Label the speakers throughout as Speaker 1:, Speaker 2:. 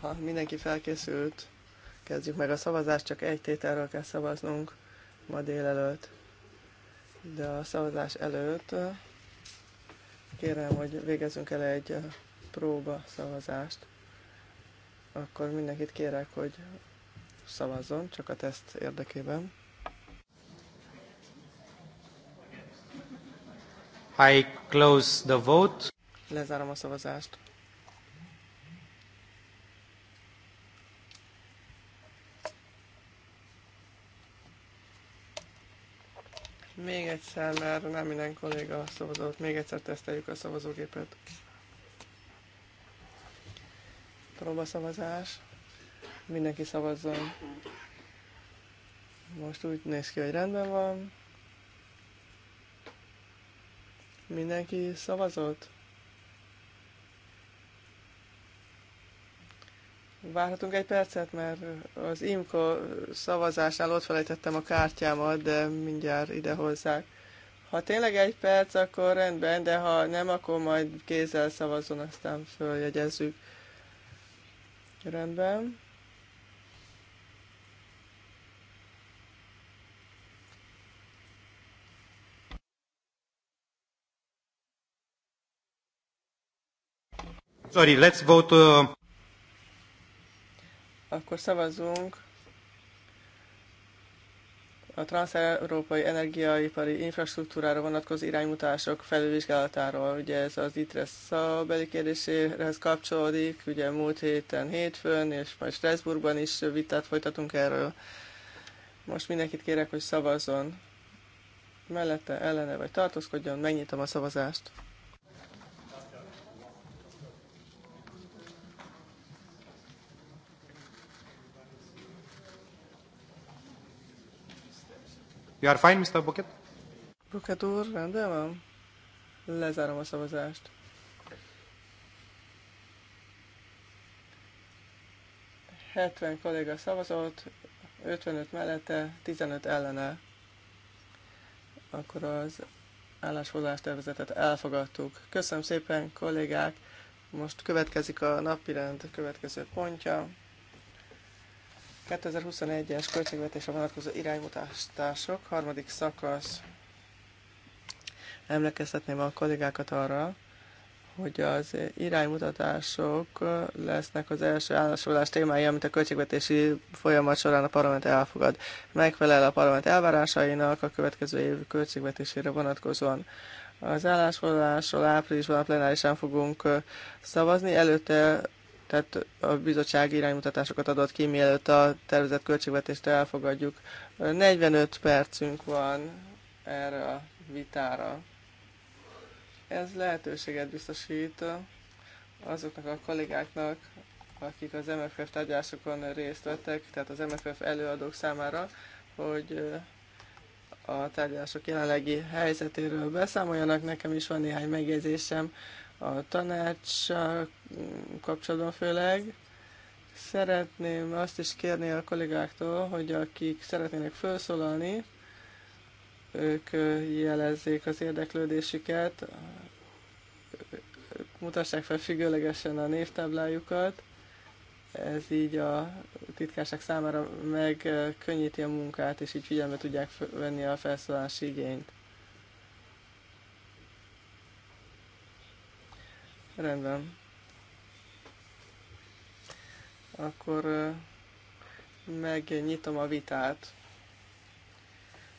Speaker 1: Ha mindenki felkészült, kezdjük meg a szavazást, csak egy tételről kell szavaznunk ma délelőtt. De a szavazás előtt kérem, hogy végezzünk el egy próba szavazást. Akkor mindenkit kérek, hogy szavazzon, csak a teszt érdekében.
Speaker 2: I close the vote.
Speaker 1: Lezárom a szavazást. Még egyszer, mert nem minden kolléga szavazott. Még egyszer teszteljük a szavazógépet. szavazás. Mindenki szavazzon. Most úgy néz ki, hogy rendben van. Mindenki szavazott? Várhatunk egy percet, mert az IMCO szavazásnál ott felejtettem a kártyámat, de mindjárt ide hozzák. Ha tényleg egy perc, akkor rendben, de ha nem, akkor majd kézzel szavazzon, aztán följegyezzük. Rendben.
Speaker 2: Sorry, let's vote. Uh...
Speaker 1: Akkor szavazunk a transzeurópai energiaipari infrastruktúrára vonatkozó iránymutások felülvizsgálatáról. Ugye ez az ITRE szabeli kérdéséhez kapcsolódik, ugye múlt héten hétfőn, és majd Strasbourgban is vitát folytatunk erről. Most mindenkit kérek, hogy szavazzon mellette, ellene vagy tartózkodjon, megnyitom a szavazást. You are fine, Mr. Buket? Buket úr, rendben van. Lezárom a szavazást. Hetven kolléga szavazott, 55 mellette, 15 ellene. Akkor az állásfoglalás tervezetet elfogadtuk. Köszönöm szépen, kollégák! Most következik a napirend következő pontja. 2021-es költségvetésre vonatkozó iránymutatások, harmadik szakasz. Emlékeztetném a kollégákat arra, hogy az iránymutatások lesznek az első állásolás témája, amit a költségvetési folyamat során a parlament elfogad. Megfelel a parlament elvárásainak a következő év költségvetésére vonatkozóan. Az állásfoglalásról áprilisban a plenárisan fogunk szavazni, előtte tehát a bizottság iránymutatásokat adott ki, mielőtt a tervezett költségvetést elfogadjuk. 45 percünk van erre a vitára. Ez lehetőséget biztosít azoknak a kollégáknak, akik az MFF tárgyalásokon részt vettek, tehát az MFF előadók számára, hogy a tárgyalások jelenlegi helyzetéről beszámoljanak. Nekem is van néhány megjegyzésem a tanács kapcsolatban főleg. Szeretném azt is kérni a kollégáktól, hogy akik szeretnének felszólalni, ők jelezzék az érdeklődésüket, mutassák fel függőlegesen a névtáblájukat. Ez így a titkárság számára megkönnyíti a munkát, és így figyelme tudják venni a felszólalási igényt. Rendben. Akkor megnyitom a vitát.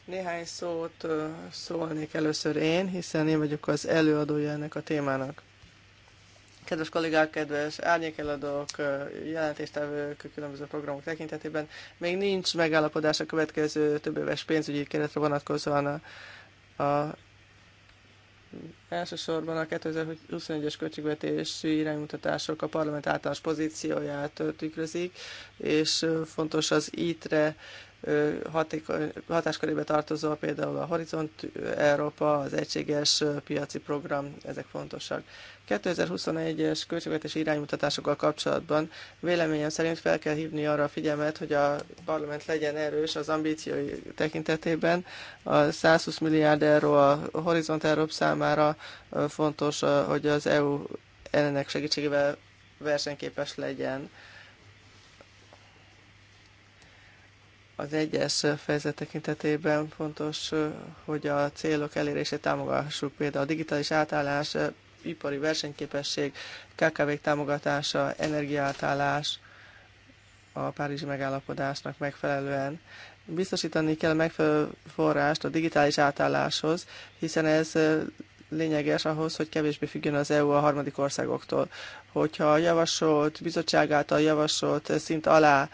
Speaker 1: Néhány szót szólnék először én, hiszen én vagyok az előadója ennek a témának. Kedves kollégák, kedves árnyékeladók, jelentéstevők, különböző programok tekintetében még nincs megállapodás a következő több éves pénzügyi keretre vonatkozóan a, a Elsősorban a 2021-es költségvetési iránymutatások a parlament általános pozícióját tükrözik, és fontos az ITRE hatékony, hatáskörébe tartozó például a Horizont Európa, az egységes piaci program, ezek fontosak. 2021-es költségvetési iránymutatásokkal kapcsolatban véleményem szerint fel kell hívni arra a figyelmet, hogy a parlament legyen erős az ambíciói tekintetében. A 120 milliárd euró a Horizont Európa számára fontos, hogy az EU ennek segítségével versenyképes legyen az egyes fejezet tekintetében fontos, hogy a célok elérését támogassuk, például a digitális átállás, ipari versenyképesség, kkv támogatása, energiátállás a Párizsi megállapodásnak megfelelően. Biztosítani kell megfelelő forrást a digitális átálláshoz, hiszen ez lényeges ahhoz, hogy kevésbé függjön az EU a harmadik országoktól. Hogyha a javasolt, bizottság által javasolt szint alá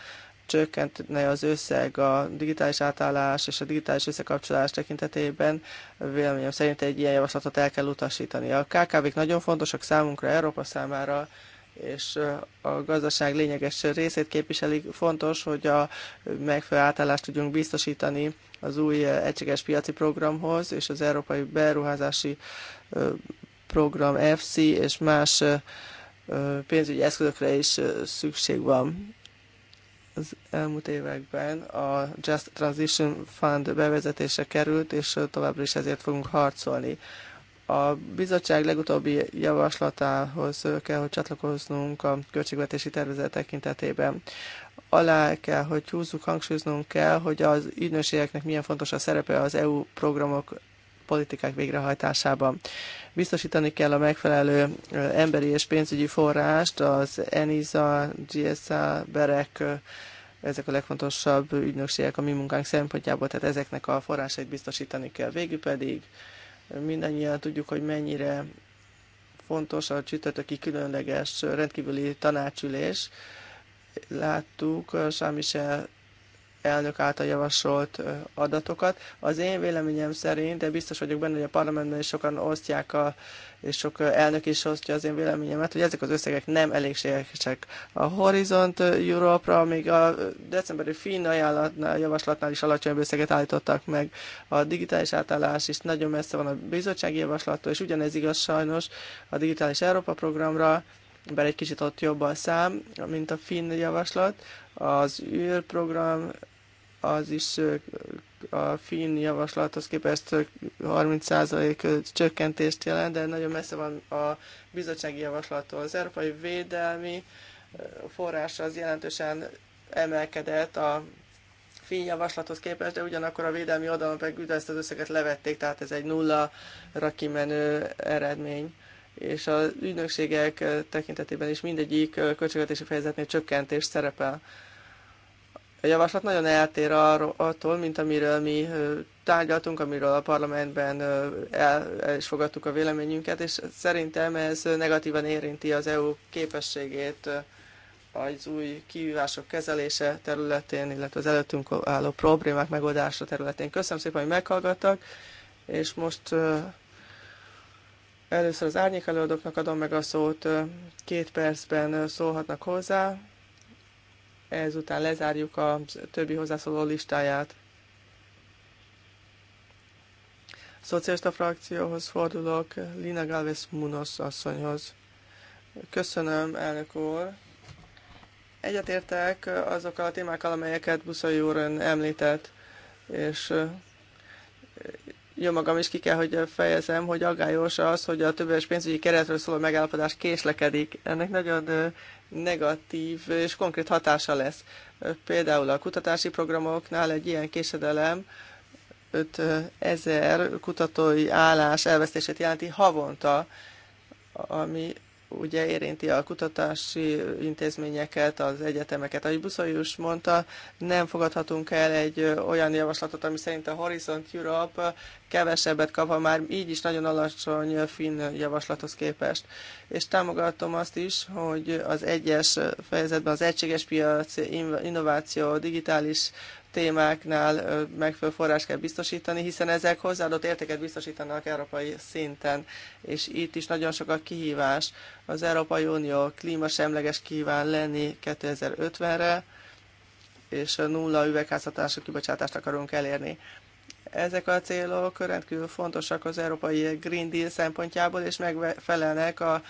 Speaker 1: csökkentne az összeg a digitális átállás és a digitális összekapcsolás tekintetében, véleményem szerint egy ilyen javaslatot el kell utasítani. A KKV-k nagyon fontosak számunkra, Európa számára, és a gazdaság lényeges részét képviselik. Fontos, hogy a megfelelő átállást tudjunk biztosítani az új egységes piaci programhoz és az Európai Beruházási Program FC és más pénzügyi eszközökre is szükség van az elmúlt években a Just Transition Fund bevezetése került, és továbbra is ezért fogunk harcolni. A bizottság legutóbbi javaslatához kell, hogy csatlakoznunk a költségvetési tervezet tekintetében. Alá kell, hogy húzzuk, hangsúlyoznunk kell, hogy az ügynökségeknek milyen fontos a szerepe az EU programok politikák végrehajtásában. Biztosítani kell a megfelelő emberi és pénzügyi forrást az ENISA, GSA, BEREK, ezek a legfontosabb ügynökségek a mi munkánk szempontjából, tehát ezeknek a forrásait biztosítani kell. Végül pedig mindannyian tudjuk, hogy mennyire fontos a csütörtöki különleges rendkívüli tanácsülés. Láttuk Sámisel elnök által javasolt adatokat. Az én véleményem szerint, de biztos vagyok benne, hogy a parlamentben is sokan osztják, a, és sok elnök is osztja az én véleményemet, hogy ezek az összegek nem elégségesek. A Horizont Európra még a decemberi finn ajánlatnál, javaslatnál is alacsonyabb összeget állítottak meg. A digitális átállás is nagyon messze van a bizottsági javaslattól, és ugyanez igaz sajnos a Digitális Európa programra, bár egy kicsit ott jobb a szám, mint a finn javaslat. Az űrprogram az is a finn javaslathoz képest 30% csökkentést jelent, de nagyon messze van a bizottsági javaslattól. Az európai védelmi forrás az jelentősen emelkedett a finn javaslathoz képest, de ugyanakkor a védelmi oldalon pedig ezt az összeget levették, tehát ez egy nulla kimenő eredmény és az ügynökségek tekintetében is mindegyik költségvetési fejezetnél csökkentés szerepel a javaslat nagyon eltér arról, attól, mint amiről mi tárgyaltunk, amiről a parlamentben el, el is fogadtuk a véleményünket, és szerintem ez negatívan érinti az EU képességét az új kihívások kezelése területén, illetve az előttünk álló problémák megoldása területén. Köszönöm szépen, hogy meghallgattak, és most először az árnyék előadóknak adom meg a szót, két percben szólhatnak hozzá, ezután lezárjuk a többi hozzászóló listáját. A szocialista frakcióhoz fordulok, Lina Galvez Munoz asszonyhoz. Köszönöm, elnök úr. Egyetértek azokkal a témákkal, amelyeket Buszai úr említett, és jó magam is ki kell, hogy fejezem, hogy aggályos az, hogy a többes pénzügyi keretről szóló megállapodás késlekedik. Ennek nagyon negatív és konkrét hatása lesz. Például a kutatási programoknál egy ilyen késedelem 5000 kutatói állás elvesztését jelenti havonta, ami ugye érinti a kutatási intézményeket, az egyetemeket. Ahogy Buszajus mondta, nem fogadhatunk el egy olyan javaslatot, ami szerint a Horizont Europe kevesebbet kap, ha már így is nagyon alacsony finn javaslathoz képest. És támogatom azt is, hogy az egyes fejezetben az egységes piac, innováció, digitális témáknál megfelelő forrás kell biztosítani, hiszen ezek hozzáadott értéket biztosítanak európai szinten, és itt is nagyon sok a kihívás. Az Európai Unió klímasemleges kíván lenni 2050-re, és nulla üvegházhatású kibocsátást akarunk elérni. Ezek a célok rendkívül fontosak az európai Green Deal szempontjából, és megfelelnek a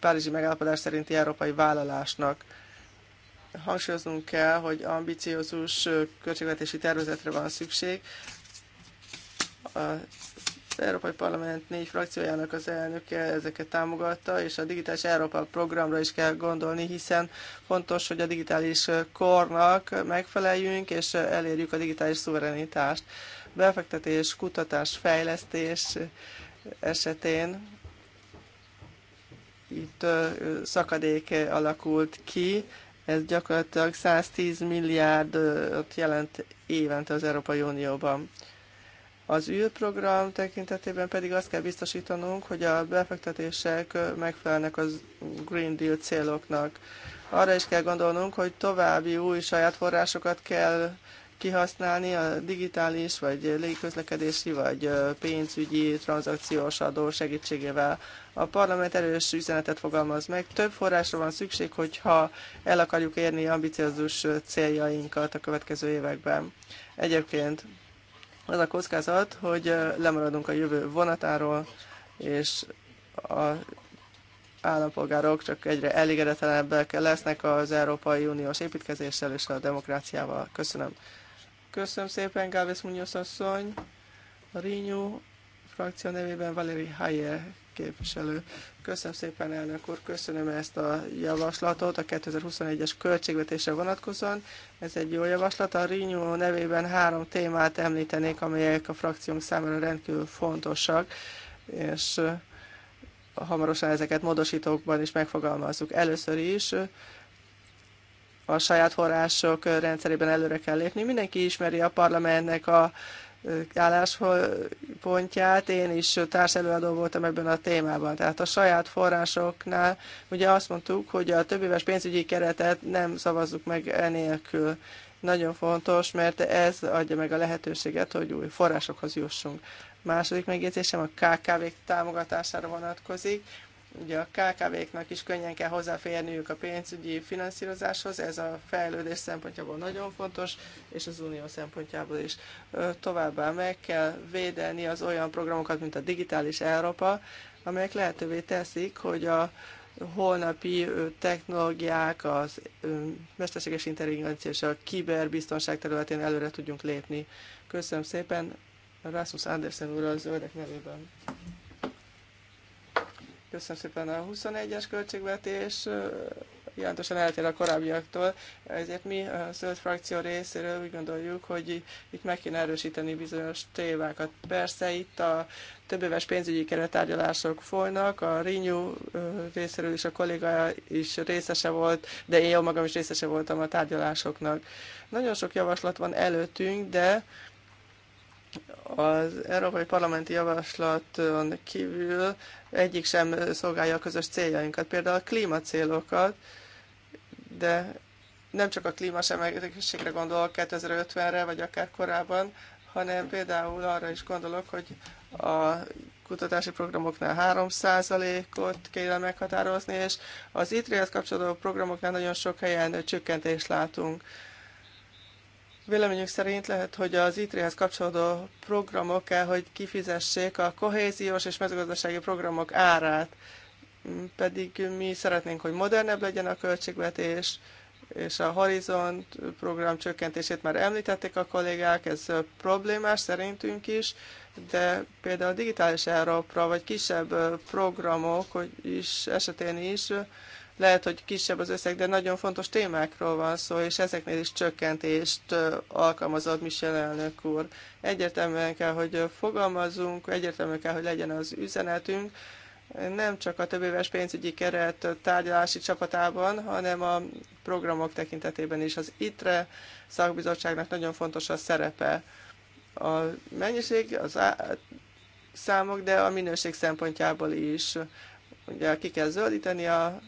Speaker 1: Párizsi megállapodás szerinti európai vállalásnak hangsúlyoznunk kell, hogy ambiciózus költségvetési tervezetre van szükség. Az Európai Parlament négy frakciójának az elnöke ezeket támogatta, és a Digitális Európa programra is kell gondolni, hiszen fontos, hogy a digitális kornak megfeleljünk, és elérjük a digitális szuverenitást. Befektetés, kutatás, fejlesztés esetén itt szakadék alakult ki, ez gyakorlatilag 110 milliárdot jelent évente az Európai Unióban. Az űrprogram tekintetében pedig azt kell biztosítanunk, hogy a befektetések megfelelnek az Green Deal céloknak. Arra is kell gondolnunk, hogy további új saját forrásokat kell kihasználni a digitális, vagy légiközlekedési, vagy pénzügyi, tranzakciós adó segítségével. A parlament erős üzenetet fogalmaz meg. Több forrásra van szükség, hogyha el akarjuk érni ambiciózus céljainkat a következő években. Egyébként az a kockázat, hogy lemaradunk a jövő vonatáról, és a állampolgárok csak egyre elégedetlenebbek lesznek az Európai Uniós építkezéssel és a demokráciával. Köszönöm. Köszönöm szépen, Gávész Munoz asszony. A Rinyu frakció nevében Valeri Haye képviselő. Köszönöm szépen, elnök úr, köszönöm ezt a javaslatot a 2021-es költségvetésre vonatkozóan. Ez egy jó javaslat. A Rinyu nevében három témát említenék, amelyek a frakciónk számára rendkívül fontosak, és hamarosan ezeket módosítókban is megfogalmazzuk. Először is a saját források rendszerében előre kell lépni. Mindenki ismeri a parlamentnek a álláspontját, én is társelőadó voltam ebben a témában. Tehát a saját forrásoknál ugye azt mondtuk, hogy a több éves pénzügyi keretet nem szavazzuk meg enélkül. Nagyon fontos, mert ez adja meg a lehetőséget, hogy új forrásokhoz jussunk. Második megjegyzésem a KKV támogatására vonatkozik. Ugye a KKV-knak is könnyen kell hozzáférniük a pénzügyi finanszírozáshoz, ez a fejlődés szempontjából nagyon fontos, és az unió szempontjából is. Továbbá meg kell védeni az olyan programokat, mint a Digitális Európa, amelyek lehetővé teszik, hogy a holnapi technológiák, az mesterséges intelligencia és a kiberbiztonság területén előre tudjunk lépni. Köszönöm szépen Rasmus Andersen úr a zöldek nevében. Köszönöm szépen a 21-es költségvetés, jelentősen eltér a korábbiaktól, ezért mi a zöld frakció részéről úgy gondoljuk, hogy itt meg kéne erősíteni bizonyos tévákat. Persze itt a több éves pénzügyi keretárgyalások folynak, a Renew részéről is a kolléga is részese volt, de én jó magam is részese voltam a tárgyalásoknak. Nagyon sok javaslat van előttünk, de az Európai Parlamenti Javaslaton kívül egyik sem szolgálja a közös céljainkat, például a klímacélokat, de nem csak a klímasemlegességre gondolok 2050-re, vagy akár korábban, hanem például arra is gondolok, hogy a kutatási programoknál 3%-ot kéne meghatározni, és az itt kapcsolódó programoknál nagyon sok helyen csökkentést látunk. Véleményük szerint lehet, hogy az ITRI-hez kapcsolódó programok kell, hogy kifizessék a kohéziós és mezőgazdasági programok árát, pedig mi szeretnénk, hogy modernebb legyen a költségvetés, és a Horizont program csökkentését már említették a kollégák, ez problémás szerintünk is, de például a digitális Európa vagy kisebb programok is esetén is lehet, hogy kisebb az összeg, de nagyon fontos témákról van szó, és ezeknél is csökkentést alkalmazott Michel elnök úr. Egyértelműen kell, hogy fogalmazunk, egyértelműen kell, hogy legyen az üzenetünk, nem csak a több éves pénzügyi keret tárgyalási csapatában, hanem a programok tekintetében is. Az ITRE szakbizottságnak nagyon fontos a szerepe. A mennyiség, az számok, de a minőség szempontjából is. Ugye ki kell zöldíteni a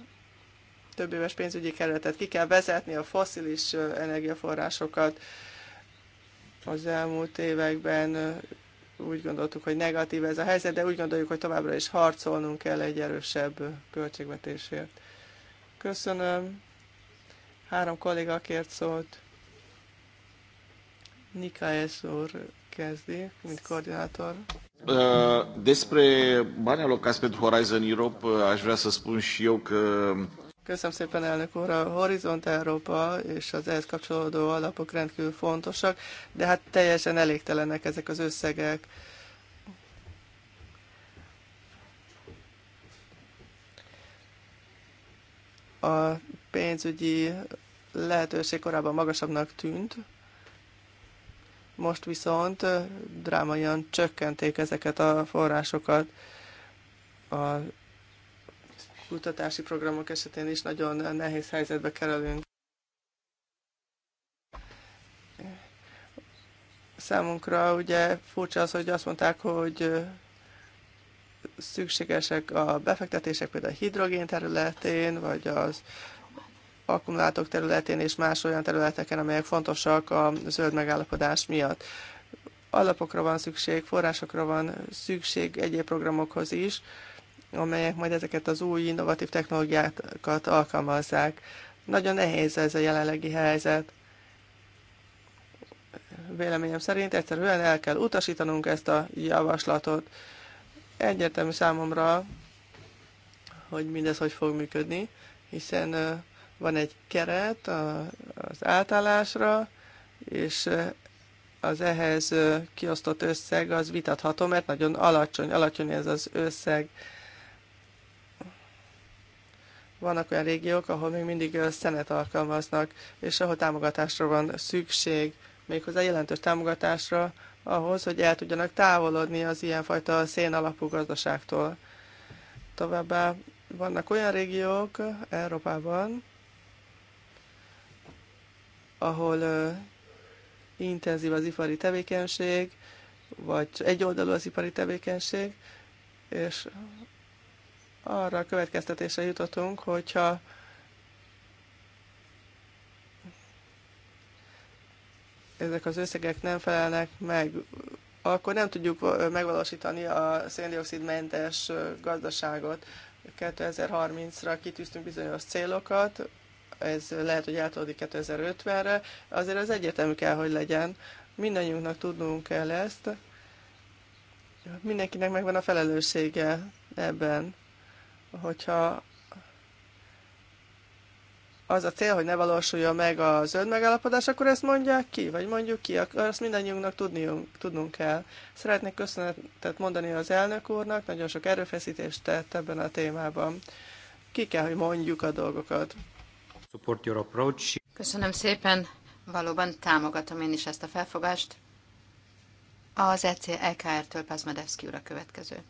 Speaker 1: több éves pénzügyi keretet. Ki kell vezetni a foszilis energiaforrásokat. Az elmúlt években úgy gondoltuk, hogy negatív ez a helyzet, de úgy gondoljuk, hogy továbbra is harcolnunk kell egy erősebb költségvetésért. Köszönöm. Három kolléga kért szólt. Nikaes úr kezdi, mint koordinátor.
Speaker 3: Despre bani alocați pentru Horizon Europe, aș vrea să spun și eu că
Speaker 1: Köszönöm szépen, elnök úr. A Horizont Európa és az ehhez kapcsolódó alapok rendkívül fontosak, de hát teljesen elégtelenek ezek az összegek. A pénzügyi lehetőség korábban magasabbnak tűnt, most viszont drámaian csökkenték ezeket a forrásokat. A kutatási programok esetén is nagyon nehéz helyzetbe kerülünk. Számunkra ugye furcsa az, hogy azt mondták, hogy szükségesek a befektetések például a hidrogén területén, vagy az akkumulátok területén és más olyan területeken, amelyek fontosak a zöld megállapodás miatt. Alapokra van szükség, forrásokra van szükség egyéb programokhoz is, amelyek majd ezeket az új innovatív technológiákat alkalmazzák. Nagyon nehéz ez a jelenlegi helyzet. Véleményem szerint egyszerűen el kell utasítanunk ezt a javaslatot. Egyértelmű számomra, hogy mindez hogy fog működni, hiszen van egy keret az átállásra, és az ehhez kiosztott összeg az vitatható, mert nagyon alacsony, alacsony ez az összeg. Vannak olyan régiók, ahol még mindig szenet alkalmaznak, és ahol támogatásra van szükség, méghozzá jelentős támogatásra ahhoz, hogy el tudjanak távolodni az ilyenfajta szén alapú gazdaságtól. Továbbá vannak olyan régiók Európában, ahol uh, intenzív az ipari tevékenység, vagy egyoldalú az ipari tevékenység, és arra a következtetésre jutottunk, hogyha ezek az összegek nem felelnek meg, akkor nem tudjuk megvalósítani a széndiokszidmentes gazdaságot. 2030-ra kitűztünk bizonyos célokat, ez lehet, hogy eltolódik 2050-re, azért az egyetemű kell, hogy legyen. Mindannyiunknak tudnunk kell ezt. Mindenkinek megvan a felelőssége ebben hogyha az a cél, hogy ne valósuljon meg a zöld megállapodás, akkor ezt mondják ki, vagy mondjuk ki, azt mindannyiunknak tudniunk, tudnunk kell. Szeretnék köszönetet mondani az elnök úrnak, nagyon sok erőfeszítést tett ebben a témában. Ki kell, hogy mondjuk a dolgokat.
Speaker 2: Köszönöm szépen, valóban támogatom én is ezt a felfogást. Az ECR-től e Pazmadevszki úr a következő.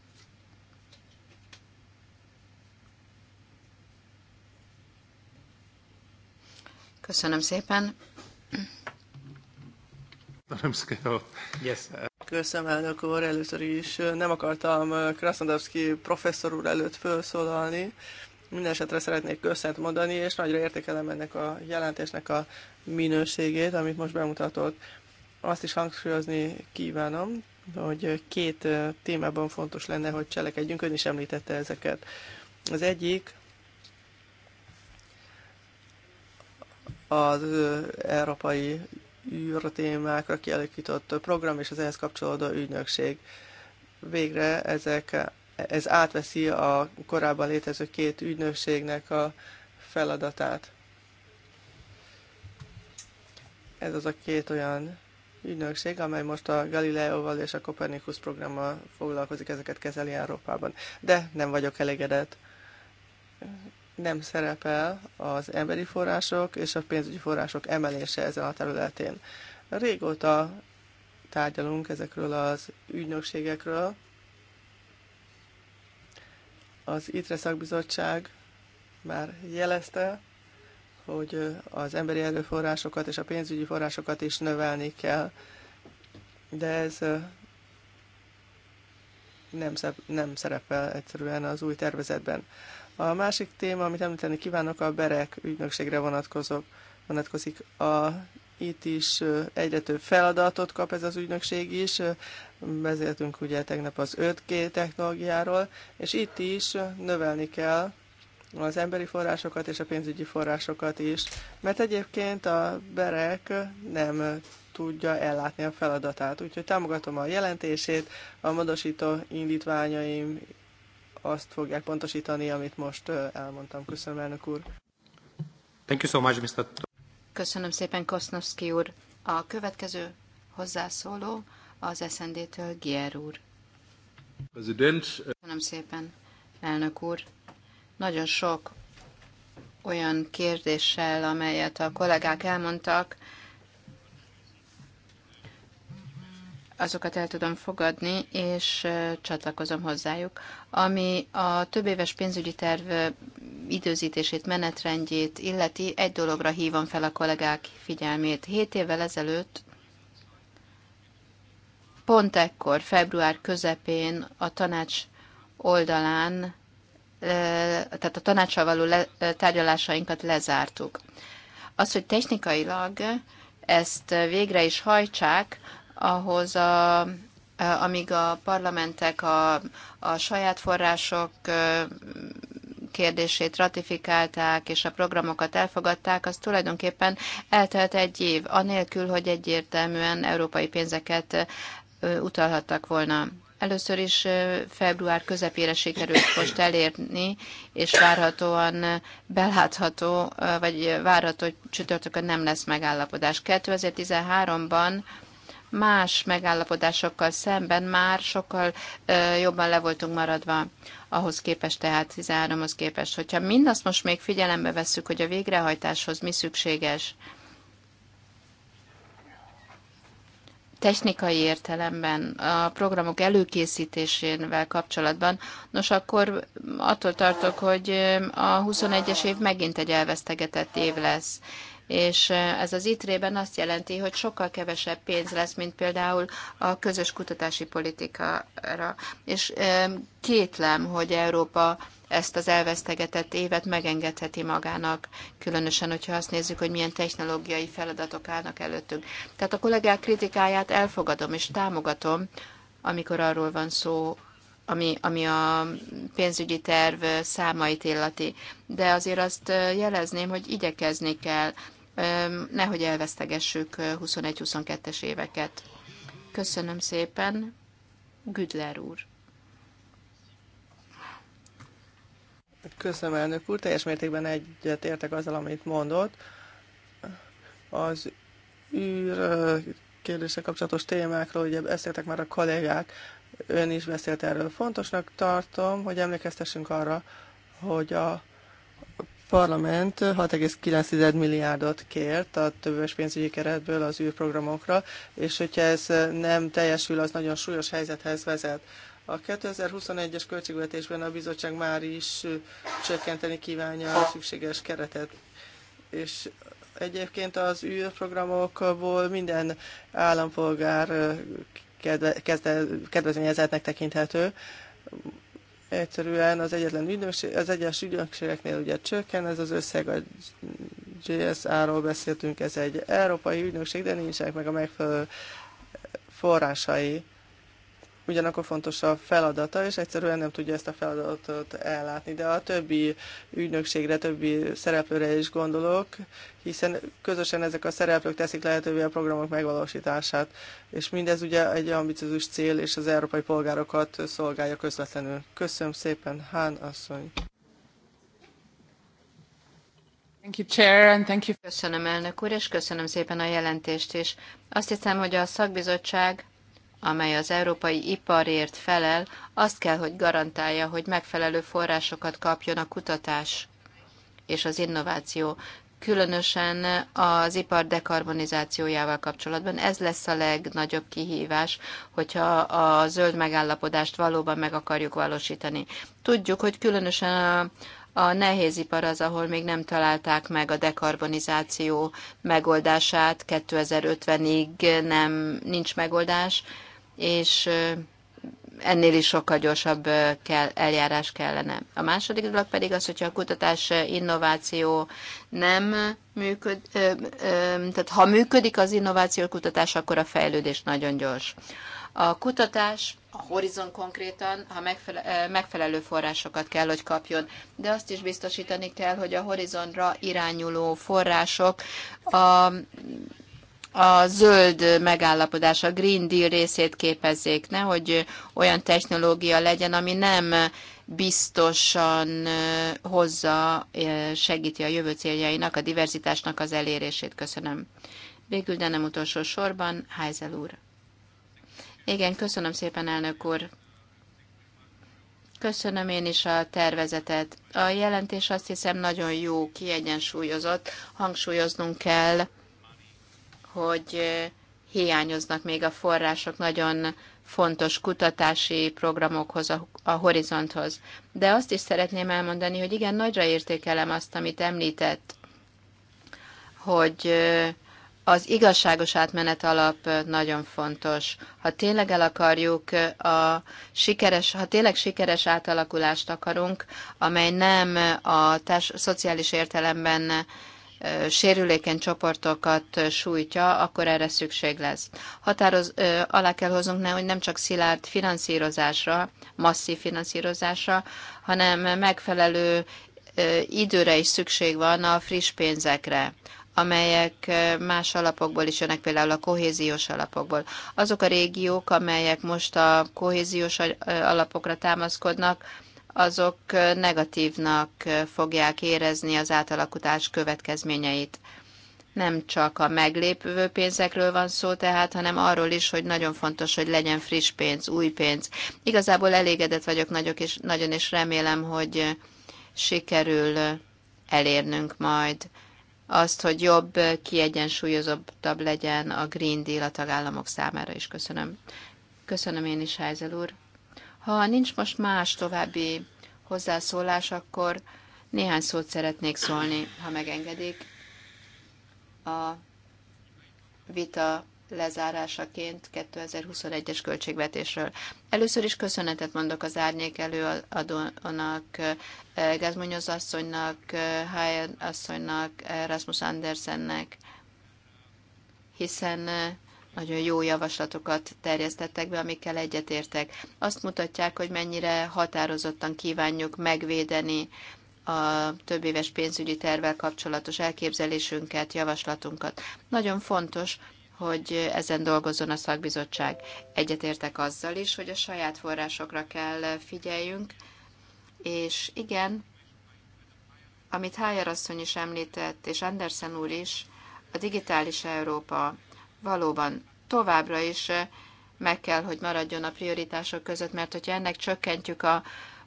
Speaker 2: Köszönöm szépen.
Speaker 1: Köszönöm, elnök úr, először is nem akartam Krasnodowski professzor úr előtt felszólalni, minden esetre szeretnék köszönet mondani, és nagyra értékelem ennek a jelentésnek a minőségét, amit most bemutatott. Azt is hangsúlyozni kívánom, hogy két témában fontos lenne, hogy cselekedjünk, ön is említette ezeket. Az egyik az európai űrtémákra kialakított program és az ehhez kapcsolódó ügynökség. Végre ezek, ez átveszi a korábban létező két ügynökségnek a feladatát. Ez az a két olyan ügynökség, amely most a Galileóval és a Copernicus programmal foglalkozik, ezeket kezeli Európában. De nem vagyok elégedett nem szerepel az emberi források és a pénzügyi források emelése ezen a területén. Régóta tárgyalunk ezekről az ügynökségekről. Az ITRE szakbizottság már jelezte, hogy az emberi erőforrásokat és a pénzügyi forrásokat is növelni kell, de ez nem, szerepel egyszerűen az új tervezetben. A másik téma, amit említeni kívánok, a BEREK ügynökségre vonatkozik. A, itt is egyre több feladatot kap ez az ügynökség is. Beszéltünk ugye tegnap az 5G technológiáról, és itt is növelni kell az emberi forrásokat és a pénzügyi forrásokat is, mert egyébként a berek nem tudja ellátni a feladatát. Úgyhogy támogatom a jelentését, a módosító indítványaim azt fogják pontosítani, amit most elmondtam. Köszönöm, elnök úr. Thank
Speaker 2: you so much, Mr. Köszönöm szépen, Kosznowski úr. A következő hozzászóló az SND-től Gier úr. President. Köszönöm szépen, elnök úr. Nagyon sok olyan kérdéssel, amelyet a kollégák elmondtak, azokat el tudom fogadni, és csatlakozom hozzájuk. Ami a több éves pénzügyi terv időzítését, menetrendjét illeti, egy dologra hívom fel a kollégák figyelmét. Hét évvel ezelőtt, pont ekkor, február közepén a tanács oldalán, tehát a tanácssal való le, tárgyalásainkat lezártuk. Az, hogy technikailag ezt végre is hajtsák, ahhoz a, amíg a parlamentek a, a saját források kérdését ratifikálták, és a programokat elfogadták, az tulajdonképpen eltelt egy év, anélkül, hogy egyértelműen európai pénzeket utalhattak volna. Először is február közepére sikerült most elérni, és várhatóan belátható, vagy várható, hogy csütörtökön nem lesz megállapodás. 2013-ban más megállapodásokkal szemben már sokkal jobban le voltunk maradva ahhoz képest, tehát 13-hoz képest. Hogyha mindazt most még figyelembe vesszük, hogy a végrehajtáshoz mi szükséges, technikai értelemben, a programok előkészítésével kapcsolatban, nos akkor attól tartok, hogy a 21-es év megint egy elvesztegetett év lesz és eh, ez az ITRE-ben azt jelenti, hogy sokkal kevesebb pénz lesz, mint például a közös kutatási politikára. És eh, kétlem, hogy Európa ezt az elvesztegetett évet megengedheti magának, különösen, hogyha azt nézzük, hogy milyen technológiai feladatok állnak előttünk. Tehát a kollégák kritikáját elfogadom és támogatom, amikor arról van szó, ami, ami a pénzügyi terv számait illeti. De azért azt eh, jelezném, hogy igyekezni kell nehogy elvesztegessük 21-22-es éveket. Köszönöm szépen, Güdler úr.
Speaker 1: Köszönöm, elnök úr. Teljes mértékben egyet értek azzal, amit mondott. Az űr kérdése kapcsolatos témákról, ugye beszéltek már a kollégák, ön is beszélt erről. Fontosnak tartom, hogy emlékeztessünk arra, hogy a parlament 6,9 milliárdot kért a többes pénzügyi keretből az űrprogramokra, és hogyha ez nem teljesül, az nagyon súlyos helyzethez vezet. A 2021-es költségvetésben a bizottság már is csökkenteni kívánja a szükséges keretet. És egyébként az űrprogramokból minden állampolgár kedve, kedvezményezetnek tekinthető Egyszerűen az egyetlen ügynökség, az egyes ügynökségeknél ugye csökken ez az összeg, a GSA-ról beszéltünk, ez egy európai ügynökség, de nincsenek meg a megfelelő forrásai ugyanakkor fontos a feladata, és egyszerűen nem tudja ezt a feladatot ellátni. De a többi ügynökségre, többi szereplőre is gondolok, hiszen közösen ezek a szereplők teszik lehetővé a programok megvalósítását, és mindez ugye egy ambiciózus cél, és az európai polgárokat szolgálja közvetlenül. Köszönöm szépen, Hán asszony!
Speaker 2: Köszönöm, elnök úr, és köszönöm szépen a jelentést is. Azt hiszem, hogy a szakbizottság amely az európai iparért felel, azt kell, hogy garantálja, hogy megfelelő forrásokat kapjon a kutatás és az innováció, különösen az ipar dekarbonizációjával kapcsolatban. Ez lesz a legnagyobb kihívás, hogyha a zöld megállapodást valóban meg akarjuk valósítani. Tudjuk, hogy különösen a, a ipar az, ahol még nem találták meg a dekarbonizáció megoldását, 2050-ig nem nincs megoldás, és ennél is sokkal gyorsabb kell, eljárás kellene. A második dolog pedig az, hogyha a kutatás innováció nem működ, tehát ha működik az innováció kutatás, akkor a fejlődés nagyon gyors. A kutatás, a horizon konkrétan, ha megfele- megfelelő forrásokat kell, hogy kapjon, de azt is biztosítani kell, hogy a horizonra irányuló források a a zöld megállapodás, a Green Deal részét képezzék, hogy olyan technológia legyen, ami nem biztosan hozza, segíti a jövő céljainak, a diverzitásnak az elérését. Köszönöm. Végül, de nem utolsó sorban, Heisel úr. Igen, köszönöm szépen, elnök úr. Köszönöm én is a tervezetet. A jelentés azt hiszem nagyon jó, kiegyensúlyozott, hangsúlyoznunk kell hogy hiányoznak még a források nagyon fontos kutatási programokhoz, a horizonthoz. De azt is szeretném elmondani, hogy igen, nagyra értékelem azt, amit említett, hogy az igazságos átmenet alap nagyon fontos. Ha tényleg el akarjuk a sikeres, ha tényleg sikeres átalakulást akarunk, amely nem a társ, szociális értelemben sérülékeny csoportokat sújtja, akkor erre szükség lesz. Határoz, alá kell hoznunk, ne, hogy nem csak szilárd finanszírozásra, masszív finanszírozásra, hanem megfelelő időre is szükség van a friss pénzekre amelyek más alapokból is jönnek, például a kohéziós alapokból. Azok a régiók, amelyek most a kohéziós alapokra támaszkodnak, azok negatívnak fogják érezni az átalakutás következményeit. Nem csak a meglépő pénzekről van szó tehát, hanem arról is, hogy nagyon fontos, hogy legyen friss pénz, új pénz. Igazából elégedett vagyok nagyok, és nagyon, és remélem, hogy sikerül elérnünk majd azt, hogy jobb, kiegyensúlyozottabb legyen a Green Deal a tagállamok számára is. Köszönöm. Köszönöm én is, Heizel úr. Ha nincs most más további hozzászólás, akkor néhány szót szeretnék szólni, ha megengedik. A vita lezárásaként 2021-es költségvetésről. Először is köszönetet mondok az árnyék előadónak, Gázmonyoz asszonynak, Hayer asszonynak, Rasmus Andersennek, hiszen nagyon jó javaslatokat terjesztettek be, amikkel egyetértek. Azt mutatják, hogy mennyire határozottan kívánjuk megvédeni a több éves pénzügyi tervvel kapcsolatos elképzelésünket, javaslatunkat. Nagyon fontos, hogy ezen dolgozzon a szakbizottság. Egyetértek azzal is, hogy a saját forrásokra kell figyeljünk, és igen, amit Hájer asszony is említett, és Andersen úr is, a digitális Európa valóban továbbra is eh, meg kell, hogy maradjon a prioritások között, mert hogyha ennek csökkentjük a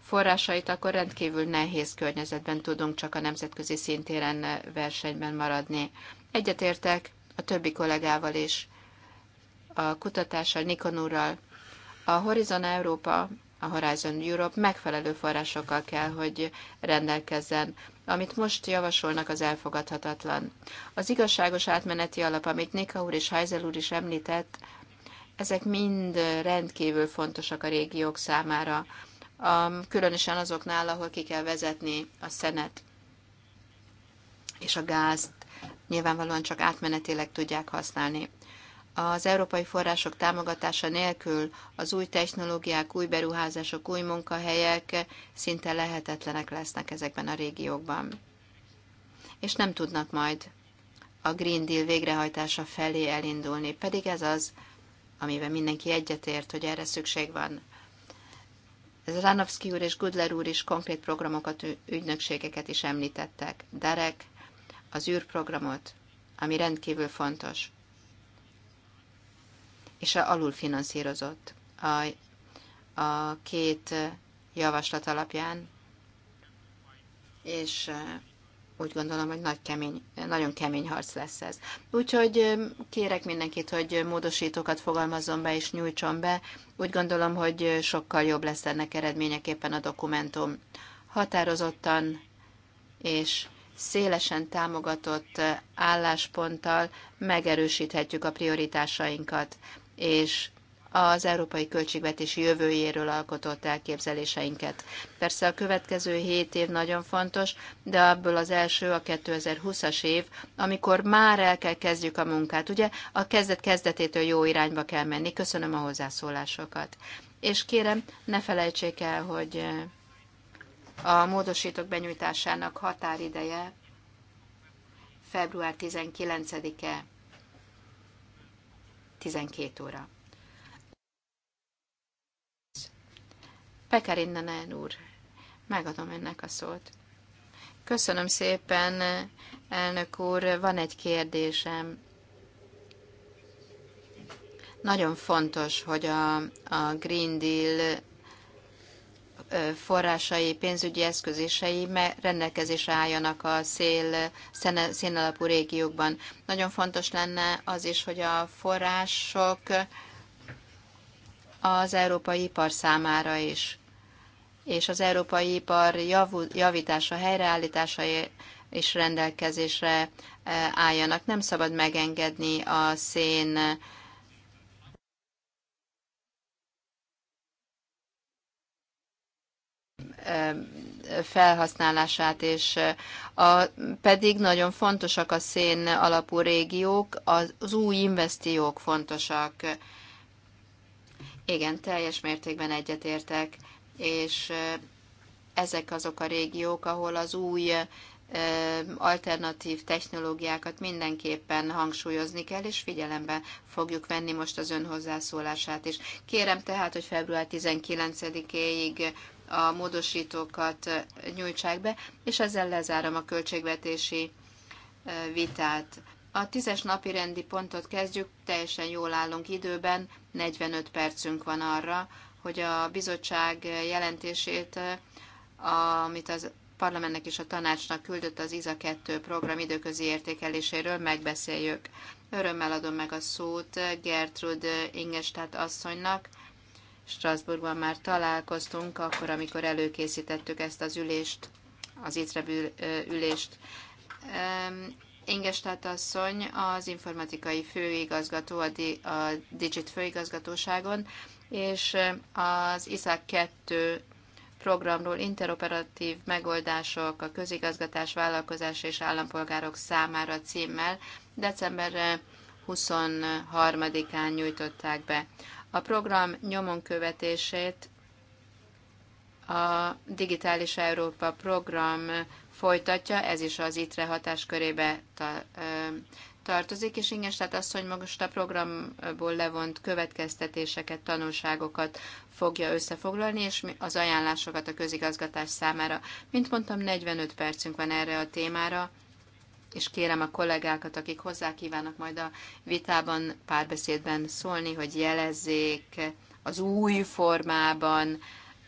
Speaker 2: forrásait, akkor rendkívül nehéz környezetben tudunk csak a nemzetközi szintéren eh, versenyben maradni. Egyetértek a többi kollégával is, a kutatással, Nikon úrral. A Horizon Európa a Horizon Europe megfelelő forrásokkal kell, hogy rendelkezzen. Amit most javasolnak, az elfogadhatatlan. Az igazságos átmeneti alap, amit Nika úr és Heisel úr is említett, ezek mind rendkívül fontosak a régiók számára, különösen azoknál, ahol ki kell vezetni a szenet és a gázt nyilvánvalóan csak átmenetileg tudják használni az európai források támogatása nélkül az új technológiák, új beruházások, új munkahelyek szinte lehetetlenek lesznek ezekben a régiókban. És nem tudnak majd a Green Deal végrehajtása felé elindulni, pedig ez az, amiben mindenki egyetért, hogy erre szükség van. Ez Ranovszki úr és Gudler úr is konkrét programokat, ügynökségeket is említettek. Derek, az űrprogramot, ami rendkívül fontos és finanszírozott A, a két javaslat alapján, és úgy gondolom, hogy nagy kemény, nagyon kemény harc lesz ez. Úgyhogy kérek mindenkit, hogy módosítókat fogalmazzon be és nyújtson be. Úgy gondolom, hogy sokkal jobb lesz ennek eredményeképpen a dokumentum. Határozottan és szélesen támogatott állásponttal megerősíthetjük a prioritásainkat és az európai költségvetési jövőjéről alkotott elképzeléseinket. Persze a következő hét év nagyon fontos, de abból az első a 2020-as év, amikor már el kell kezdjük a munkát. Ugye a kezdet kezdetétől jó irányba kell menni. Köszönöm a hozzászólásokat. És kérem, ne felejtsék el, hogy eh, a módosítók benyújtásának határideje február 19-e 12 óra. Pekarinnen úr, megadom önnek a szót. Köszönöm szépen, elnök úr. Van egy kérdésem. Nagyon fontos, hogy a, a Green Deal forrásai, pénzügyi eszközései rendelkezésre álljanak a szél, szénalapú szén alapú régiókban. Nagyon fontos lenne az is, hogy a források az európai ipar számára is, és az európai ipar javítása, helyreállítása és rendelkezésre álljanak. Nem szabad megengedni a szén felhasználását, és eh, a, pedig nagyon fontosak a szén alapú régiók, az új investíciók fontosak. Igen, teljes mértékben egyetértek, és eh, ezek azok a régiók, ahol az új eh, alternatív technológiákat mindenképpen hangsúlyozni kell, és figyelembe fogjuk venni most az ön hozzászólását is. Kérem tehát, hogy február 19-éig a módosítókat nyújtsák be, és ezzel lezárom a költségvetési vitát. A tízes napi rendi pontot kezdjük, teljesen jól állunk időben, 45 percünk van arra, hogy a bizottság jelentését, amit az parlamentnek és a tanácsnak küldött az IZA 2 program időközi értékeléséről megbeszéljük. Örömmel adom meg a szót Gertrud Ingestát asszonynak, Strasbourgban már találkoztunk, akkor, amikor előkészítettük ezt az ülést, az ICREBÜ ülést. Ingestát asszony, az informatikai főigazgató, a, a Digit főigazgatóságon, és az ISAC 2 programról interoperatív megoldások a közigazgatás, vállalkozás és állampolgárok számára címmel december 23-án nyújtották be. A program nyomon követését a Digitális Európa program folytatja, ez is az ITRE hatáskörébe ta, ö, tartozik, és igen, tehát az, hogy most a programból levont következtetéseket, tanulságokat fogja összefoglalni, és az ajánlásokat a közigazgatás számára. Mint mondtam, 45 percünk van erre a témára, és kérem a kollégákat, akik hozzá kívánnak majd a vitában, párbeszédben szólni, hogy jelezzék az új formában,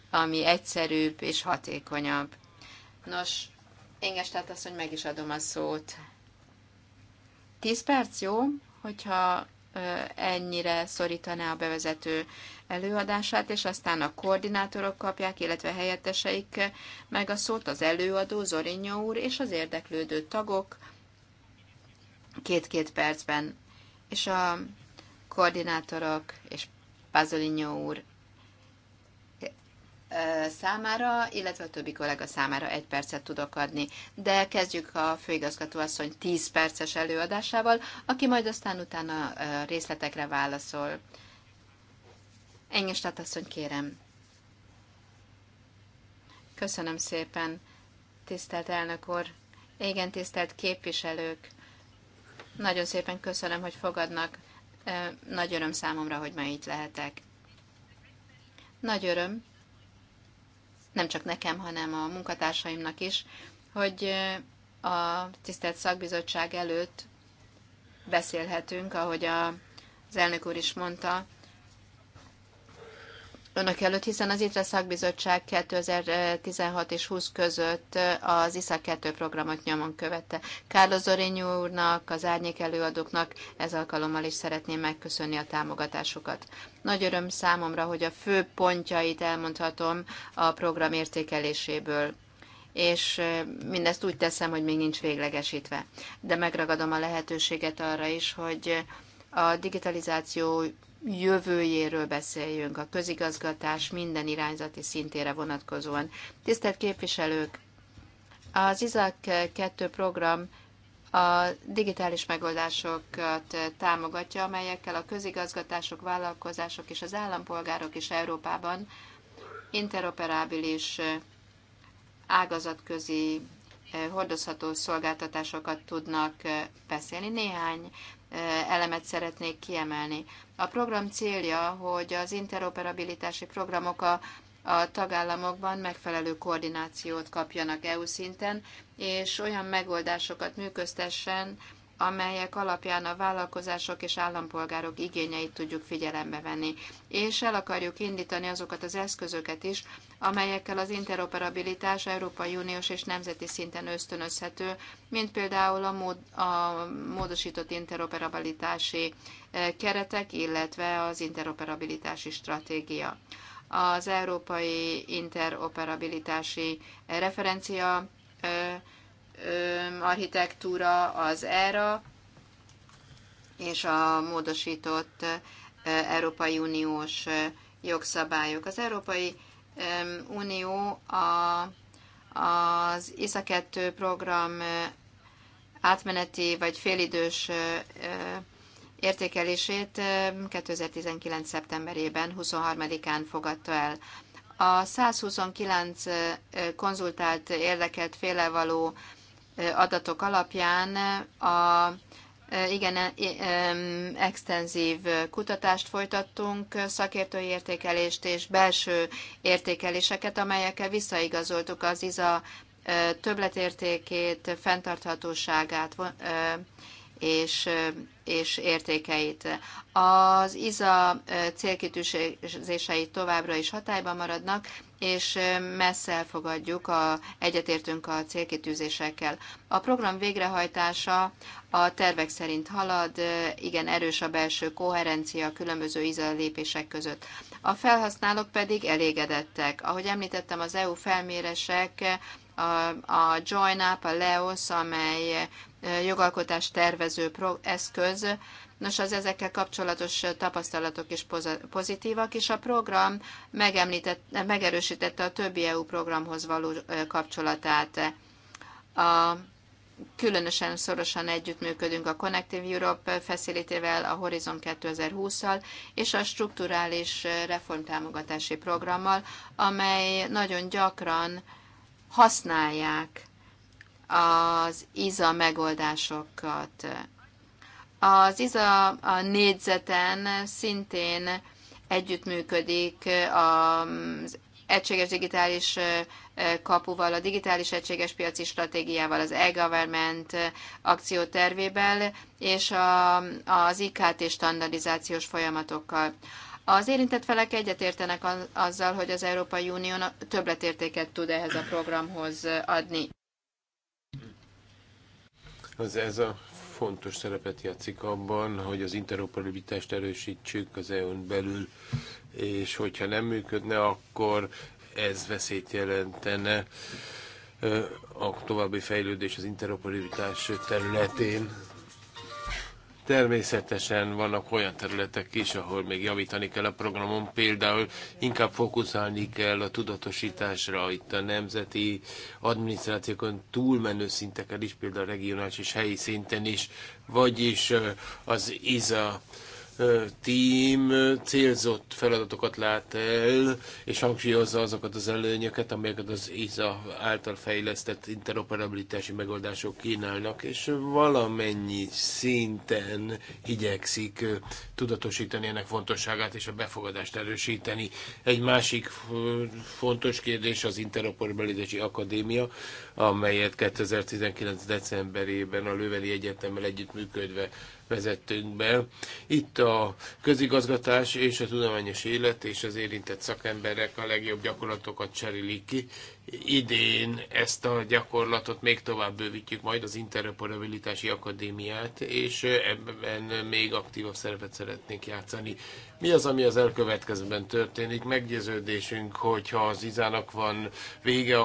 Speaker 2: ami egyszerűbb és hatékonyabb. Nos, Inges, tehát azt, hogy meg is adom a szót. Tíz perc jó, hogyha ennyire szorítaná a bevezető előadását, és aztán a koordinátorok kapják, illetve helyetteseik meg a szót, az előadó, Zorinyó úr és az érdeklődő tagok, két-két percben, és a koordinátorok és Pazolinyó úr számára, illetve a többi kollega számára egy percet tudok adni. De kezdjük a főigazgatóasszony 10 perces előadásával, aki majd aztán utána részletekre válaszol. Engestát asszony, kérem. Köszönöm szépen, tisztelt elnök úr. Igen, tisztelt képviselők. Nagyon szépen köszönöm, hogy fogadnak. Nagy öröm számomra, hogy ma itt lehetek. Nagy öröm, nem csak nekem, hanem a munkatársaimnak is, hogy a tisztelt szakbizottság előtt beszélhetünk, ahogy a, az elnök úr is mondta, önök előtt, hiszen az ITRE szakbizottság 2016 és 20 között az ISZA 2 programot nyomon követte. Carlos Zorényú úrnak, az árnyék előadóknak ez alkalommal is szeretném megköszönni a támogatásukat. Nagy öröm számomra, hogy a fő pontjait elmondhatom a program értékeléséből és mindezt úgy teszem, hogy még nincs véglegesítve. De megragadom a lehetőséget arra is, hogy a digitalizáció jövőjéről beszéljünk, a közigazgatás minden irányzati szintére vonatkozóan. Tisztelt képviselők, az IZAK 2 program a digitális megoldásokat támogatja, amelyekkel a közigazgatások, vállalkozások és az állampolgárok is Európában interoperábilis ágazatközi hordozható szolgáltatásokat tudnak beszélni. Néhány elemet szeretnék kiemelni. A program célja, hogy az interoperabilitási programok a, a tagállamokban megfelelő koordinációt kapjanak EU szinten, és olyan megoldásokat működtessen, amelyek alapján a vállalkozások és állampolgárok igényeit tudjuk figyelembe venni. És el akarjuk indítani azokat az eszközöket is, amelyekkel az interoperabilitás Európai Uniós és nemzeti szinten ösztönözhető, mint például a, mód, a módosított interoperabilitási e, keretek, illetve az interoperabilitási stratégia. Az Európai Interoperabilitási e, Referencia e, architektúra az ERA, és a módosított Európai Uniós jogszabályok. Az Európai Unió a, az ISA 2 program átmeneti vagy félidős értékelését 2019. szeptemberében 23-án fogadta el. A 129 konzultált érdekelt félevaló adatok alapján a igen, extenzív kutatást folytattunk, szakértői értékelést és belső értékeléseket, amelyekkel visszaigazoltuk az IZA többletértékét, fenntarthatóságát és és értékeit. Az IZA célkitűzései továbbra is hatályban maradnak, és messze elfogadjuk, a, egyetértünk a célkitűzésekkel. A program végrehajtása a tervek szerint halad, igen erős a belső koherencia a különböző IZA lépések között. A felhasználók pedig elégedettek. Ahogy említettem, az EU felmérések a, a Join Up, a Leos, amely jogalkotás tervező eszköz, Nos, az ezekkel kapcsolatos tapasztalatok is pozitívak, és a program megerősítette a többi EU programhoz való kapcsolatát. A, különösen szorosan együttműködünk a Connective Europe facilitével, a Horizon 2020-al és a strukturális reformtámogatási programmal, amely nagyon gyakran használják az IZA megoldásokat. Az IZA a négyzeten szintén együttműködik az egységes digitális kapuval, a digitális egységes piaci stratégiával, az e-government akciótervével és a, az IKT standardizációs folyamatokkal. Az érintett felek egyetértenek azzal, hogy az Európai Unió többletértéket tud ehhez a programhoz adni.
Speaker 3: Az ez a fontos szerepet játszik abban, hogy az interoperabilitást erősítsük az EU-n belül, és hogyha nem működne, akkor ez veszélyt jelentene a további fejlődés az interoperabilitás területén Természetesen vannak olyan területek is, ahol még javítani kell a programon, például inkább fókuszálni kell a tudatosításra, itt a nemzeti adminisztrációkon túlmenő szinteken is, például a regionális és helyi szinten is, vagyis az IZA team célzott feladatokat lát el, és hangsúlyozza azokat az előnyöket, amelyeket az ISA által fejlesztett interoperabilitási megoldások kínálnak, és valamennyi szinten igyekszik tudatosítani ennek fontosságát és a befogadást erősíteni. Egy másik fontos kérdés az Interoperabilitási Akadémia, amelyet 2019. decemberében a Löveli Egyetemmel együttműködve vezettünk be. Itt a közigazgatás és a tudományos élet és az érintett szakemberek a legjobb gyakorlatokat cserélik ki. Idén ezt a gyakorlatot még tovább bővítjük majd az Interoperabilitási Akadémiát, és ebben még aktívabb szerepet szeretnénk játszani. Mi az, ami az elkövetkezőben történik? Meggyőződésünk, hogy ha az izának van vége,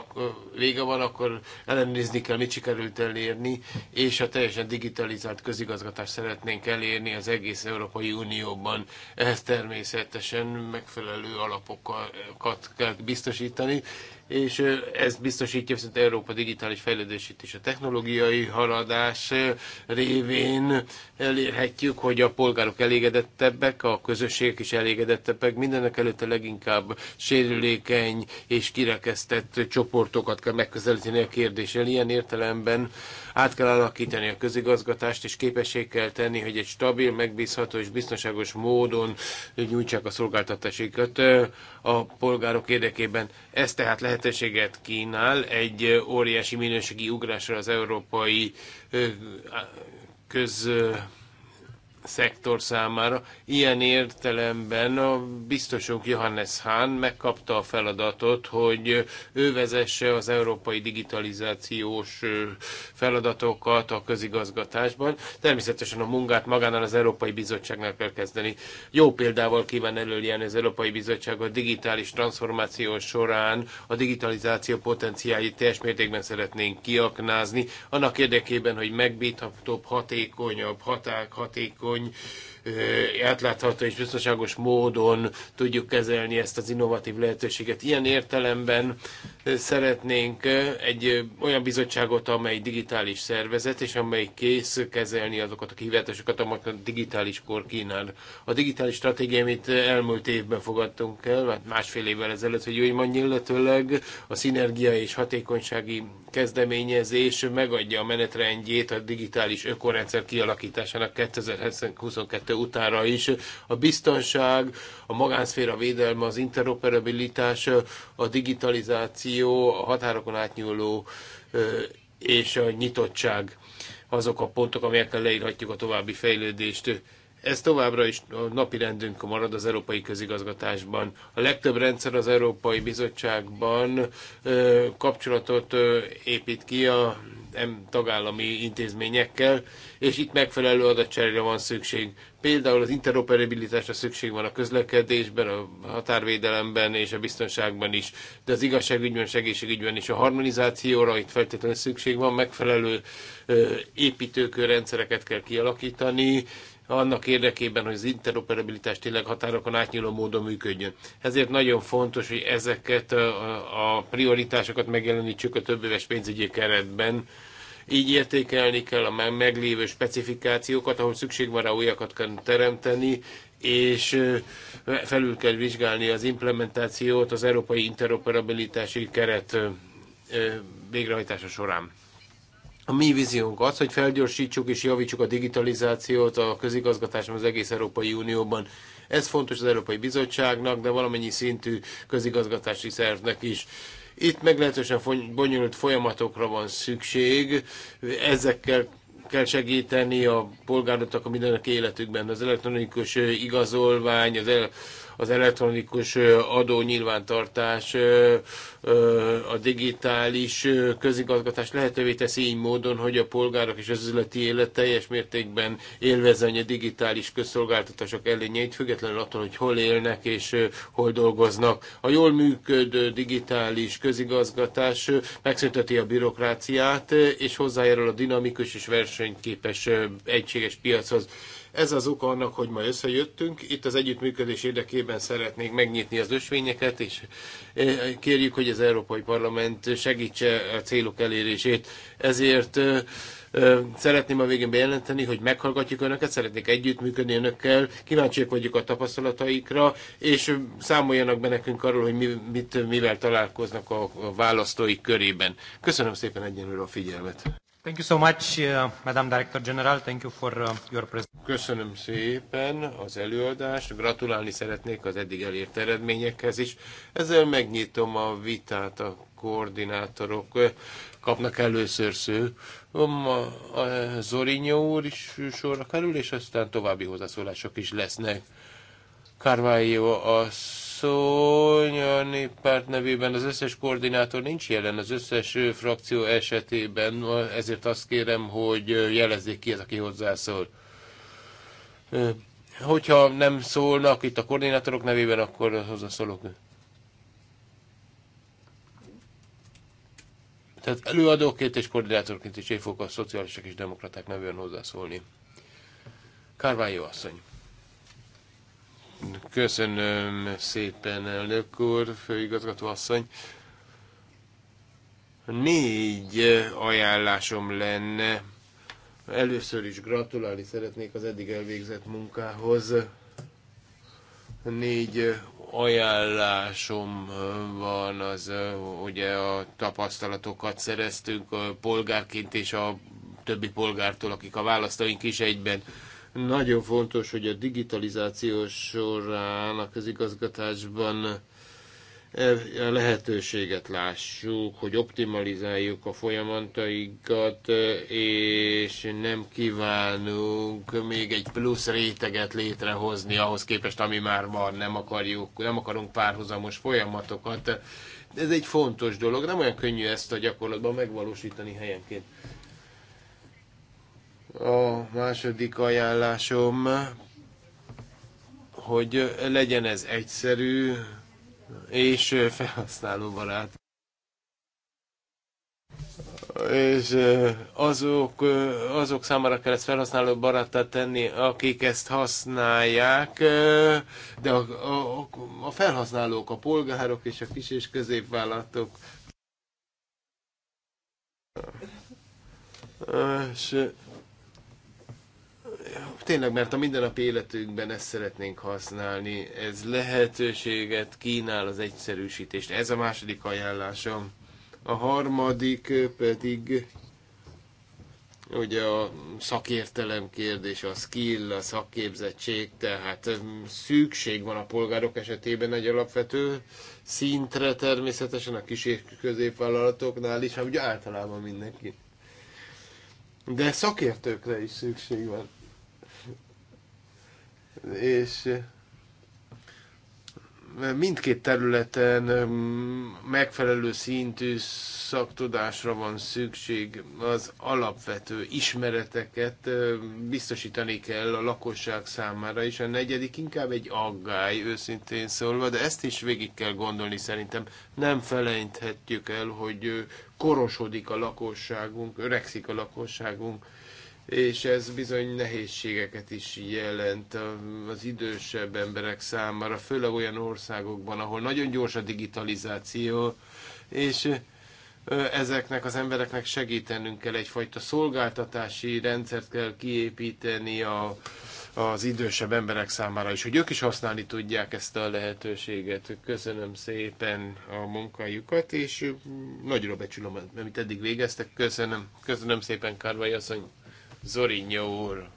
Speaker 3: vége van, akkor ellenőrizni kell, mit sikerült elérni, és a teljesen digitalizált közigazgatás szeretnénk szeretnénk elérni az egész Európai Unióban. Ehhez természetesen megfelelő alapokat kell biztosítani, és ez biztosítja viszont Európa digitális fejlődését és a technológiai haladás révén elérhetjük, hogy a polgárok elégedettebbek, a közösségek is elégedettebbek, mindenek előtte a leginkább sérülékeny és kirekesztett csoportokat kell megközelíteni a kérdéssel. Ilyen értelemben át kell alakítani a közigazgatást, és képesség kell tenni, hogy egy stabil, megbízható és biztonságos módon nyújtsák a szolgáltatásikat a polgárok érdekében. Ez tehát lehet lehetőséget kínál egy óriási minőségi ugrásra az európai köz szektor számára. Ilyen értelemben a biztosunk Johannes Hahn megkapta a feladatot, hogy ő vezesse az európai digitalizációs feladatokat a közigazgatásban. Természetesen a munkát magánál az Európai bizottságnak kell kezdeni. Jó példával kíván előjelni az Európai Bizottság a digitális transformáció során a digitalizáció potenciáit teljes mértékben szeretnénk kiaknázni, annak érdekében, hogy megbíthatóbb, hatékonyabb, haták, hatékony hatékony Eh, átlátható és biztonságos módon tudjuk kezelni ezt az innovatív lehetőséget. Ilyen értelemben eh, szeretnénk eh, egy olyan bizottságot, amely digitális szervezet, és amely kész kezelni azokat a kihívásokat, amelyek a digitális kor kínál. A digitális stratégia, amit elmúlt évben fogadtunk el, hát másfél évvel ezelőtt, hogy úgy mondja, illetőleg a szinergia és hatékonysági kezdeményezés megadja a menetrendjét a digitális ökorendszer kialakításának 2022 utára is. A biztonság, a magánszféra védelme, az interoperabilitás, a digitalizáció, a határokon átnyúló és a nyitottság azok a pontok, amelyekkel leírhatjuk a további fejlődést. Ez továbbra is a napi rendünk marad az európai közigazgatásban. A legtöbb rendszer az Európai Bizottságban ö, kapcsolatot ö, épít ki a tagállami intézményekkel, és itt megfelelő adatcserére van szükség. Például az interoperabilitásra szükség van a közlekedésben, a határvédelemben és a biztonságban is, de az igazságügyben, segélységügyben is a harmonizációra itt feltétlenül szükség van, megfelelő építőkörrendszereket kell kialakítani, annak érdekében, hogy az interoperabilitás tényleg határokon átnyúló módon működjön. Ezért nagyon fontos, hogy ezeket a prioritásokat megjelenítsük a többéves pénzügyi keretben, így értékelni kell a már meglévő specifikációkat, ahol szükség van rá újakat kell teremteni, és felül kell vizsgálni az implementációt az Európai Interoperabilitási Keret végrehajtása során. A mi víziónk az, hogy felgyorsítsuk és javítsuk a digitalizációt a közigazgatáson az egész Európai Unióban. Ez fontos az Európai Bizottságnak, de valamennyi szintű közigazgatási szervnek is. Itt meglehetősen bonyolult folyamatokra van szükség, ezekkel kell segíteni a polgároknak a mindenki életükben. Az elektronikus igazolvány, az el, az elektronikus adó nyilvántartás, a digitális közigazgatás lehetővé teszi így módon, hogy a polgárok és az üzleti élet teljes mértékben élvezzen a digitális közszolgáltatások előnyeit, függetlenül attól, hogy hol élnek és hol dolgoznak. A jól működő digitális közigazgatás megszünteti a bürokráciát, és hozzájárul a dinamikus és versenyképes egységes piachoz. Ez az oka annak, hogy ma összejöttünk. Itt az együttműködés érdekében szeretnénk megnyitni az ösvényeket, és eh, kérjük, hogy az Európai Parlament segítse a célok elérését. Ezért eh, eh, Szeretném a végén bejelenteni, hogy meghallgatjuk Önöket, szeretnék együttműködni Önökkel, kíváncsiak vagyunk a tapasztalataikra, és számoljanak be nekünk arról, hogy mi, mit, mivel találkoznak a választóik körében. Köszönöm szépen egyenlőre a figyelmet. Thank you so much, uh, Madam Director General. Thank you for uh, your Köszönöm szépen az előadást. Gratulálni szeretnék az eddig elért eredményekhez is. Ezzel megnyitom a vitát. A koordinátorok uh, kapnak először sző. Uh, Zorinyó úr is sorra kerül, és aztán további hozzászólások is lesznek. Carvalho az asszony, a néppárt nevében az összes koordinátor nincs jelen az összes frakció esetében, ezért azt kérem, hogy jelezzék ki az, aki hozzászól. Hogyha nem szólnak itt a koordinátorok nevében, akkor hozzászólok. Tehát előadóként és koordinátorként is én fogok a szocialisták és demokraták nevében hozzászólni. Kárványó asszony. Köszönöm szépen, elnök úr, főigazgató asszony. Négy ajánlásom lenne. Először is gratulálni szeretnék az eddig elvégzett munkához. Négy ajánlásom van, az ugye a tapasztalatokat szereztünk polgárként és a többi polgártól, akik a választóink is egyben nagyon fontos, hogy a digitalizáció során a közigazgatásban e, lehetőséget lássuk, hogy optimalizáljuk a folyamataikat, e, és nem kívánunk még egy plusz réteget létrehozni ahhoz képest, ami már van, nem, akarjuk, nem akarunk párhuzamos folyamatokat. Ez egy fontos dolog, nem olyan könnyű ezt a gyakorlatban megvalósítani helyenként. A második ajánlásom, hogy legyen ez egyszerű és felhasználóbarát. És azok, azok számára kell ezt felhasználó baráttá tenni, akik ezt használják, de a, a, a felhasználók, a polgárok és a kis és középvállalatok. És tényleg, mert a mindennapi életünkben ezt szeretnénk használni, ez lehetőséget kínál az egyszerűsítést. Ez a második ajánlásom. A harmadik pedig ugye a szakértelem kérdés, a skill, a szakképzettség, tehát szükség van a polgárok esetében egy alapvető szintre természetesen a kis és középvállalatoknál is, hát ugye általában mindenki. De szakértőkre is szükség van és mindkét területen megfelelő szintű szaktudásra van szükség, az alapvető ismereteket biztosítani kell a lakosság számára, és a negyedik inkább egy aggály, őszintén szólva, de ezt is végig kell gondolni szerintem. Nem felejthetjük el, hogy korosodik a lakosságunk, öregszik a lakosságunk, és ez bizony nehézségeket is jelent az idősebb emberek számára, főleg olyan országokban, ahol nagyon gyors a digitalizáció, és ezeknek az embereknek segítenünk kell, egyfajta szolgáltatási rendszert kell kiépíteni a, az idősebb emberek számára is, hogy ők is használni tudják ezt a lehetőséget. Köszönöm szépen a munkájukat, és nagyra becsülöm, amit eddig végeztek. Köszönöm, köszönöm szépen, Kárvai asszony. Zorinja úr,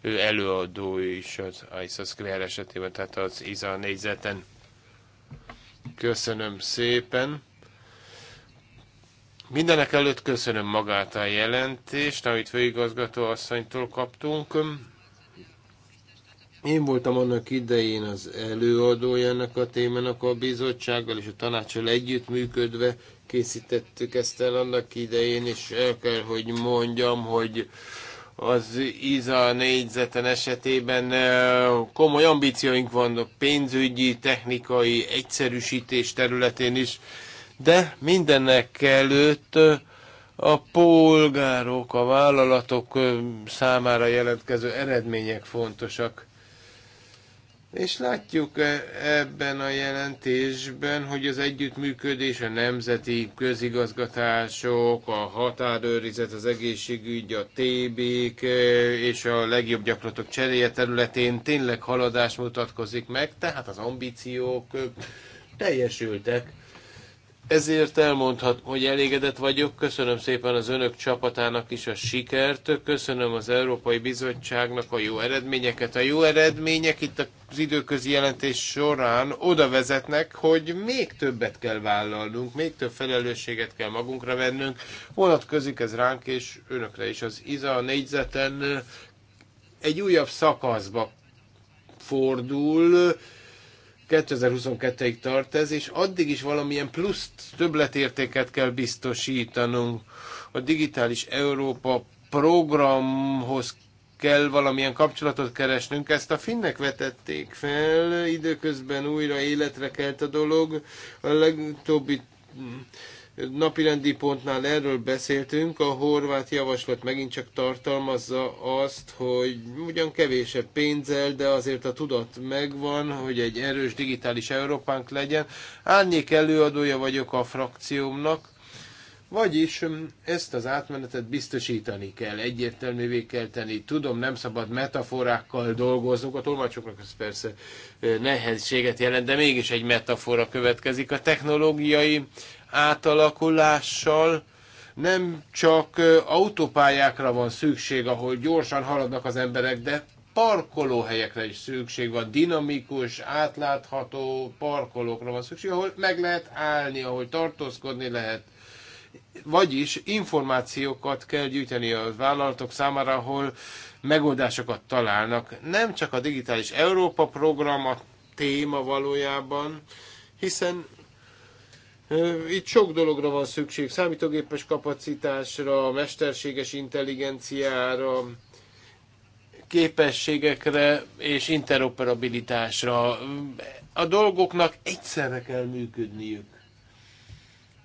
Speaker 3: ő előadó is az ISA Square esetében, tehát az IZA négyzeten. Köszönöm szépen. Mindenek előtt köszönöm magát a jelentést, amit főigazgató asszonytól kaptunk. Én voltam annak idején az előadója ennek a témának a bizottsággal és a tanácsal együttműködve készítettük ezt el annak idején, és el kell, hogy mondjam, hogy az IZA négyzeten esetében komoly ambícióink vannak pénzügyi, technikai, egyszerűsítés területén is, de mindennek előtt a polgárok, a vállalatok számára jelentkező eredmények fontosak. És látjuk e, ebben a jelentésben, hogy az együttműködés, a nemzeti közigazgatások, a határőrizet, az egészségügy, a tb e, és a legjobb gyakorlatok cseréje területén tényleg haladás mutatkozik meg, tehát az ambíciók teljesültek ezért elmondhat, hogy elégedett vagyok. Köszönöm szépen az önök csapatának is a sikert. Köszönöm az Európai Bizottságnak a jó eredményeket. A jó eredmények itt az időközi jelentés során oda vezetnek, hogy még többet kell vállalnunk, még több felelősséget kell magunkra vennünk. Vonatkozik ez ránk és önökre is. Az IZA a négyzeten egy újabb szakaszba fordul, 2022-ig tart ez, és addig is valamilyen plusz többletértéket kell biztosítanunk. A Digitális Európa programhoz kell valamilyen kapcsolatot keresnünk. Ezt a finnek vetették fel, időközben újra életre kelt a dolog. A legutóbbi napirendi pontnál erről beszéltünk, a horvát javaslat megint csak tartalmazza azt, hogy ugyan kevésebb pénzzel, de azért a tudat megvan, hogy egy erős digitális Európánk legyen. Árnyék előadója vagyok a frakciómnak, vagyis mm, ezt az átmenetet biztosítani kell, egyértelművé kell tenni. Tudom, nem szabad metaforákkal dolgoznunk, a tolmácsoknak ez persze eh, nehézséget jelent, de mégis egy metafora következik. A technológiai átalakulással nem csak autópályákra van szükség, ahol gyorsan haladnak az emberek, de parkolóhelyekre is szükség van, dinamikus, átlátható parkolókra van szükség, ahol meg lehet állni, ahol tartózkodni lehet. Vagyis információkat kell gyűjteni a vállalatok számára, ahol megoldásokat találnak. Nem csak a digitális Európa program a téma valójában, hiszen itt sok dologra van szükség, számítógépes kapacitásra, mesterséges intelligenciára, képességekre és interoperabilitásra. A dolgoknak egyszerre kell működniük.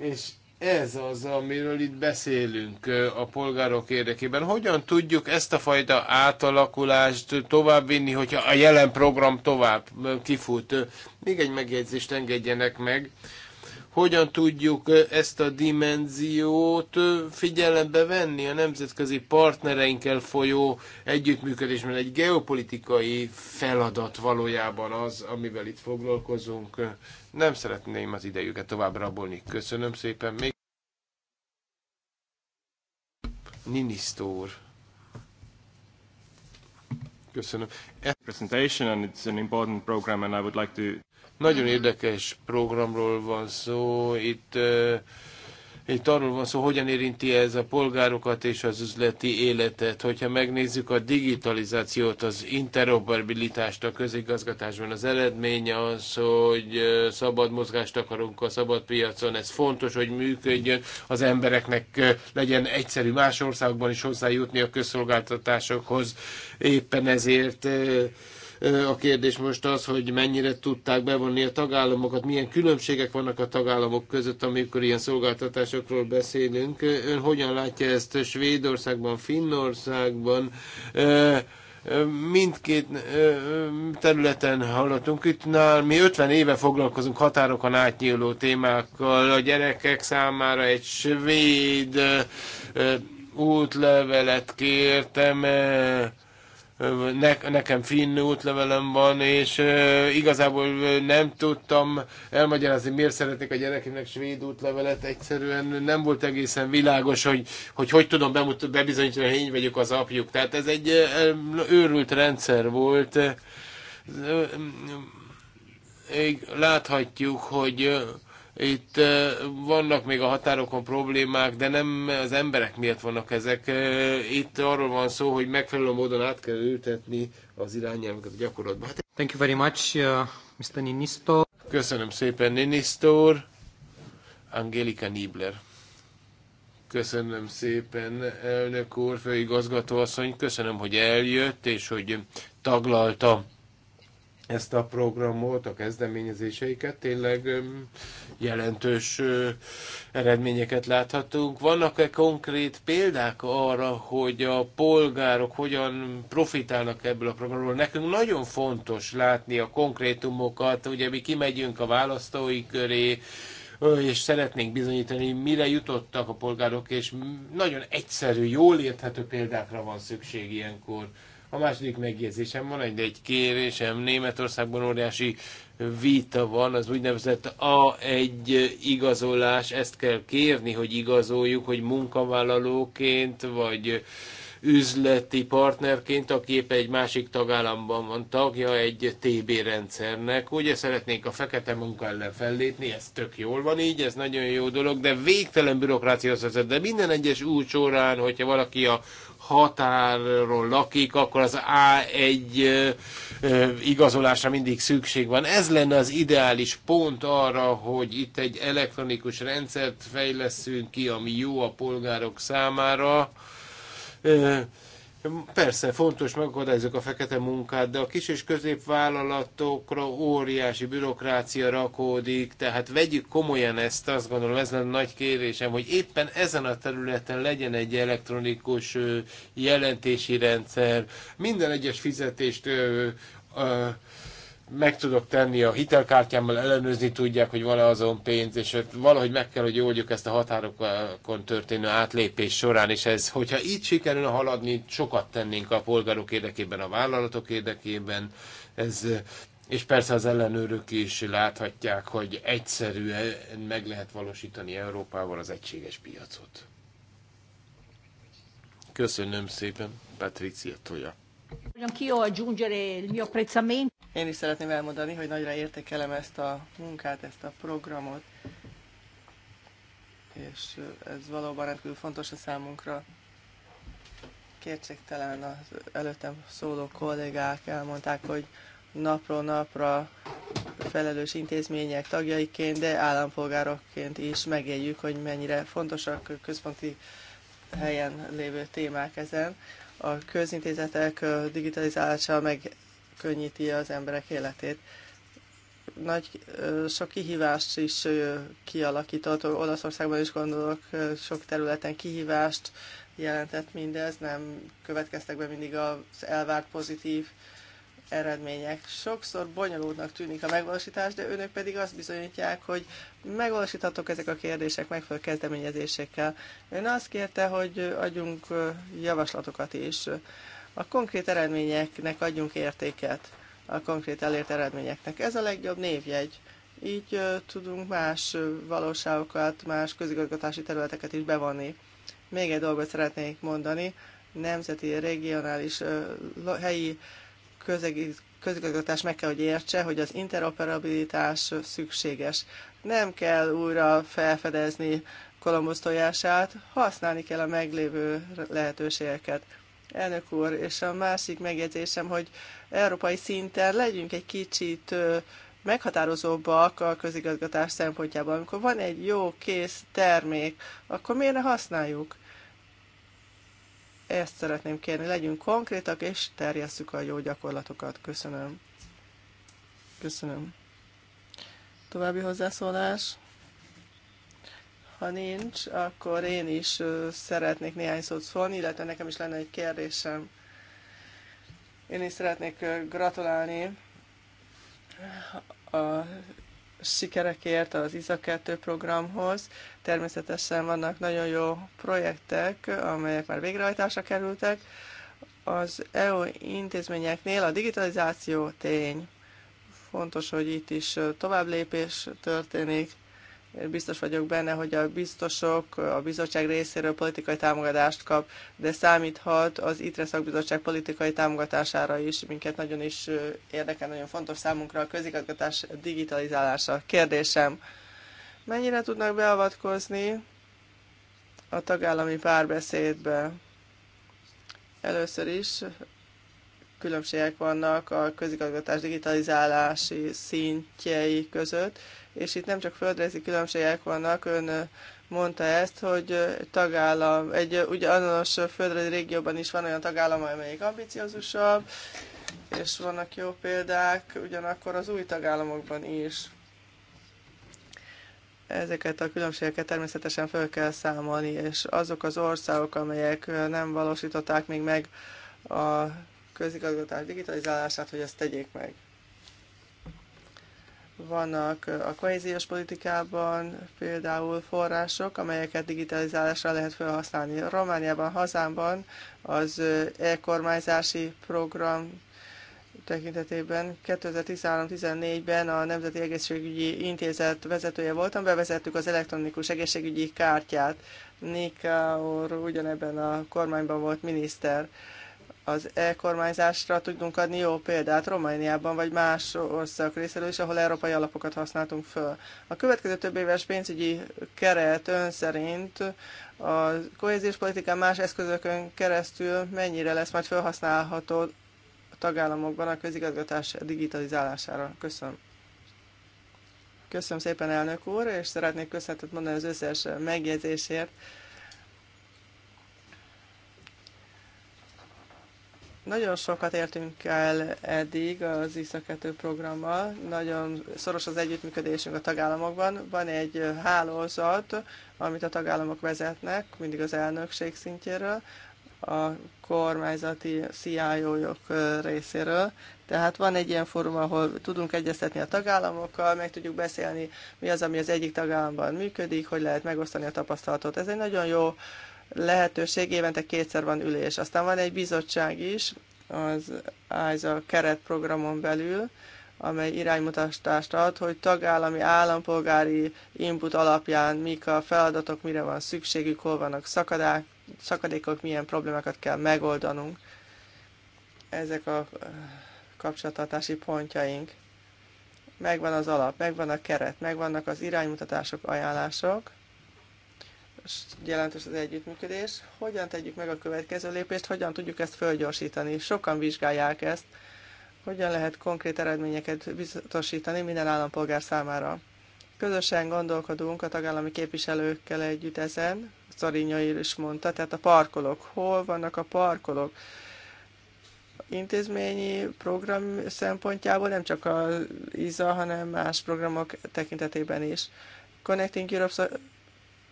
Speaker 3: És ez az, amiről itt beszélünk a polgárok érdekében. Hogyan tudjuk ezt a fajta átalakulást továbbvinni, hogyha a jelen program tovább kifut? Még egy megjegyzést engedjenek meg hogyan tudjuk ezt a dimenziót figyelembe venni a nemzetközi partnereinkkel folyó együttműködés, mert egy geopolitikai feladat valójában az, amivel itt foglalkozunk. Nem szeretném az idejüket tovább rabolni. Köszönöm szépen. Még Ninisztó úr. Köszönöm. E- presentation and it's an important program and I would like to... Nagyon érdekes programról van szó. Itt uh, itt arról van szó, hogyan érinti ez a polgárokat és az üzleti életet. Hogyha megnézzük a digitalizációt, az interoperabilitást a közigazgatásban, az eredménye az, hogy szabad mozgást akarunk a szabad piacon, ez fontos, hogy működjön, az embereknek legyen egyszerű más országban is hozzájutni a közszolgáltatásokhoz. Éppen ezért a kérdés most az, hogy mennyire tudták bevonni a tagállamokat, milyen különbségek vannak a tagállamok között, amikor ilyen szolgáltatásokról beszélünk. Ön hogyan látja ezt Svédországban, Finnországban? mindkét területen hallottunk. Itt nál mi 50 éve foglalkozunk határokon átnyíló témákkal. A gyerekek számára egy svéd útlevelet kértem ne, nekem finn útlevelem van, és uh, igazából nem tudtam elmagyarázni, miért szeretnék a gyerekének svéd útlevelet. Egyszerűen nem volt egészen világos, hogy hogy, hogy tudom bemut- bebizonyítani, hogy én vagyok az apjuk. Tehát ez egy uh, őrült rendszer volt. Uh, láthatjuk, hogy itt vannak még a határokon problémák, de nem az emberek miatt vannak ezek. Itt arról van szó, hogy megfelelő módon át kell ültetni az irányelveket a gyakorlatban. Hát... Thank you very much, uh, Mr. Ninisto. Köszönöm szépen, Ninisto Angelika Niebler. Köszönöm szépen, elnök úr, főigazgatóasszony. Köszönöm, hogy eljött, és hogy taglalta ezt a programot, a kezdeményezéseiket, tényleg jelentős eredményeket láthatunk. Vannak-e konkrét példák arra, hogy a polgárok hogyan profitálnak ebből a programról? Nekünk nagyon fontos látni a konkrétumokat, ugye mi kimegyünk a választói köré, és szeretnénk bizonyítani, mire jutottak a polgárok, és nagyon egyszerű, jól érthető példákra van szükség ilyenkor. A második megjegyzésem van egy, egy kérésem. Németországban óriási vita van, az úgynevezett A1 igazolás, ezt kell kérni, hogy igazoljuk, hogy munkavállalóként, vagy üzleti partnerként, aki épp egy másik tagállamban van tagja egy TB rendszernek. Ugye szeretnék a fekete munka ellen fellépni, ez tök jól van így, ez nagyon jó dolog, de végtelen bürokrácia vezet, de minden egyes új során, hogyha valaki a határról lakik, akkor az A1 igazolásra mindig szükség van. Ez lenne az ideális pont arra, hogy itt egy elektronikus rendszert fejleszünk ki, ami jó a polgárok számára Persze, fontos megakadályozok a fekete munkát, de a kis és középvállalatokra óriási bürokrácia rakódik, tehát vegyük komolyan ezt, azt gondolom, ez lenne nagy kérésem, hogy éppen ezen a területen legyen egy elektronikus jelentési rendszer, minden egyes fizetést meg tudok tenni a hitelkártyámmal, ellenőrizni tudják, hogy van-e azon pénz, és hát valahogy meg kell, hogy oldjuk ezt a határokon történő átlépés során, és ez, hogyha így sikerülne haladni, sokat tennénk a polgárok érdekében, a vállalatok érdekében, ez és persze az ellenőrök is láthatják, hogy egyszerűen meg lehet valósítani Európával az egységes piacot. Köszönöm szépen, Patricia Toja.
Speaker 1: Én is szeretném elmondani, hogy nagyra értékelem ezt a munkát, ezt a programot, és ez valóban rendkívül fontos a számunkra. Kétségtelen az előttem szóló kollégák elmondták, hogy napról napra felelős intézmények tagjaiként, de állampolgárokként is megéljük, hogy mennyire fontosak központi helyen lévő témák ezen. A közintézetek digitalizálása meg könnyíti az emberek életét. Nagy, sok kihívást is kialakított, Olaszországban is gondolok, sok területen kihívást jelentett mindez, nem következtek be mindig az elvárt pozitív eredmények. Sokszor bonyolultnak tűnik a megvalósítás, de önök pedig azt bizonyítják, hogy megvalósíthatók ezek a kérdések megfelelő kezdeményezésekkel. Ön azt kérte, hogy adjunk javaslatokat is. A konkrét eredményeknek adjunk értéket, a konkrét elért eredményeknek. Ez a legjobb névjegy. Így ö, tudunk más valóságokat, más közigazgatási területeket is bevonni. Még egy dolgot szeretnék mondani. Nemzeti, regionális, uh, helyi közegi közigazgatás meg kell, hogy értse, hogy az interoperabilitás szükséges. Nem kell újra felfedezni Kolumbusz tojását, használni kell a meglévő lehetőségeket. Elnök úr, és a másik megjegyzésem, hogy európai szinten legyünk egy kicsit meghatározóbbak a közigazgatás szempontjában. Amikor van egy jó, kész termék, akkor miért ne használjuk? Ezt szeretném kérni, legyünk konkrétak, és terjesszük a jó gyakorlatokat. Köszönöm. Köszönöm. További hozzászólás? Ha nincs, akkor én is szeretnék néhány szót szólni, illetve nekem is lenne egy kérdésem. Én is szeretnék gratulálni a sikerekért az ISA 2 programhoz. Természetesen vannak nagyon jó projektek, amelyek már végrehajtásra kerültek. Az EU intézményeknél a digitalizáció tény. Fontos, hogy itt is tovább lépés történik. Biztos vagyok benne, hogy a biztosok a bizottság részéről politikai támogatást kap, de számíthat az ITRE szakbizottság politikai támogatására is. Minket nagyon is érdekel, nagyon fontos számunkra a közigazgatás digitalizálása. Kérdésem, mennyire tudnak beavatkozni a tagállami párbeszédbe? Először is különbségek vannak a közigazgatás digitalizálási szintjei között, és itt nem csak földrajzi különbségek vannak, ön mondta ezt, hogy tagállam, egy ugyanazonos földrajzi régióban is van olyan tagállam, amelyik ambiciózusabb, és vannak jó példák, ugyanakkor az új tagállamokban is. Ezeket a különbségeket természetesen fel kell számolni, és azok az országok, amelyek nem valósították még meg a közigazgatás digitalizálását, hogy ezt tegyék meg. Vannak a kohéziós politikában például források, amelyeket digitalizálásra lehet felhasználni. Romániában, hazámban az e-kormányzási program tekintetében 2013-14-ben a Nemzeti Egészségügyi Intézet vezetője voltam, bevezettük az elektronikus egészségügyi kártyát. Nika úr ugyanebben a kormányban volt miniszter az e-kormányzásra tudunk adni jó példát Romániában vagy más országok részéről is, ahol európai alapokat használtunk föl. A következő több éves pénzügyi keret ön szerint a kohéziós politikán más eszközökön keresztül mennyire lesz majd felhasználható a tagállamokban a közigazgatás digitalizálására? Köszönöm. Köszönöm szépen, elnök úr, és szeretnék köszönetet mondani az összes megjegyzésért. Nagyon sokat értünk el eddig az ISZA 2 programmal, nagyon szoros az együttműködésünk a tagállamokban. Van egy hálózat, amit a tagállamok vezetnek, mindig az elnökség szintjéről, a kormányzati CIO-jok részéről. Tehát van egy ilyen fórum, ahol tudunk egyeztetni a tagállamokkal, meg tudjuk beszélni, mi az, ami az egyik tagállamban működik, hogy lehet megosztani a tapasztalatot. Ez egy nagyon jó uh, lehetőség, évente kétszer van ülés. Aztán van egy bizottság is, az ISA keretprogramon belül, amely iránymutatást ad, hogy tagállami állampolgári input alapján mik a feladatok, mire van szükségük, hol vannak szakadák, szakadékok, milyen problémákat kell megoldanunk. Ezek a eh, kapcsolatartási pontjaink. Megvan az alap, megvan a keret, megvannak az iránymutatások, ajánlások, jelentős az együttműködés. Hogyan tegyük meg a következő lépést, hogyan tudjuk ezt fölgyorsítani? Sokan vizsgálják ezt. Hogyan lehet konkrét eredményeket biztosítani minden állampolgár számára? Közösen gondolkodunk a tagállami képviselőkkel együtt ezen, Szarinyai is mondta, tehát a parkolók. Hol vannak a parkolók? intézményi program szempontjából, nem csak az ISA, hanem más programok tekintetében is. Connecting Europe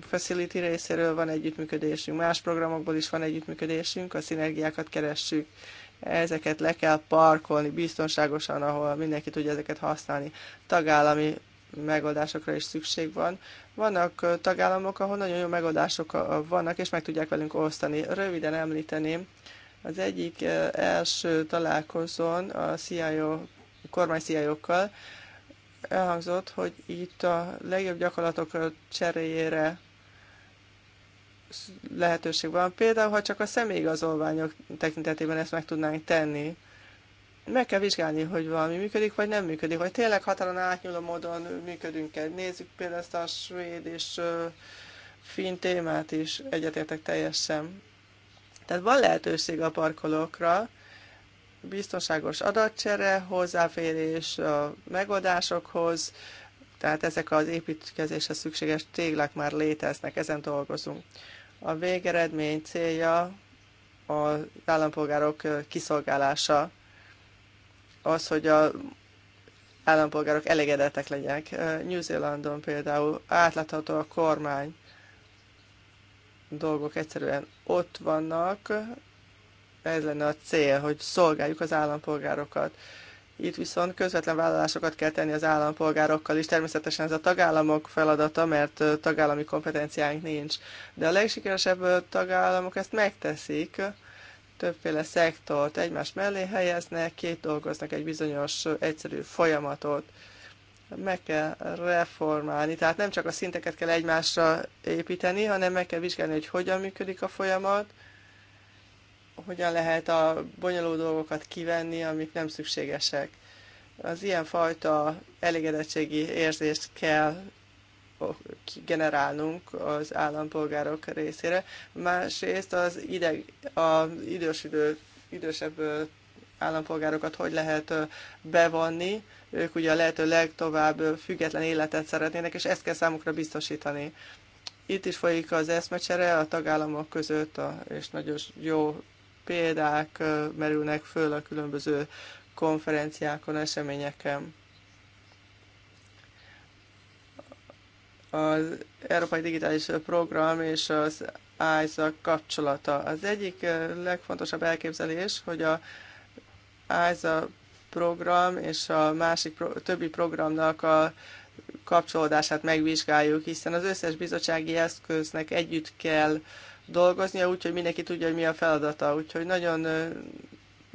Speaker 1: Facility részéről van együttműködésünk, más programokból is van együttműködésünk, a szinergiákat keressük. Ezeket le kell parkolni biztonságosan, ahol mindenki tudja ezeket használni. Tagállami megoldásokra is szükség van. Vannak tagállamok, ahol nagyon jó megoldások vannak, és meg tudják velünk osztani. Röviden említeném, az egyik első találkozón a CIO, kormány CIO-kkal elhangzott, hogy itt a legjobb gyakorlatok cseréjére lehetőség van. Például, ha csak a személyigazolványok tekintetében ezt meg tudnánk tenni, meg kell vizsgálni, hogy valami működik, vagy nem működik, vagy tényleg határon átnyúló módon működünk-e. Nézzük például ezt a svéd és finn témát is, egyetértek teljesen. Tehát van lehetőség a parkolókra, biztonságos adatcsere, hozzáférés a megoldásokhoz, tehát ezek az építkezésre szükséges téglák már léteznek, ezen dolgozunk. A végeredmény célja az állampolgárok kiszolgálása, az, hogy a állampolgárok elégedettek legyenek. New Zealandon például átlátható a kormány, dolgok egyszerűen ott vannak, ez lenne a cél, hogy szolgáljuk az állampolgárokat. Itt viszont közvetlen vállalásokat kell tenni az állampolgárokkal is. Természetesen ez a tagállamok feladata, mert tagállami kompetenciánk nincs. De a legsikeresebb tagállamok ezt megteszik, többféle szektort egymás mellé helyeznek, két dolgoznak egy bizonyos egyszerű folyamatot. Meg kell reformálni, tehát nem csak a szinteket kell egymásra építeni, hanem meg kell vizsgálni, hogy hogyan működik a folyamat, hogyan lehet a bonyolult dolgokat kivenni, amik nem szükségesek. Az ilyen fajta elégedettségi érzést kell generálnunk az állampolgárok részére. Másrészt az, ideg, az idősülő, idősebb állampolgárokat hogy lehet bevonni. Ők ugye a lehető legtovább független életet szeretnének, és ezt kell számukra biztosítani. Itt is folyik az eszmecsere a tagállamok között, a, és nagyon jó példák merülnek föl a különböző konferenciákon, eseményeken. Az Európai Digitális Program és az ISA kapcsolata. Az egyik legfontosabb elképzelés, hogy a ISA program és a másik pro, többi programnak a kapcsolódását megvizsgáljuk, hiszen az összes bizottsági eszköznek együtt kell dolgoznia, úgyhogy mindenki tudja, hogy mi a feladata. Úgyhogy nagyon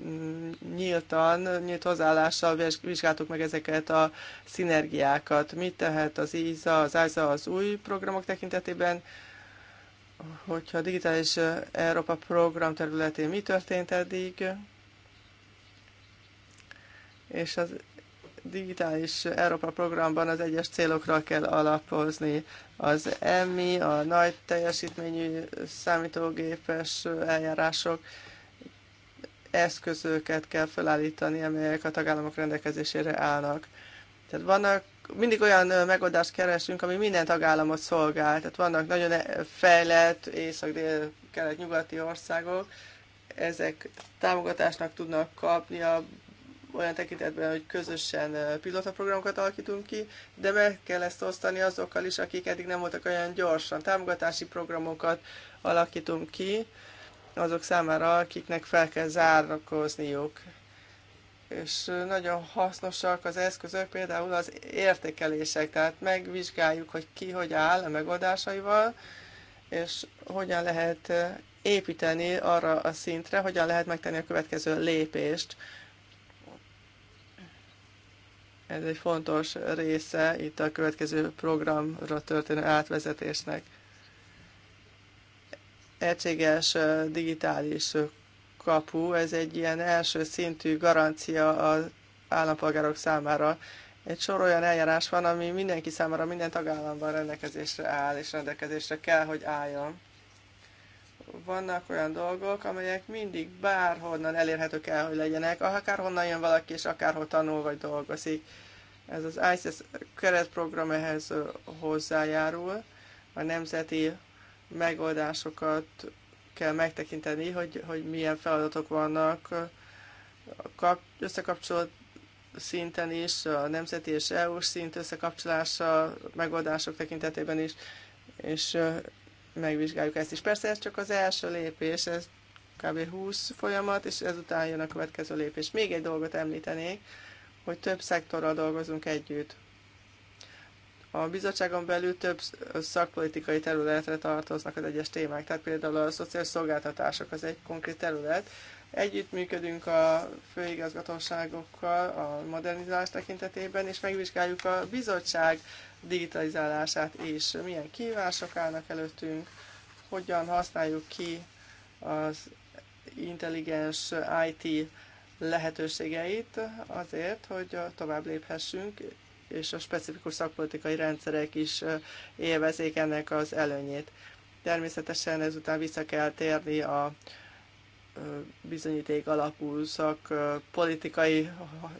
Speaker 1: mm, nyíltan, nyílt hozzáállással vizsgáltuk meg ezeket a szinergiákat. Mit tehet az ISA, az ISA az új programok tekintetében, hogyha a Digitális Európa program területén mi történt eddig, és az digitális Európa programban az egyes célokra kell alapozni. Az EMI, a nagy teljesítményű számítógépes eljárások, eszközöket kell felállítani, amelyek a tagállamok rendelkezésére állnak. Tehát vannak mindig olyan megoldást keresünk, ami minden tagállamot szolgál. Tehát vannak nagyon e, fejlett észak-dél-kelet-nyugati országok, ezek támogatásnak tudnak kapni a olyan tekintetben, hogy közösen pilotaprogramokat alakítunk ki, de meg kell ezt osztani azokkal is, akik eddig nem voltak olyan gyorsan. Támogatási programokat alakítunk ki azok számára, akiknek fel kell zárnakozniuk. És nagyon hasznosak az eszközök, például az értékelések, tehát megvizsgáljuk, hogy ki hogy áll a megoldásaival, és hogyan lehet építeni arra a szintre, hogyan lehet megtenni a következő lépést ez egy fontos része itt a következő programra történő átvezetésnek. Egységes digitális kapu, ez egy ilyen első szintű garancia az állampolgárok számára. Egy sor olyan eljárás van, ami mindenki számára, minden tagállamban rendelkezésre áll, és rendelkezésre kell, hogy álljon vannak olyan dolgok, amelyek mindig bárhonnan elérhetők kell, hogy legyenek, akárhonnan jön valaki, és akárhol tanul vagy dolgozik. Ez az ISIS keretprogram ehhez hozzájárul, a nemzeti megoldásokat kell megtekinteni, hogy, hogy milyen feladatok vannak kap, összekapcsolt szinten is, a nemzeti és EU-s szint összekapcsolása megoldások tekintetében is, és megvizsgáljuk ezt is. Persze ez csak az első lépés, ez kb. 20 folyamat, és ezután jön a következő lépés. Még egy dolgot említenék, hogy több szektorral dolgozunk együtt. A bizottságon belül több szakpolitikai területre tartoznak az egyes témák, tehát például a szociális szolgáltatások az egy konkrét terület, Együttműködünk a főigazgatóságokkal a modernizálás tekintetében, és megvizsgáljuk a bizottság digitalizálását is. Milyen kívások állnak előttünk, hogyan használjuk ki az intelligens IT lehetőségeit azért, hogy tovább léphessünk, és a specifikus szakpolitikai rendszerek is élvezék ennek az előnyét. Természetesen ezután vissza kell térni a bizonyíték alapú szak politikai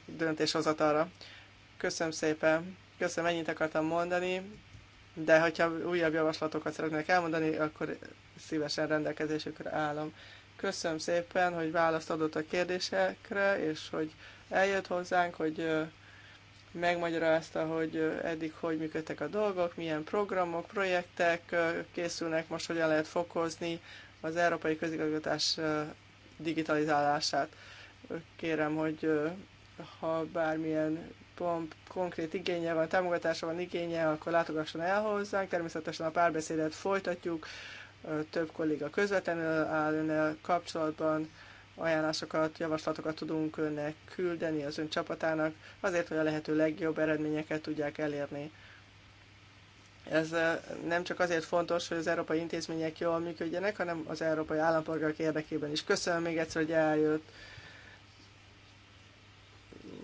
Speaker 1: döntéshozatalra. Köszönöm szépen, köszönöm, ennyit akartam mondani, de hogyha újabb javaslatokat szeretnék elmondani, akkor szívesen rendelkezésükre állom. Köszönöm szépen, hogy választ adott a kérdésekre, és hogy eljött hozzánk, hogy megmagyarázta, hogy eddig hogy működtek a dolgok, milyen programok, projektek készülnek, most hogyan lehet fokozni az európai közigazgatás digitalizálását. Kérem, hogy ha bármilyen pont, konkrét igénye van, támogatása van igénye, akkor látogasson el hozzánk. Természetesen a párbeszédet folytatjuk, több kolléga közvetlenül áll önnel kapcsolatban, ajánlásokat, javaslatokat tudunk önnek küldeni, az ön csapatának, azért, hogy a lehető legjobb eredményeket tudják elérni. Ez nem csak azért fontos, hogy az európai intézmények jól működjenek, hanem az európai állampolgárok érdekében is. Köszönöm még egyszer, hogy eljött.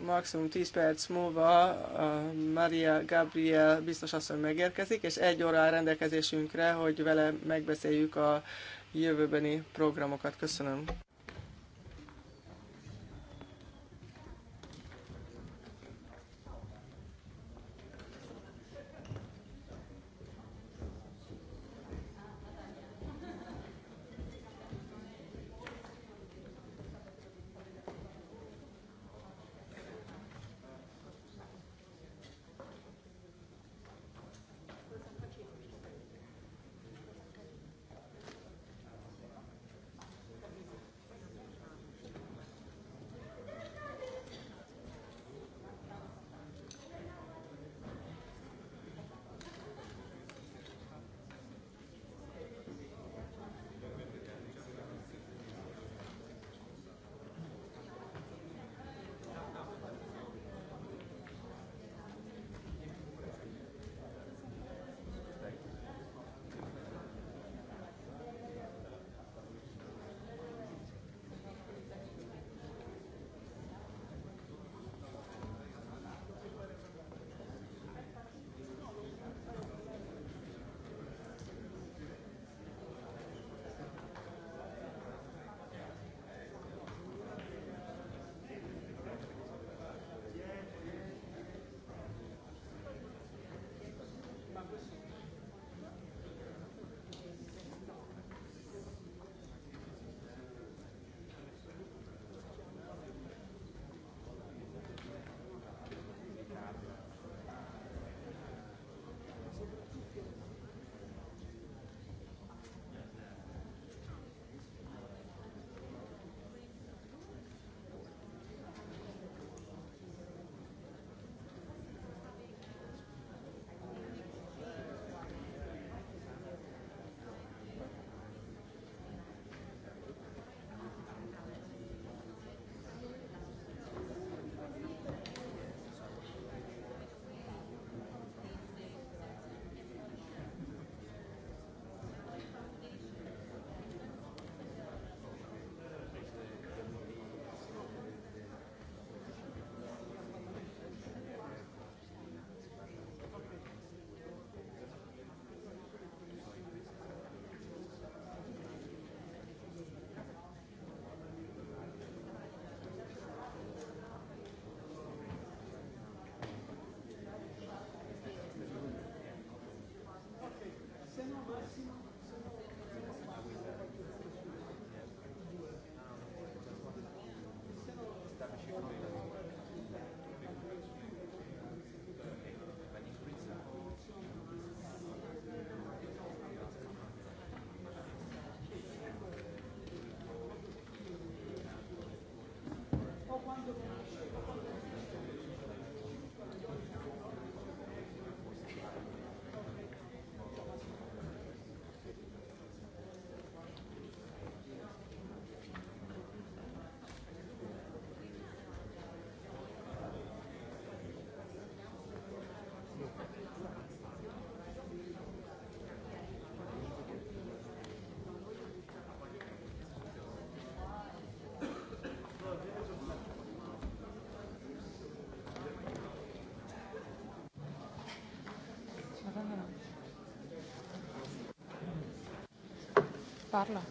Speaker 1: Maximum 10 perc múlva Maria Gabriel biztos asszony megérkezik, és egy óra áll rendelkezésünkre, hogy vele megbeszéljük a jövőbeni programokat. Köszönöm.
Speaker 3: parla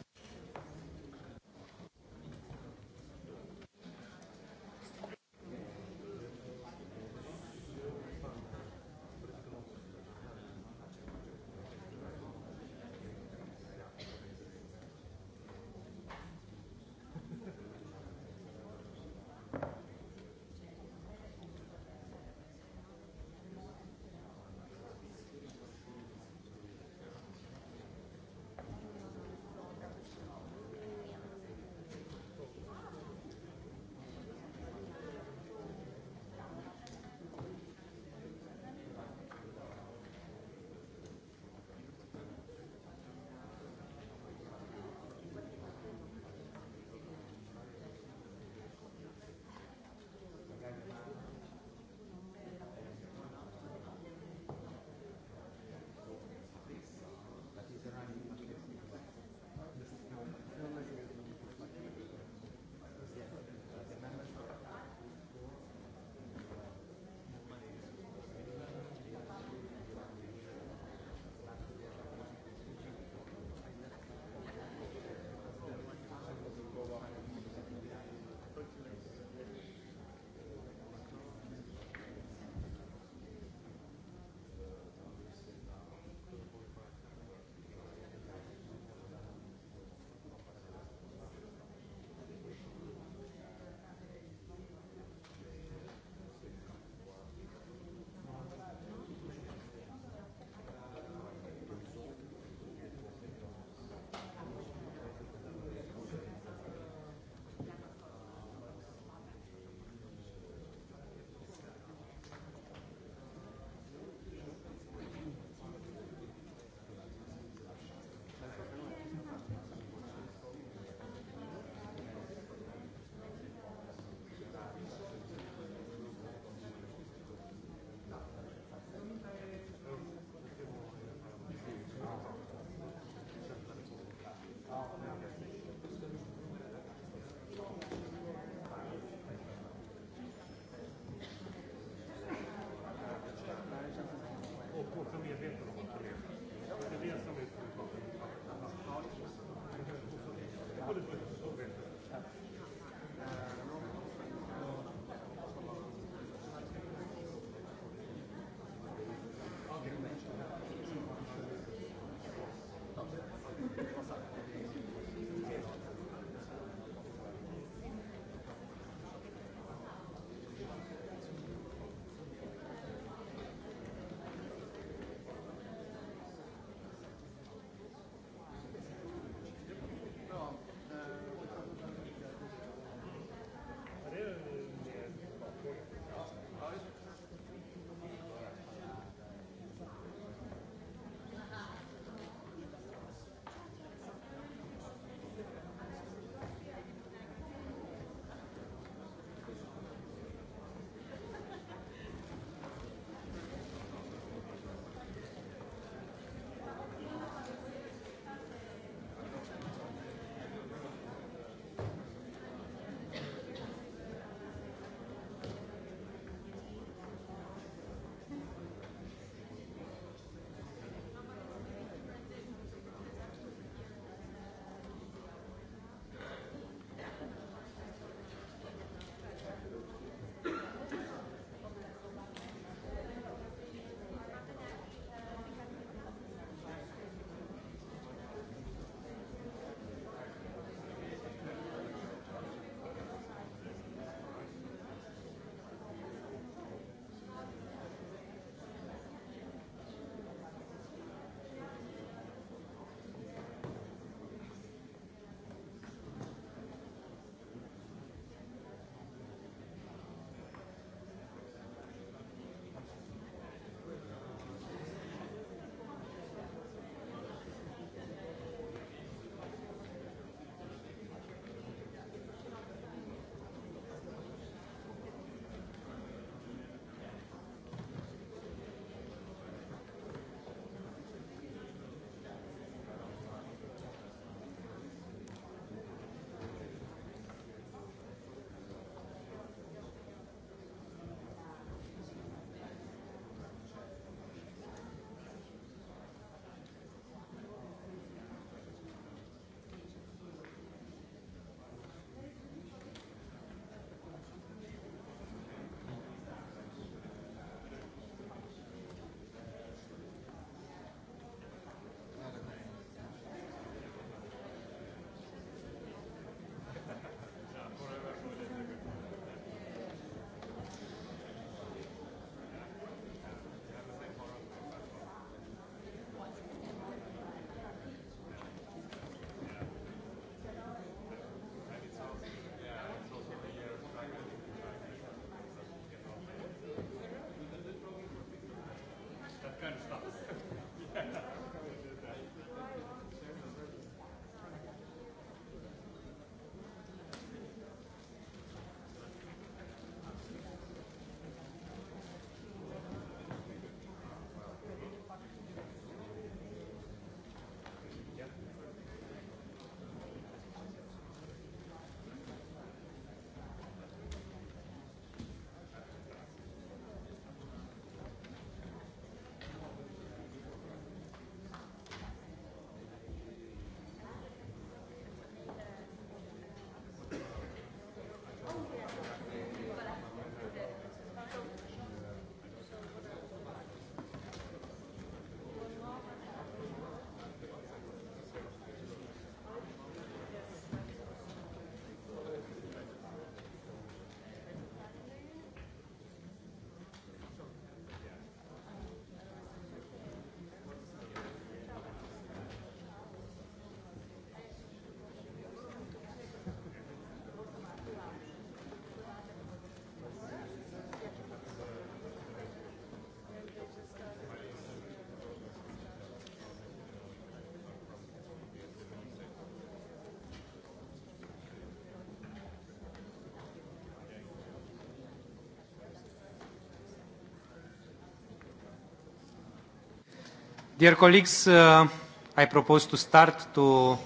Speaker 3: Dear colleagues, uh, I propose to start to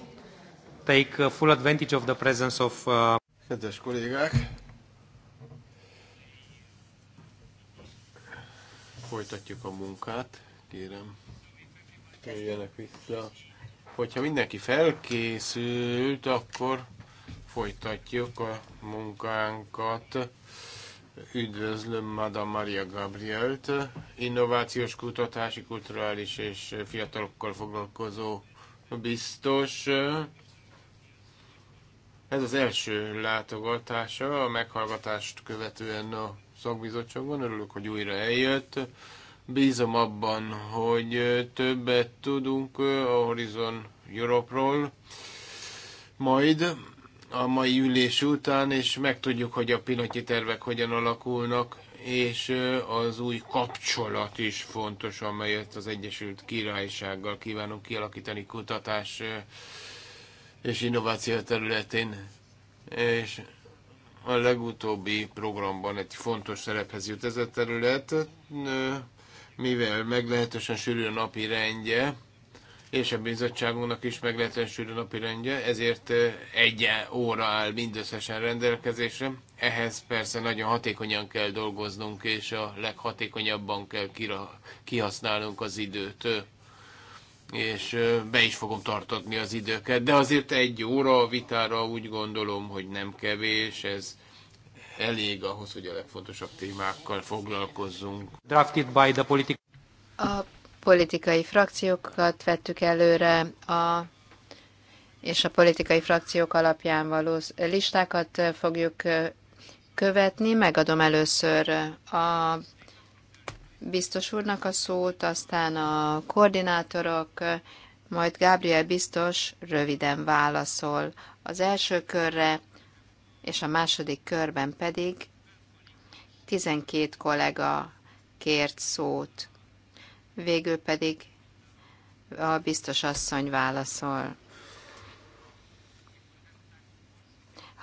Speaker 3: take uh, full advantage of the presence of... Uh... Kedves kollégák, folytatjuk a munkát, kérem, jöjjenek vissza. Hogyha mindenki felkészült, akkor folytatjuk a munkánkat. Üdvözlöm Madame Maria Gabrielt, innovációs kutatási, kulturális és fiatalokkal foglalkozó biztos. Ez az első látogatása a meghallgatást követően a szakbizottságban. Örülök, hogy újra eljött. Bízom abban, hogy többet tudunk a Horizon Europe-ról. Majd a mai ülés után, és megtudjuk, hogy a pillanatnyi tervek hogyan alakulnak és az új kapcsolat is fontos, amelyet az Egyesült Királysággal kívánunk kialakítani kutatás és innováció területén. És a legutóbbi programban egy fontos szerephez jut ez a terület, mivel meglehetősen sűrű a napi rendje, és a bizottságunknak is meglehetősen sűrű napi rendje, ezért egy óra áll mindösszesen rendelkezésre ehhez persze nagyon hatékonyan kell dolgoznunk, és a leghatékonyabban kell kihasználnunk az időt. És be is fogom tartatni az időket, de azért egy óra a vitára úgy gondolom, hogy nem kevés, ez elég ahhoz, hogy a legfontosabb témákkal foglalkozzunk. Drafted by the political...
Speaker 2: A politikai frakciókat vettük előre, a, és a politikai frakciók alapján való listákat fogjuk követni. Megadom először a biztos úrnak a szót, aztán a koordinátorok, majd Gábriel biztos röviden válaszol az első körre, és a második körben pedig 12 kollega kért szót. Végül pedig a biztos asszony válaszol.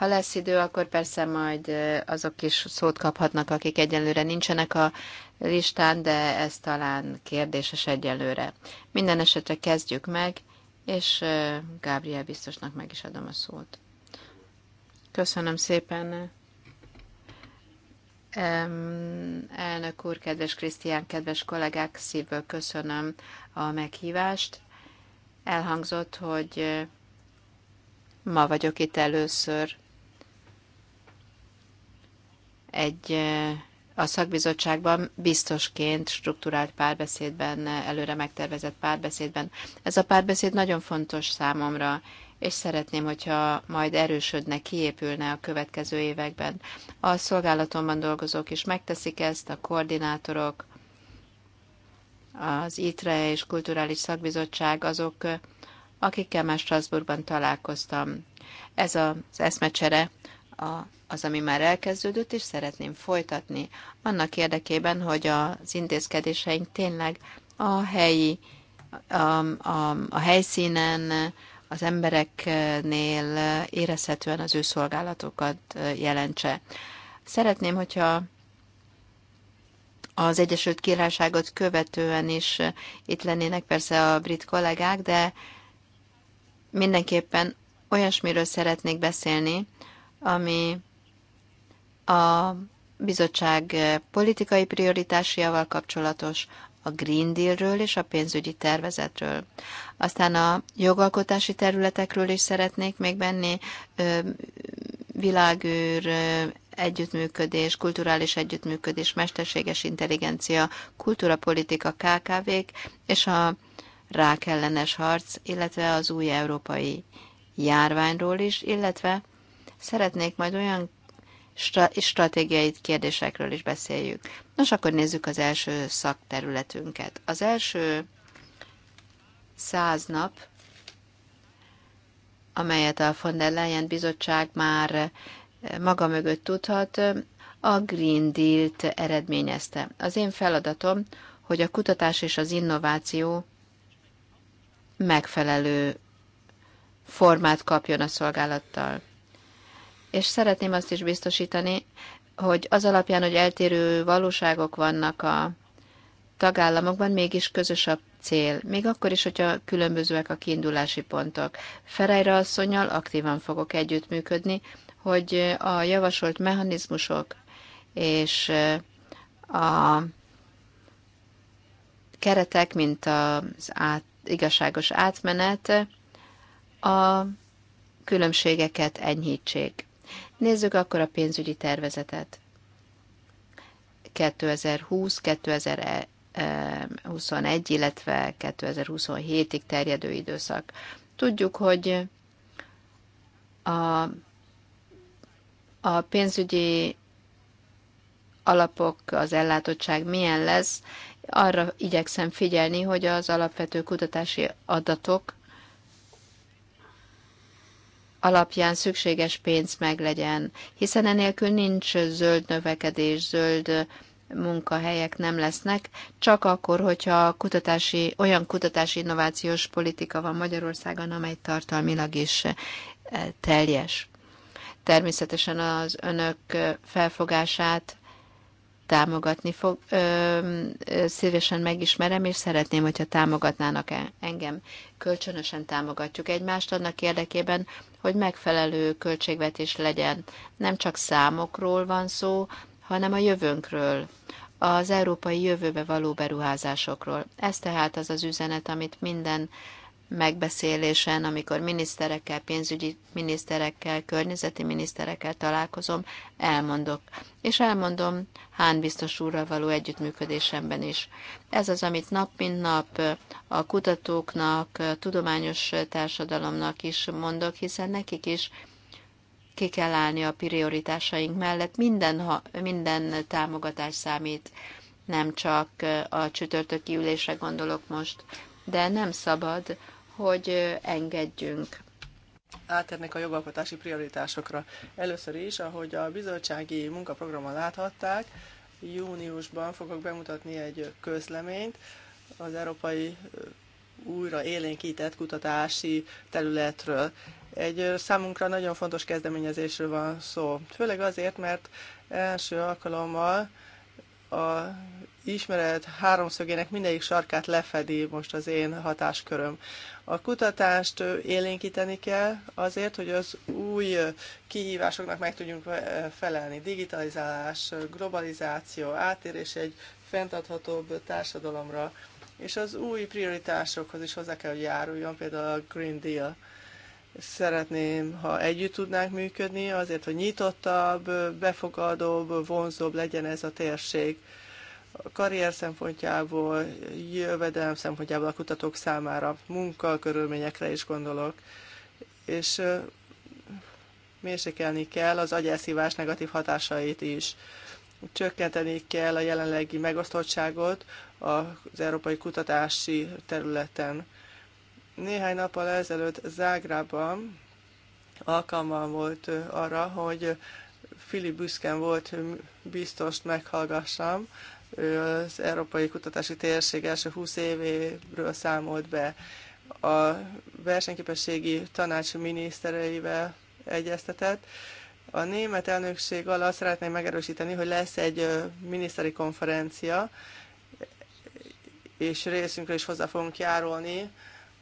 Speaker 2: Ha lesz idő, akkor persze majd azok is szót kaphatnak, akik egyelőre nincsenek a listán, de ez talán kérdéses egyelőre. Minden esetre kezdjük meg, és Gábriel biztosnak meg is adom a szót. Köszönöm szépen. Elnök úr, kedves Krisztián, kedves kollégák, szívből köszönöm a meghívást. Elhangzott, hogy ma vagyok itt először egy a szakbizottságban biztosként strukturált párbeszédben, előre megtervezett párbeszédben. Ez a párbeszéd nagyon fontos számomra, és szeretném, hogyha majd erősödne, kiépülne a következő években. A szolgálatomban dolgozók is megteszik ezt, a koordinátorok, az ITRE és Kulturális Szakbizottság azok, akikkel már Strasbourgban találkoztam. Ez az eszmecsere a, az, ami már elkezdődött, és szeretném folytatni annak érdekében, hogy az intézkedéseink tényleg a helyi, a, a, a helyszínen, az embereknél érezhetően az ő szolgálatokat jelentse. Szeretném, hogyha az Egyesült Királyságot követően is itt lennének persze a brit kollégák, de mindenképpen olyasmiről szeretnék beszélni, ami a bizottság politikai prioritásiával kapcsolatos, a Green Dealről és a pénzügyi tervezetről. Aztán a jogalkotási területekről is szeretnék még benni világűr, együttműködés, kulturális együttműködés, mesterséges intelligencia, kultúrapolitika, KKV-k és a rákellenes harc, illetve az új európai járványról is, illetve szeretnék majd olyan stratégiai kérdésekről is beszéljük. Nos, akkor nézzük az első szakterületünket. Az első száz nap, amelyet a von der Leyen bizottság már maga mögött tudhat, a Green Deal-t eredményezte. Az én feladatom, hogy a kutatás és az innováció megfelelő formát kapjon a szolgálattal és szeretném azt is biztosítani, hogy az alapján, hogy eltérő valóságok vannak a tagállamokban, mégis közös a cél, még akkor is, hogyha különbözőek a kiindulási pontok. Ferejra asszonyjal aktívan fogok együttműködni, hogy a javasolt mechanizmusok és a keretek, mint az át, igazságos átmenet a különbségeket enyhítsék. Nézzük akkor a pénzügyi tervezetet. 2020-2021, illetve 2027-ig terjedő időszak. Tudjuk, hogy a, a pénzügyi alapok, az ellátottság milyen lesz, arra igyekszem figyelni, hogy az alapvető kutatási adatok alapján szükséges pénz meglegyen, hiszen enélkül nincs zöld növekedés, zöld munkahelyek nem lesznek, csak akkor, hogyha kutatási, olyan kutatási innovációs politika van Magyarországon, amely tartalmilag is eh, teljes. Természetesen az önök felfogását támogatni fog, ö, szívesen megismerem, és szeretném, hogyha támogatnának e- engem. Kölcsönösen támogatjuk egymást annak érdekében, hogy megfelelő költségvetés legyen. Nem csak számokról van szó, hanem a jövőnkről, az európai jövőbe való beruházásokról. Ez tehát az az üzenet, amit minden megbeszélésen, amikor miniszterekkel, pénzügyi miniszterekkel, környezeti miniszterekkel találkozom, elmondok. És elmondom Hán biztos úrral való együttműködésemben is. Ez az, amit nap mint nap a kutatóknak, a tudományos társadalomnak is mondok, hiszen nekik is ki kell állni a prioritásaink mellett. Minden, ha, minden támogatás számít, nem csak a csütörtöki ülésre gondolok most, de nem szabad, hogy engedjünk.
Speaker 1: Átérnék a jogalkotási prioritásokra. Először is, ahogy a bizottsági munkaprogramon láthatták, júniusban fogok bemutatni egy közleményt az Európai újra élénkített kutatási területről. Egy számunkra nagyon fontos kezdeményezésről van szó, főleg azért, mert első alkalommal a ismeret háromszögének mindegyik sarkát lefedi most az én hatásköröm. A kutatást élénkíteni kell azért, hogy az új kihívásoknak meg tudjunk felelni. Digitalizálás, globalizáció, átérés egy fenntarthatóbb társadalomra, és az új prioritásokhoz is hozzá kell, hogy járuljon, például a Green Deal. Szeretném, ha együtt tudnánk működni, azért, hogy nyitottabb, befogadóbb, vonzóbb legyen ez a térség karrier szempontjából, jövedelem szempontjából a kutatók számára, munka körülményekre is gondolok, és mérsékelni kell az agyelszívás negatív hatásait is. Csökkenteni kell a jelenlegi megosztottságot az európai kutatási területen. Néhány nappal ezelőtt Zágrában alkalmam volt arra, hogy Filip büszken volt, biztos meghallgassam, ő az Európai Kutatási Térség első 20 évéről számolt be. A versenyképességi tanács minisztereivel egyeztetett. A német elnökség alatt szeretném megerősíteni, hogy lesz egy miniszteri konferencia, és részünkre is hozzá fogunk járulni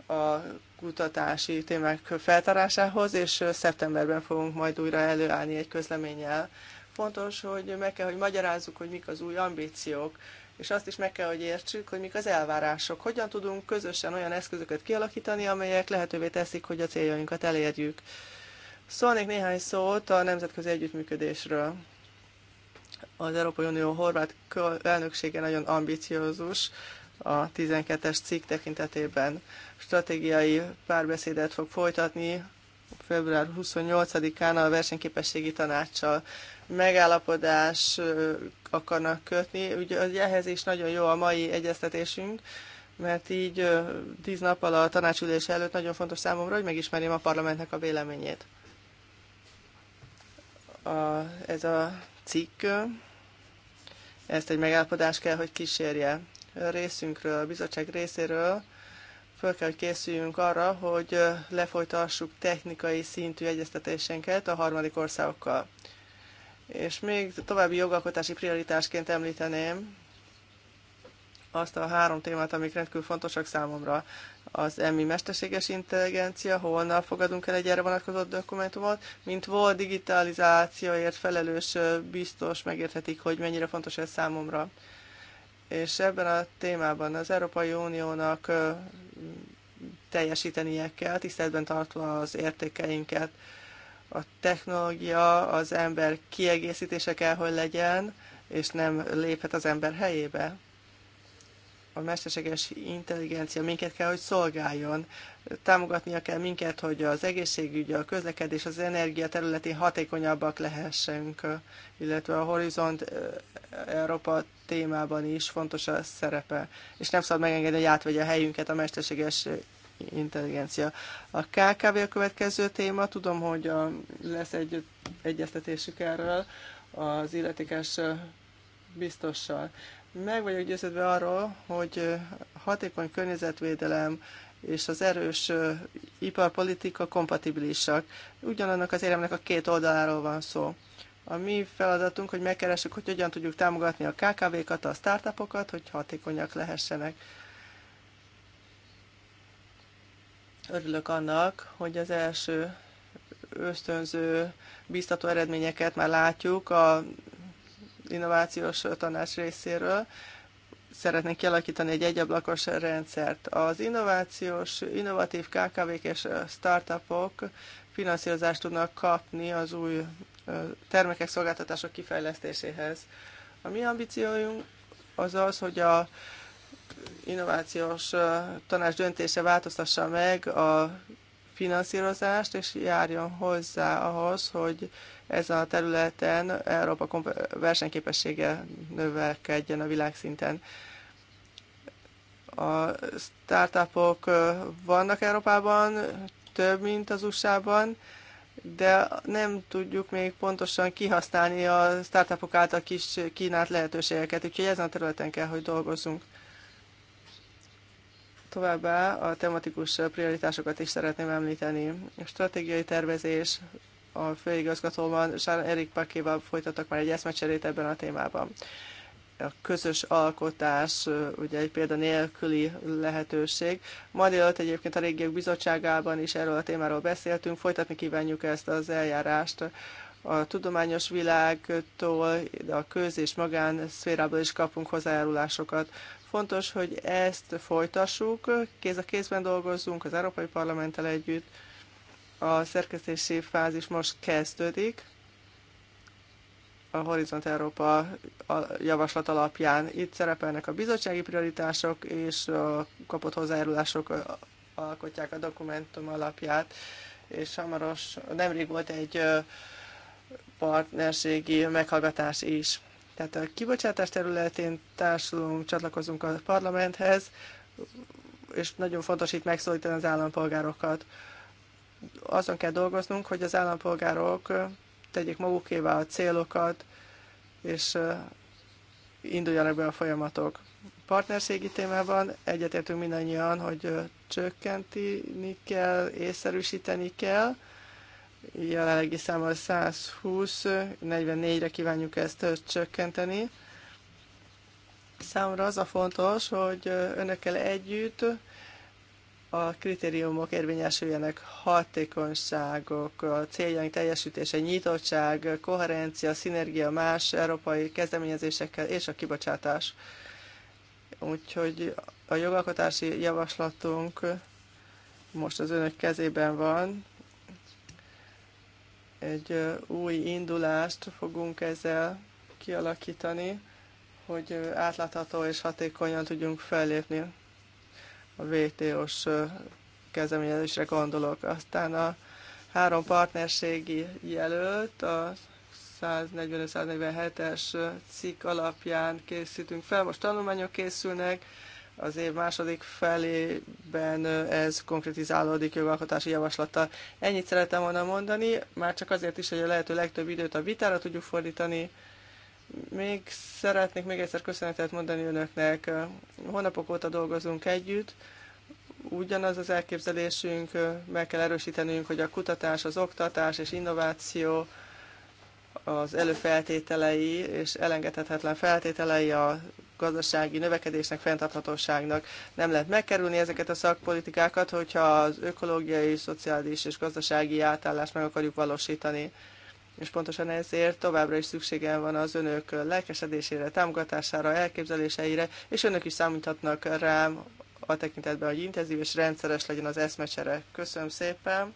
Speaker 1: a kutatási témák feltárásához, és szeptemberben fogunk majd újra előállni egy közleménnyel fontos, hogy meg kell, hogy magyarázzuk, hogy mik az új ambíciók, és azt is meg kell, hogy értsük, hogy mik az elvárások. Hogyan tudunk közösen olyan eszközöket kialakítani, amelyek lehetővé teszik, hogy a céljainkat elérjük. Szólnék néhány szót a nemzetközi együttműködésről. Az Európai Unió horvát elnöksége nagyon ambiciózus a 12-es cikk tekintetében. Stratégiai párbeszédet fog folytatni február 28-án a versenyképességi tanácssal megállapodás akarnak kötni. Ugye ehhez is nagyon jó a mai egyeztetésünk, mert így tíz nappal a tanácsülés előtt nagyon fontos számomra, hogy megismerjem a parlamentnek a véleményét. A, ez a cikk, ezt egy megállapodás kell, hogy kísérje részünkről, a bizottság részéről föl kell, hogy készüljünk arra, hogy lefolytassuk technikai szintű egyeztetésenket a harmadik országokkal. És még további jogalkotási prioritásként említeném azt a három témát, amik rendkívül fontosak számomra. Az EMI mesterséges intelligencia, holnap fogadunk el egy erre vonatkozó dokumentumot, mint volt digitalizációért felelős biztos megérthetik, hogy mennyire fontos ez számomra és ebben a témában az Európai Uniónak teljesítenie kell, tiszteletben tartva az értékeinket. A technológia az ember kiegészítése kell, hogy legyen, és nem léphet az ember helyébe a mesterséges intelligencia minket kell, hogy szolgáljon. Támogatnia kell minket, hogy az egészségügy, a közlekedés, az energia területén hatékonyabbak lehessünk, illetve a Horizont Európa témában is fontos a szerepe. És nem szabad megengedni, hogy átvegye a helyünket a mesterséges intelligencia. A KKV a következő téma, tudom, hogy a, lesz egy egyeztetésük erről az illetékes biztossal. Meg vagyok győződve arról, hogy hatékony környezetvédelem és az erős iparpolitika kompatibilisak. Ugyanannak az éremnek a két oldaláról van szó. A mi feladatunk, hogy megkeressük, hogy hogyan tudjuk támogatni a KKV-kat, a startupokat, hogy hatékonyak lehessenek. Örülök annak, hogy az első ösztönző, biztató eredményeket már látjuk a innovációs tanács részéről. Szeretnénk kialakítani egy egyablakos rendszert. Az innovációs, innovatív KKV-k és startupok finanszírozást tudnak kapni az új termékek, szolgáltatások kifejlesztéséhez. A mi ambíciójunk az az, hogy a innovációs tanács döntése változtassa meg a finanszírozást, és járjon hozzá ahhoz, hogy ez a területen Európa versenyképessége növelkedjen a világszinten. A startupok vannak Európában, több, mint az USA-ban, de nem tudjuk még pontosan kihasználni a startupok által kis kínált lehetőségeket, úgyhogy ezen a területen kell, hogy dolgozzunk. Továbbá a tematikus prioritásokat is szeretném említeni. A stratégiai tervezés, a főigazgatóban, Sán Erik Pakéval folytattak már egy eszmecserét ebben a témában. A közös alkotás, ugye egy példa nélküli lehetőség. Ma délután egyébként a régiók bizottságában is erről a témáról beszéltünk, folytatni kívánjuk ezt az eljárást a tudományos világtól, de a köz- és magán szférából is kapunk hozzájárulásokat. Fontos, hogy ezt folytassuk, kéz a kézben dolgozzunk az Európai Parlamenttel együtt. A szerkesztési fázis most kezdődik a Horizont Európa javaslat alapján. Itt szerepelnek a bizottsági prioritások és a kapott hozzájárulások alkotják a dokumentum alapját, és hamaros, nemrég volt egy partnerségi meghallgatás is. Tehát a kibocsátás területén társulunk, csatlakozunk a parlamenthez, és nagyon fontos itt megszólítani az állampolgárokat. Azon kell dolgoznunk, hogy az állampolgárok tegyék magukévá a célokat, és induljanak be a folyamatok. Partnerségi témában egyetértünk mindannyian, hogy csökkenteni kell, észszerűsíteni kell, jelenlegi száma 120, 44-re kívánjuk ezt csökkenteni. Számra az a fontos, hogy önökkel együtt a kritériumok érvényesüljenek, hatékonyságok, a céljaink teljesítése, nyitottság, koherencia, szinergia más európai kezdeményezésekkel és a kibocsátás. Úgyhogy a jogalkotási javaslatunk most az önök kezében van, egy új indulást fogunk ezzel kialakítani, hogy átlátható és hatékonyan tudjunk fellépni a VTO-s kezdeményezésre gondolok. Aztán a három partnerségi jelölt, a 145-147-es cikk alapján készítünk fel, most tanulmányok készülnek, az év második felében ez konkretizálódik jogalkotási javaslattal. Ennyit szeretem volna mondani, már csak azért is, hogy a lehető legtöbb időt a vitára tudjuk fordítani. Még szeretnék még egyszer köszönetet mondani önöknek. Hónapok óta dolgozunk együtt, ugyanaz az elképzelésünk, meg kell erősítenünk, hogy a kutatás, az oktatás és innováció az előfeltételei és elengedhetetlen feltételei a gazdasági növekedésnek, fenntarthatóságnak. Nem lehet megkerülni ezeket a szakpolitikákat, hogyha az ökológiai, szociális és gazdasági átállást meg akarjuk valósítani. És pontosan ezért továbbra is szükségem van az önök lelkesedésére, támogatására, elképzeléseire, és önök is számíthatnak rám a tekintetben, hogy intenzív és rendszeres legyen az eszmecsere. Köszönöm szépen!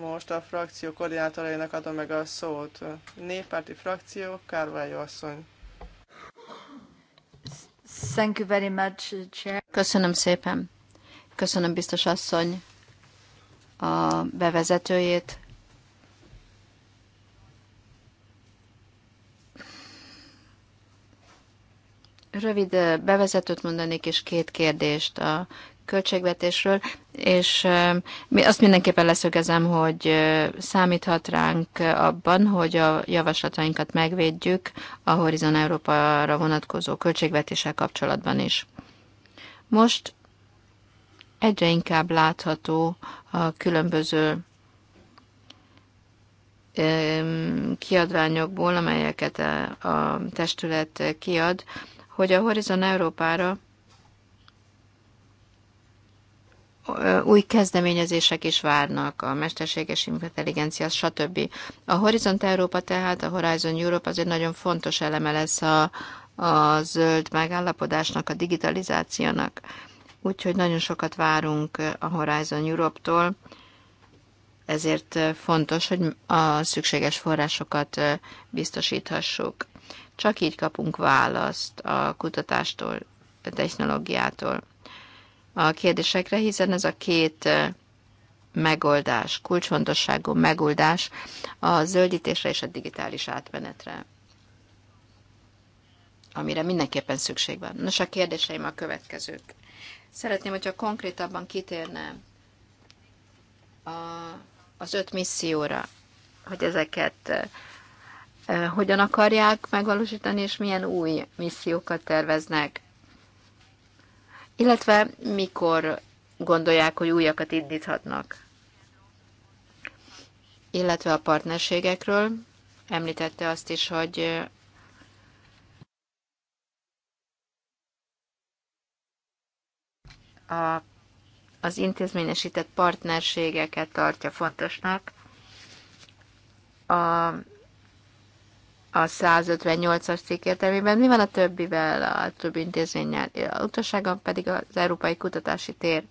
Speaker 1: Most a frakció koordinátorainak adom meg a szót. Néppárti frakció, Kárvályó asszony.
Speaker 2: Thank you very much, Chair. Köszönöm szépen. Köszönöm biztos asszony a bevezetőjét. Rövid bevezetőt mondanék, és két kérdést a költségvetésről, és azt mindenképpen leszögezem, hogy számíthat ránk abban, hogy a javaslatainkat megvédjük a Horizon Európára vonatkozó költségvetéssel kapcsolatban is. Most egyre inkább látható a különböző kiadványokból, amelyeket a testület kiad, hogy a Horizon Európára új kezdeményezések is várnak, a mesterséges intelligencia, stb. A Horizont Európa tehát, a Horizon Europe az egy nagyon fontos eleme lesz a, a zöld megállapodásnak, a digitalizációnak. Úgyhogy nagyon sokat várunk a Horizon Europe-tól, ezért fontos, hogy a szükséges forrásokat biztosíthassuk. Csak így kapunk választ a kutatástól, a technológiától a kérdésekre, hiszen ez a két megoldás, kulcsfontosságú megoldás a zöldítésre és a digitális átmenetre, amire mindenképpen szükség van. Nos, a kérdéseim a következők. Szeretném, hogyha konkrétabban kitérne a, az öt misszióra, hogy ezeket hogyan akarják megvalósítani, és milyen új missziókat terveznek illetve mikor gondolják, hogy újakat indíthatnak. Illetve a partnerségekről említette azt is, hogy a, az intézményesített partnerségeket tartja fontosnak. A a 158-as cikk értelmében. Mi van a többivel, a több intézménnyel? A utasságon pedig az Európai Kutatási Tér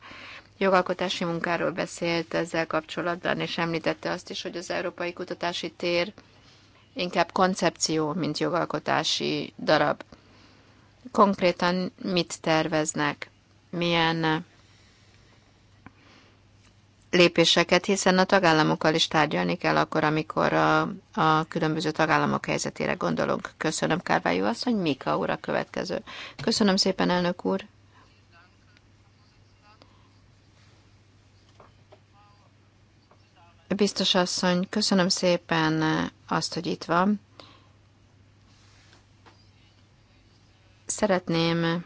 Speaker 2: jogalkotási munkáról beszélt ezzel kapcsolatban, és említette azt is, hogy az Európai Kutatási Tér inkább koncepció, mint jogalkotási darab. Konkrétan mit terveznek? Milyen lépéseket, hiszen a tagállamokkal is tárgyalni kell akkor, amikor a, a különböző tagállamok helyzetére gondolunk. Köszönöm, Kárvályó asszony, Mika úr a következő. Köszönöm szépen, elnök úr. Biztos asszony, köszönöm szépen azt, hogy itt van. Szeretném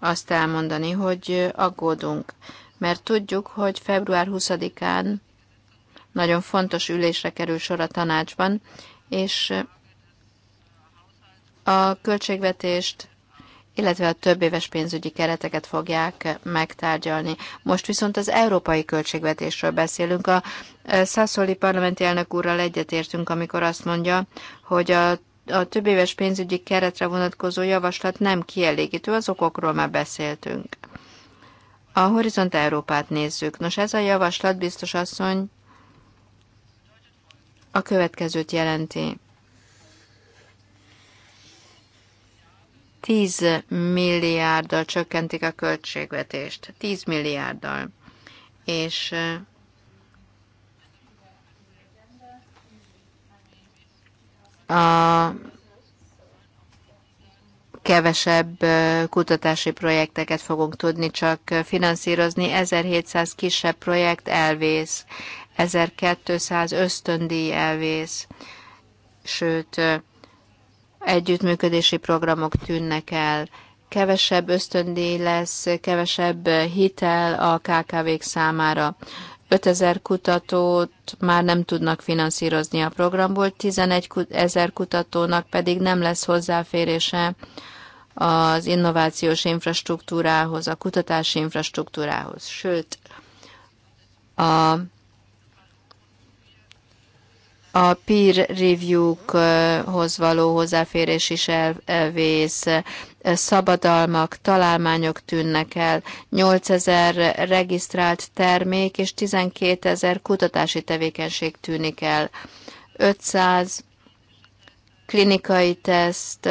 Speaker 2: azt elmondani, hogy aggódunk mert tudjuk, hogy február 20-án nagyon fontos ülésre kerül sor a tanácsban, és a költségvetést, illetve a több éves pénzügyi kereteket fogják megtárgyalni. Most viszont az európai költségvetésről beszélünk. A e, Szaszoli parlamenti elnök úrral egyetértünk, amikor azt mondja, hogy a a több éves pénzügyi keretre vonatkozó javaslat nem kielégítő, az okokról már beszéltünk. A Horizont Európát nézzük. Nos, ez a javaslat, biztos asszony, a következőt jelenti. 10 milliárddal csökkentik a költségvetést. 10 milliárddal. És a kevesebb kutatási projekteket fogunk tudni csak finanszírozni. 1700 kisebb projekt elvész, 1200 ösztöndíj elvész, sőt, együttműködési programok tűnnek el, kevesebb ösztöndíj lesz, kevesebb hitel a KKV-k számára. 5000 kutatót már nem tudnak finanszírozni a programból, 11 ezer kutatónak pedig nem lesz hozzáférése az innovációs infrastruktúrához, a kutatási infrastruktúrához, sőt, a, a peer review-hoz való hozzáférés is el, elvész, szabadalmak, találmányok tűnnek el, 8000 regisztrált termék és 12 ezer kutatási tevékenység tűnik el, 500 klinikai teszt,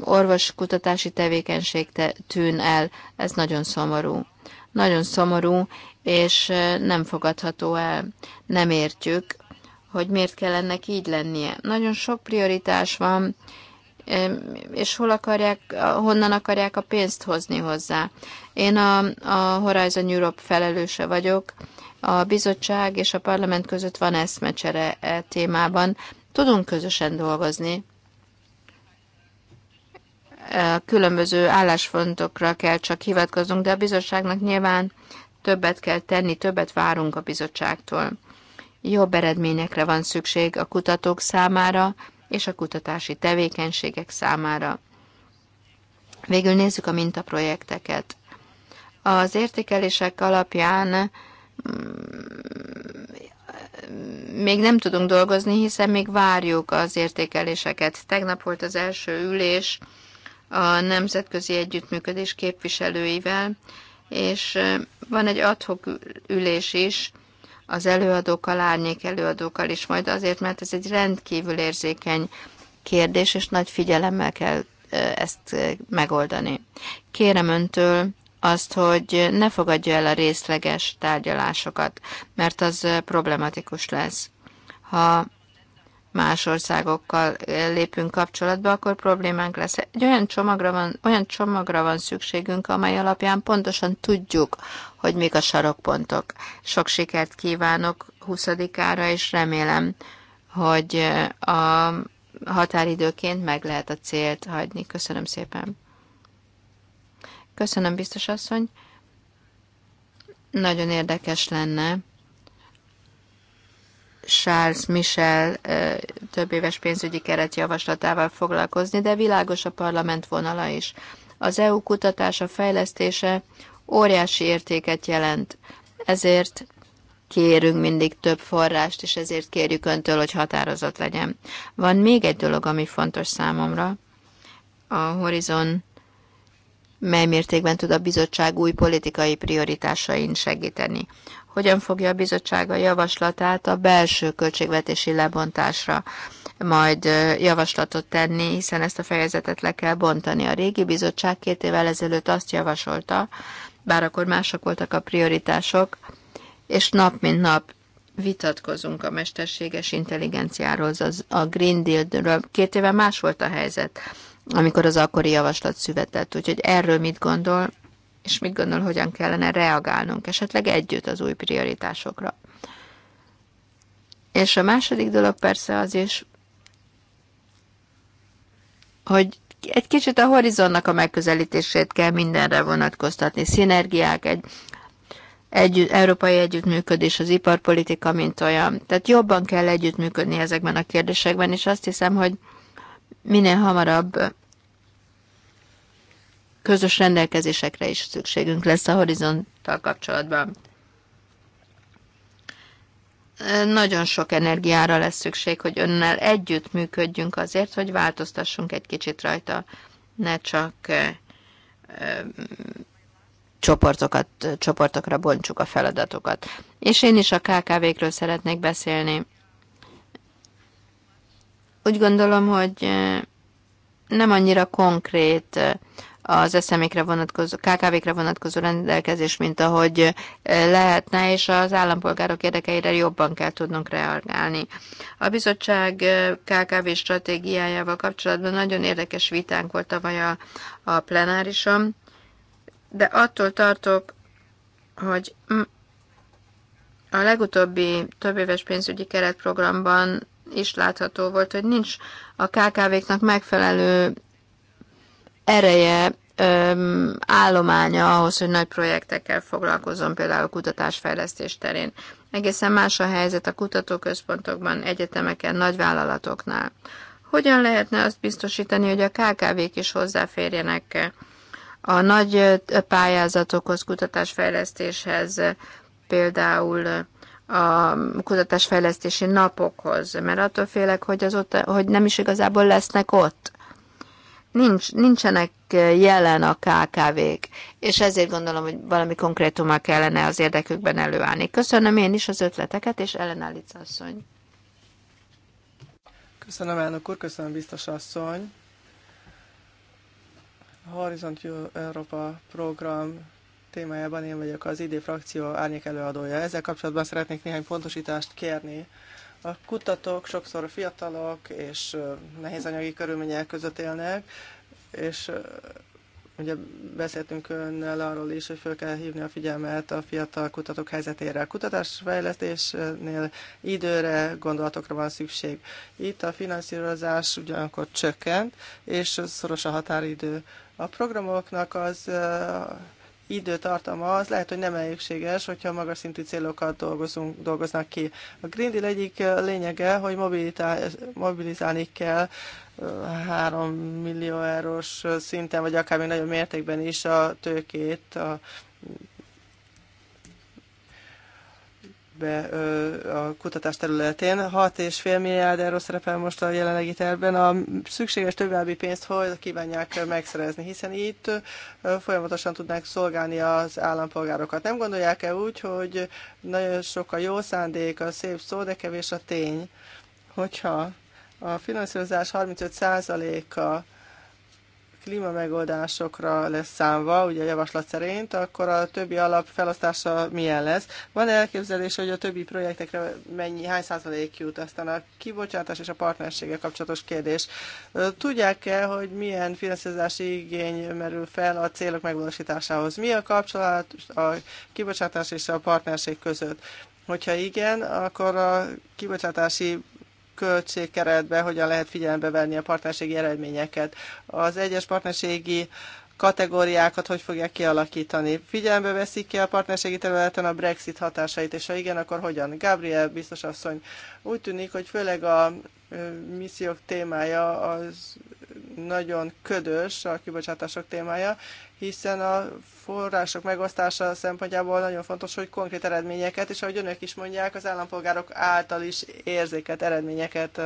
Speaker 2: orvoskutatási tevékenység tűn el. Ez nagyon szomorú. Nagyon szomorú, és nem fogadható el. Nem értjük, hogy miért kell ennek így lennie. Nagyon sok prioritás van, és hol akarják, honnan akarják a pénzt hozni hozzá. Én a, a Horizon Europe felelőse vagyok, a bizottság és a parlament között van eszmecsere e témában, tudunk közösen dolgozni különböző állásfontokra kell csak hivatkoznunk, de a bizottságnak nyilván többet kell tenni, többet várunk a bizottságtól. Jobb eredményekre van szükség a kutatók számára és a kutatási tevékenységek számára. Végül nézzük a mintaprojekteket. Az értékelések alapján mm, még nem tudunk dolgozni, hiszen még várjuk az értékeléseket. Tegnap volt az első ülés, a nemzetközi együttműködés képviselőivel, és van egy adhok ülés is, az előadókkal, árnyék előadókkal is majd azért, mert ez egy rendkívül érzékeny kérdés, és nagy figyelemmel kell ezt megoldani. Kérem öntől azt, hogy ne fogadja el a részleges tárgyalásokat, mert az problematikus lesz. Ha más országokkal lépünk kapcsolatba, akkor problémánk lesz. Egy olyan csomagra van, olyan csomagra van szükségünk, amely alapján pontosan tudjuk, hogy mik a sarokpontok. Sok sikert kívánok 20-ára, és remélem, hogy a határidőként meg lehet a célt hagyni. Köszönöm szépen. Köszönöm, biztos asszony. Nagyon érdekes lenne Charles Michel több éves pénzügyi keretjavaslatával foglalkozni, de világos a parlament vonala is. Az EU kutatása, fejlesztése óriási értéket jelent, ezért kérünk mindig több forrást, és ezért kérjük öntől, hogy határozott legyen. Van még egy dolog, ami fontos számomra. A Horizon mely mértékben tud a bizottság új politikai prioritásain segíteni hogyan fogja a bizottság a javaslatát a belső költségvetési lebontásra majd javaslatot tenni, hiszen ezt a fejezetet le kell bontani. A régi bizottság két évvel ezelőtt azt javasolta, bár akkor mások voltak a prioritások, és nap mint nap vitatkozunk a mesterséges intelligenciáról, az a Green Deal-ről. Két éve más volt a helyzet, amikor az akkori javaslat született. Úgyhogy erről mit gondol, és mit gondol, hogyan kellene reagálnunk esetleg együtt az új prioritásokra. És a második dolog persze az is, hogy egy kicsit a horizonnak a megközelítését kell mindenre vonatkoztatni. Szinergiák, egy, egy európai együttműködés, az iparpolitika, mint olyan. Tehát jobban kell együttműködni ezekben a kérdésekben, és azt hiszem, hogy minél hamarabb közös rendelkezésekre is szükségünk lesz a horizonttal kapcsolatban. Nagyon sok energiára lesz szükség, hogy önnel együtt működjünk azért, hogy változtassunk egy kicsit rajta, ne csak csoportokat, csoportokra bontsuk a feladatokat. És én is a KKV-kről szeretnék beszélni. Úgy gondolom, hogy nem annyira konkrét az eszemikre vonatkozó, KKV-kre vonatkozó rendelkezés, mint ahogy eh, lehetne, és az állampolgárok érdekeire jobban kell tudnunk reagálni. A bizottság eh, KKV stratégiájával kapcsolatban nagyon érdekes vitánk volt tavaly a, a plenárison, de attól tartok, hogy a legutóbbi éves pénzügyi keretprogramban is látható volt, hogy nincs a KKV-knak megfelelő ereje, állománya ahhoz, hogy nagy projektekkel foglalkozom, például kutatásfejlesztés terén. Egészen más a helyzet a kutatóközpontokban, egyetemeken, nagyvállalatoknál. Hogyan lehetne azt biztosítani, hogy a KKV-k is hozzáférjenek a nagy pályázatokhoz, kutatásfejlesztéshez, például a kutatásfejlesztési napokhoz, mert attól félek, hogy, az ott, hogy nem is igazából lesznek ott nincs, nincsenek jelen a KKV-k, és ezért gondolom, hogy valami konkrétummal kellene az érdekükben előállni. Köszönöm én is az ötleteket, és Elena Lica asszony.
Speaker 1: Köszönöm, elnök úr, köszönöm, biztos asszony. A Horizont Európa program témájában én vagyok az ID frakció árnyék előadója. Ezzel kapcsolatban szeretnék néhány pontosítást kérni. A kutatók sokszor fiatalok és nehéz anyagi körülmények között élnek, és ugye beszéltünk önnel arról is, hogy fel kell hívni a figyelmet a fiatal kutatók helyzetére. A kutatásfejlesztésnél időre, gondolatokra van szükség. Itt a finanszírozás ugyanakkor csökkent, és szoros a határidő. A programoknak az időtartama az lehet, hogy nem elégséges, hogyha magas szintű célokat dolgozunk, dolgoznak ki. A Green Deal egyik lényege, hogy mobilizálni kell 3 millió eurós szinten, vagy akár még nagyobb mértékben is a tőkét a be a kutatás területén. 6,5 milliárd euró szerepel most a jelenlegi tervben. A szükséges további pénzt hogy kívánják megszerezni, hiszen itt folyamatosan tudnák szolgálni az állampolgárokat. Nem gondolják-e úgy, hogy nagyon sok a jó szándék, a szép szó, de kevés a tény, hogyha a finanszírozás 35%-a klímamegoldásokra lesz számva, ugye a javaslat szerint, akkor a többi alap felosztása milyen lesz? Van -e elképzelés, hogy a többi projektekre mennyi, hány százalék jut? Aztán a kibocsátás és a partnersége kapcsolatos kérdés. Tudják-e, hogy milyen finanszírozási igény merül fel a célok megvalósításához? Mi a kapcsolat a kibocsátás és a partnerség között? Hogyha igen, akkor a kibocsátási költségkeretbe hogyan lehet figyelembe venni a partnerségi eredményeket. Az egyes partnerségi kategóriákat hogy fogják kialakítani. Figyelembe veszik ki a partnerségi területen a Brexit hatásait, és ha igen, akkor hogyan? Gabriel biztos asszony, úgy tűnik, hogy főleg a missziók témája az nagyon ködös, a kibocsátások témája, hiszen a források megosztása szempontjából nagyon fontos, hogy konkrét eredményeket, és ahogy önök is mondják, az állampolgárok által is érzéket, eredményeket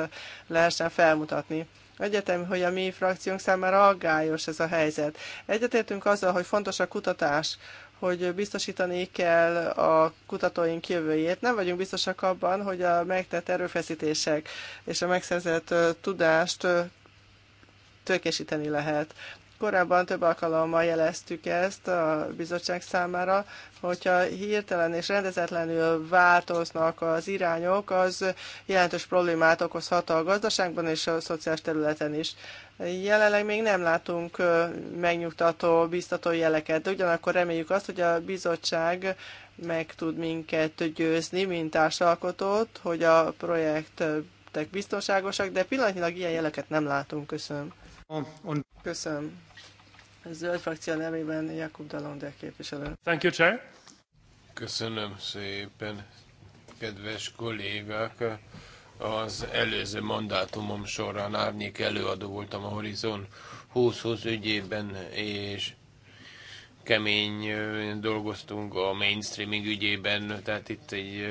Speaker 1: lehessen felmutatni. Egyetem, hogy a mi frakciónk számára aggályos ez a helyzet. Egyetértünk azzal, hogy fontos a kutatás, hogy biztosítani kell a kutatóink jövőjét. Nem vagyunk biztosak abban, hogy a megtett erőfeszítések és a megszerzett tudást tőkésíteni lehet. Korábban több alkalommal jeleztük ezt a bizottság számára, hogyha hirtelen és rendezetlenül változnak az irányok, az jelentős problémát okozhat a gazdaságban és a szociális területen is. Jelenleg még nem látunk megnyugtató, biztató jeleket, de ugyanakkor reméljük azt, hogy a bizottság meg tud minket győzni, mint társalkotót, hogy a projektek biztonságosak, de pillanatnyilag ilyen jeleket nem látunk. Köszönöm. Köszönöm. A zöld frakció nevében Jakub Dalonde képviselő.
Speaker 3: Thank you, Chair. Köszönöm szépen, kedves kollégák. Az előző mandátumom során árnyék előadó voltam a Horizon 20-20 ügyében, és kemény dolgoztunk a mainstreaming ügyében, tehát itt egy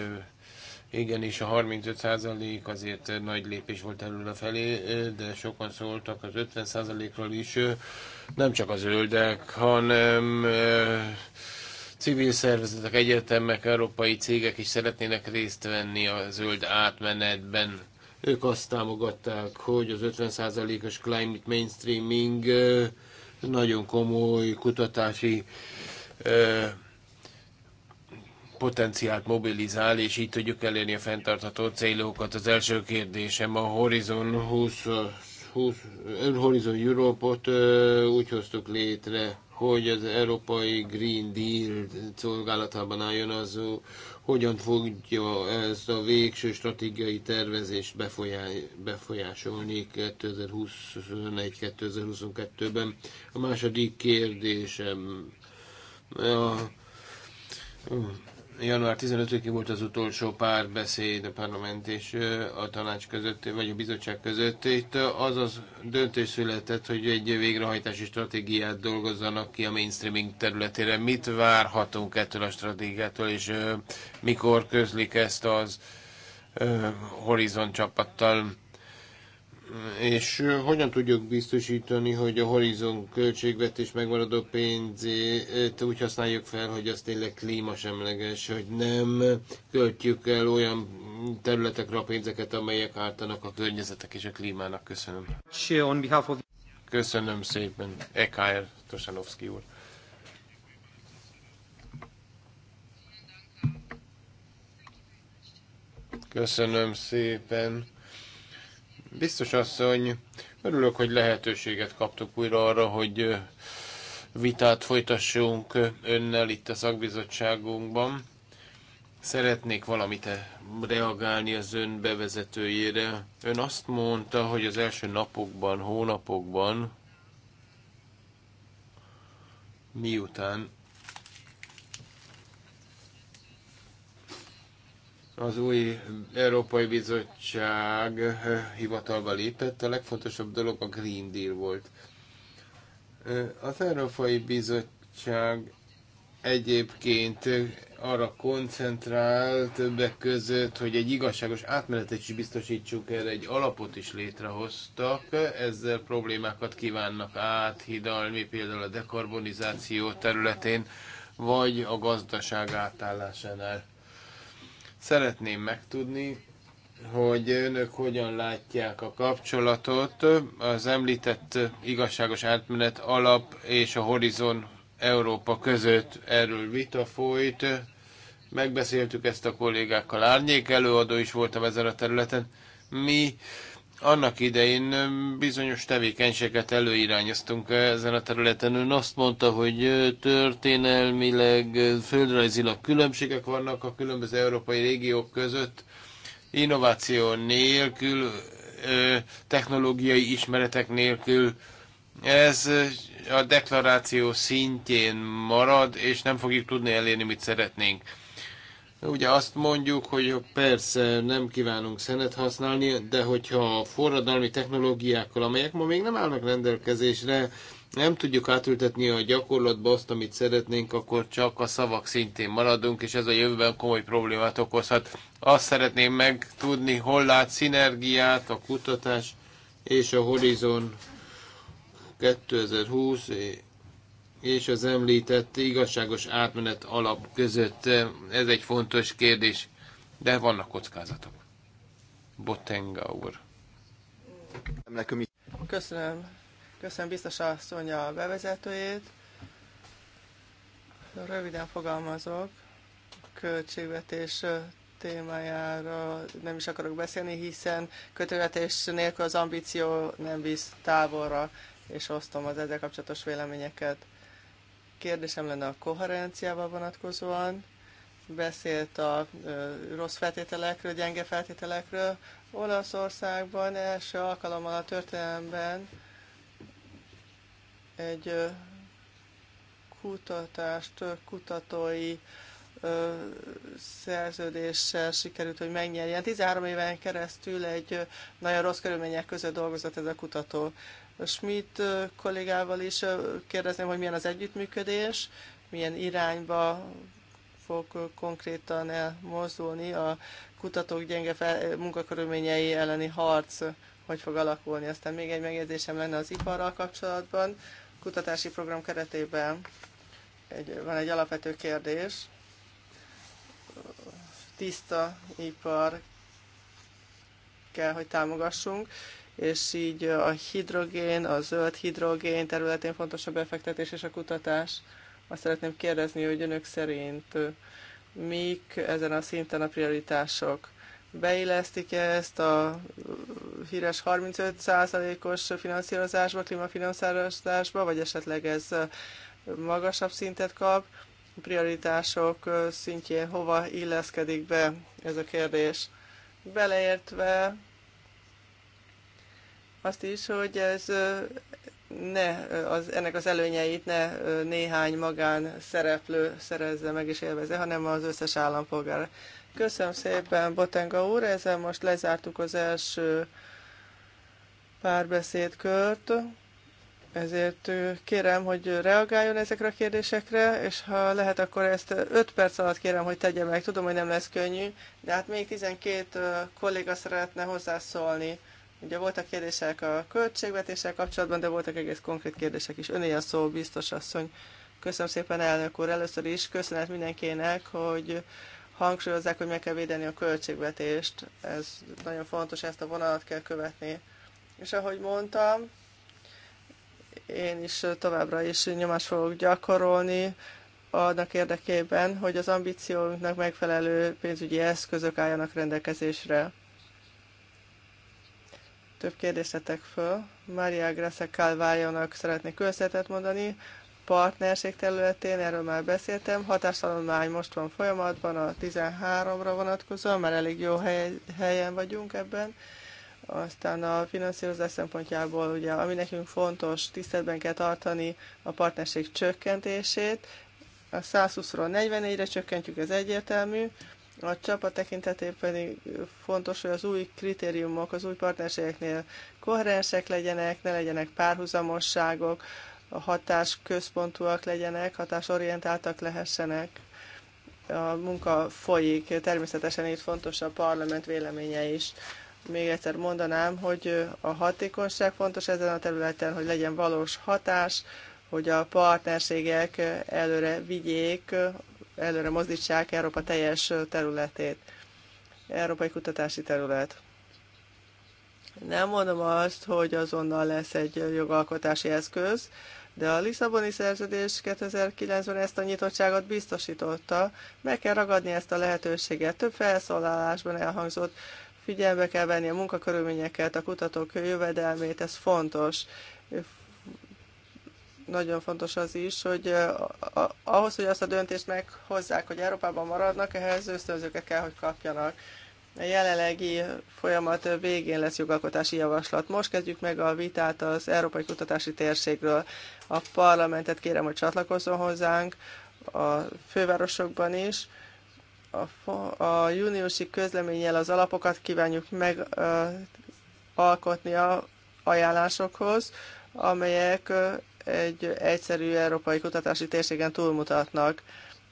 Speaker 3: igen, és a 35% azért nagy lépés volt előre felé, de sokan szóltak az 50%-ról is, nem csak az zöldek, hanem eh, civil szervezetek, egyetemek, európai cégek is szeretnének részt venni a zöld átmenetben. Ők azt támogatták, hogy az 50%-os climate mainstreaming eh, nagyon komoly kutatási eh, potenciált mobilizál, és így tudjuk elérni a fenntartható célokat. Az első kérdésem a Horizon 20, 20 Horizon Europe-ot úgy hoztuk létre, hogy az Európai Green Deal szolgálatában álljon az, hogyan fogja ezt a végső stratégiai tervezést befolyásolni 2021-2022-ben. A második kérdésem a január 15-én volt az utolsó párbeszéd a parlament és a tanács között, vagy a bizottság között. Itt az az döntés született, hogy egy végrehajtási stratégiát dolgozzanak ki a mainstreaming területére. Mit várhatunk ettől a stratégiától, és mikor közlik ezt az Horizon csapattal? és hogyan tudjuk biztosítani, hogy a horizon költségvetés megmaradó pénzét úgy használjuk fel, hogy az tényleg klímasemleges, hogy nem költjük el olyan területekre a pénzeket, amelyek ártanak a környezetek és a klímának. Köszönöm. Köszönöm szépen, EKR Tosanovszki úr. Köszönöm szépen Biztos asszony, örülök, hogy lehetőséget kaptuk újra arra, hogy vitát folytassunk önnel itt a szakbizottságunkban. Szeretnék valamit eh, reagálni az ön bevezetőjére. Ön azt mondta, hogy az első napokban, hónapokban, miután az új Európai Bizottság eh, hivatalba lépett, a legfontosabb dolog a Green Deal volt. Eh, az Európai Bizottság egyébként arra koncentrál többek között, hogy egy igazságos átmenetet is biztosítsuk erre, egy alapot is létrehoztak, ezzel problémákat kívánnak áthidalni, például a dekarbonizáció területén, vagy a gazdaság átállásánál Szeretném megtudni, hogy önök hogyan látják a kapcsolatot az említett igazságos átmenet alap és a Horizon Európa között. Erről vita folyt, megbeszéltük ezt a kollégákkal, árnyék előadó is voltam ezen a területen. Mi annak idején bizonyos tevékenységet előirányoztunk ezen a területen. Ön azt mondta, hogy történelmileg, földrajzilag különbségek vannak a különböző európai régiók között. Innováció nélkül, technológiai ismeretek nélkül ez a deklaráció szintjén marad, és nem fogjuk tudni elérni, mit szeretnénk Ugye azt mondjuk, hogy persze nem kívánunk szenet használni, de hogyha a forradalmi technológiákkal, amelyek ma még nem állnak rendelkezésre, nem tudjuk átültetni a gyakorlatba azt, amit szeretnénk, akkor csak a szavak szintén maradunk, és ez a jövőben komoly problémát okozhat. Azt szeretném megtudni, hol lát szinergiát a kutatás és a Horizon 2020 és az említett igazságos átmenet alap között. Eh, ez egy fontos kérdés, de vannak kockázatok. Botenga úr.
Speaker 1: Köszönöm. Köszönöm biztos asszony a bevezetőjét. Röviden fogalmazok. Költségvetés eh, témájára nem is akarok beszélni, hiszen kötögetés nélkül az ambíció nem visz távolra, és osztom az ezzel kapcsolatos véleményeket kérdésem lenne a koherenciával vonatkozóan. Beszélt a rossz feltételekről, gyenge feltételekről. Olaszországban első alkalommal a történelemben egy kutatást, kutatói szerződéssel sikerült, hogy megnyerjen. 13 éven keresztül egy nagyon rossz körülmények között dolgozott ez a kutató. Schmidt kollégával is kérdezném, hogy milyen az együttműködés, milyen irányba fog konkrétan elmozdulni a kutatók gyenge munkakörülményei elleni harc, hogy fog alakulni. Aztán még egy megjegyzésem lenne az iparral kapcsolatban. A kutatási program keretében egy, van egy alapvető kérdés. Tiszta ipar kell, hogy támogassunk, és így a hidrogén, a zöld hidrogén területén fontos a befektetés és a kutatás. Azt szeretném kérdezni, hogy önök szerint mik ezen a szinten a prioritások? beillesztik -e ezt a híres 35%-os finanszírozásba, klímafinanszírozásba, vagy esetleg ez magasabb szintet kap? A prioritások szintjén hova illeszkedik be ez a kérdés? Beleértve azt is, hogy ez ne, az, ennek az előnyeit ne néhány magán szereplő szerezze meg és élvezze, hanem az összes állampolgár. Köszönöm szépen, Botenga úr, ezzel most lezártuk az első párbeszédkört, ezért kérem, hogy reagáljon ezekre a kérdésekre, és ha lehet, akkor ezt 5 perc alatt kérem, hogy tegye meg. Tudom, hogy nem lesz könnyű, de hát még 12 kolléga szeretne hozzászólni. Ugye voltak kérdések a költségvetéssel kapcsolatban, de voltak egész konkrét kérdések is. Öné a szó, biztos asszony. Köszönöm szépen, elnök úr. Először is köszönet mindenkinek, hogy hangsúlyozzák, hogy meg kell védeni a költségvetést. Ez nagyon fontos, ezt a vonalat kell követni. És ahogy mondtam, én is továbbra is nyomást fogok gyakorolni annak érdekében, hogy az ambícióinknak megfelelő pénzügyi eszközök álljanak rendelkezésre több kérdésetek tettek föl. Maria Grace Calvajonak szeretnék köszönetet mondani. Partnerség területén, erről már beszéltem, már most van folyamatban, a 13-ra vonatkozóan, már elég jó hely, helyen vagyunk ebben. Aztán a finanszírozás szempontjából, ugye, ami nekünk fontos, tisztetben kell tartani a partnerség csökkentését. A 120-ról 44-re csökkentjük, ez egyértelmű a csapat tekintetében pedig fontos, hogy az új kritériumok az új partnerségeknél koherensek legyenek, ne legyenek párhuzamosságok, a hatás központúak legyenek, hatásorientáltak lehessenek. A munka folyik, természetesen itt fontos a parlament véleménye is. Még egyszer mondanám, hogy a hatékonyság fontos ezen a területen, hogy legyen valós hatás, hogy a partnerségek előre vigyék előre mozdítsák Európa teljes területét. Európai kutatási terület. Nem mondom azt, hogy azonnal lesz egy jogalkotási eszköz, de a Lisszaboni szerződés 2009-ben ezt a nyitottságot biztosította. Meg kell ragadni ezt a lehetőséget. Több felszólalásban elhangzott, figyelme kell venni a munkakörülményeket, a kutatók jövedelmét, ez fontos nagyon fontos az is, hogy ahhoz, hogy azt a döntést meghozzák, hogy Európában maradnak, ehhez ösztönzőket kell, hogy kapjanak. A jelenlegi folyamat végén lesz jogalkotási javaslat. Most kezdjük meg a vitát az Európai Kutatási Térségről. A parlamentet kérem, hogy csatlakozzon hozzánk, a fővárosokban is. A, a júniusi közleménnyel az alapokat kívánjuk megalkotni a ajánlásokhoz, amelyek egy egyszerű európai kutatási térségen túlmutatnak.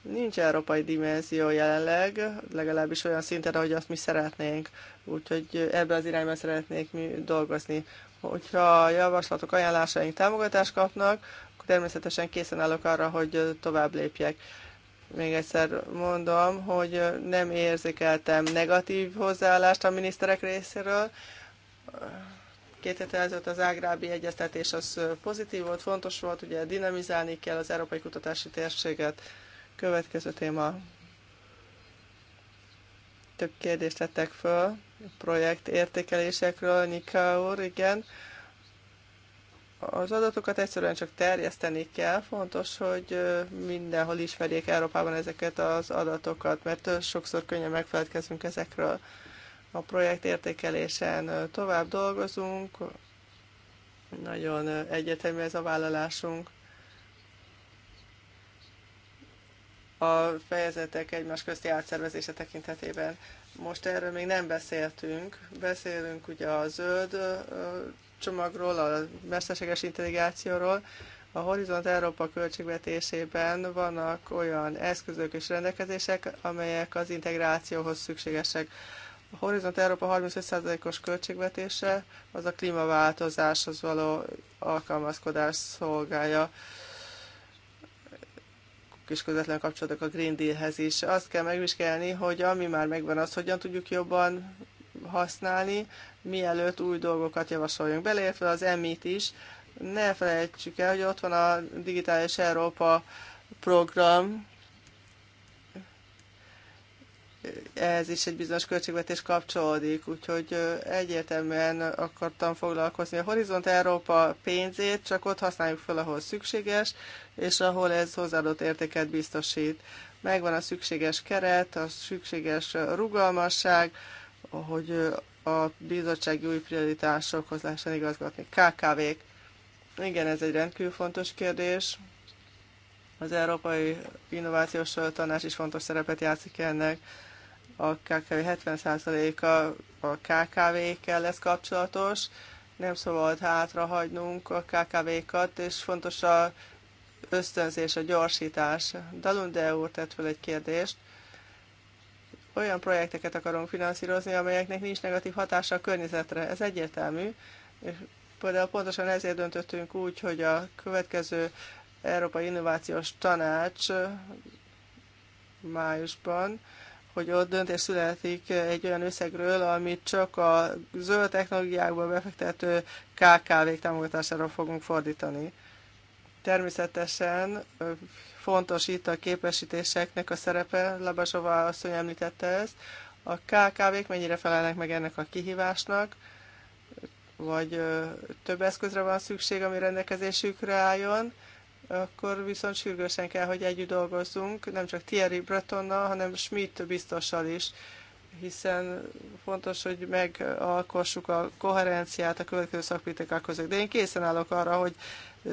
Speaker 1: Nincs európai dimenzió jelenleg, legalábbis olyan szinten, ahogy azt mi szeretnénk. Úgyhogy ebbe az irányba szeretnék mi dolgozni. Hogyha a javaslatok, ajánlásaink támogatást kapnak, akkor természetesen készen állok arra, hogy tovább lépjek még egyszer mondom, hogy nem érzékeltem negatív hozzáállást a miniszterek részéről. Két hete ezelőtt az Ágrábi egyeztetés az pozitív volt, fontos volt, ugye dinamizálni kell az európai kutatási térséget. Következő téma. Több kérdést tettek föl projekt értékelésekről, Nika úr, igen. Az adatokat egyszerűen csak terjeszteni kell, fontos, hogy mindenhol ismerjék Európában ezeket az adatokat, mert sokszor könnyen megfeledkezünk ezekről. A projekt értékelésen tovább dolgozunk, nagyon egyetemű ez a vállalásunk. A fejezetek egymás közti átszervezése tekintetében. Most erről még nem beszéltünk. Beszélünk ugye a zöld csomagról, a mesterséges intelligációról, a Horizont Európa költségvetésében vannak olyan eszközök és rendelkezések, amelyek az integrációhoz szükségesek. A Horizont Európa 35%-os költségvetése az a klímaváltozáshoz való alkalmazkodás szolgálja kis közvetlen kapcsolatok a Green Dealhez is. Azt kell megvizsgálni, hogy ami már megvan, azt hogyan tudjuk jobban használni, mielőtt új dolgokat javasoljunk. Beleértve az emit is, ne felejtsük el, hogy ott van a Digitális Európa program, ez is egy bizonyos költségvetés kapcsolódik, úgyhogy egyértelműen akartam foglalkozni. A Horizont Európa pénzét csak ott használjuk fel, ahol szükséges, és ahol ez hozzáadott értéket biztosít. Megvan a szükséges keret, a szükséges rugalmasság, hogy a bizottsági új prioritásokhoz lehessen igazgatni. KKV-k. Igen, ez egy rendkívül fontos kérdés. Az Európai Innovációs Tanács is fontos szerepet játszik ennek a KKV 70%-a a KKV-kkel lesz kapcsolatos, nem szabad hátrahagynunk a KKV-kat, és fontos a ösztönzés, a gyorsítás. Dalunde úr tett fel egy kérdést. Olyan projekteket akarunk finanszírozni, amelyeknek nincs negatív hatása a környezetre. Ez egyértelmű. És például pontosan ezért döntöttünk úgy, hogy a következő Európai Innovációs Tanács májusban hogy ott döntés születik egy olyan összegről, amit csak a zöld technológiákból befektető KKV-k támogatására fogunk fordítani. Természetesen fontos itt a képesítéseknek a szerepe, Labasova asszony említette ezt, a KKV-k mennyire felelnek meg ennek a kihívásnak, vagy több eszközre van szükség, ami rendelkezésükre álljon, akkor viszont sürgősen kell, hogy együtt dolgozzunk, nem csak Thierry Bretonnal, hanem Schmidt biztossal is, hiszen fontos, hogy megalkossuk a koherenciát a következő szakpolitikák között. De én készen állok arra, hogy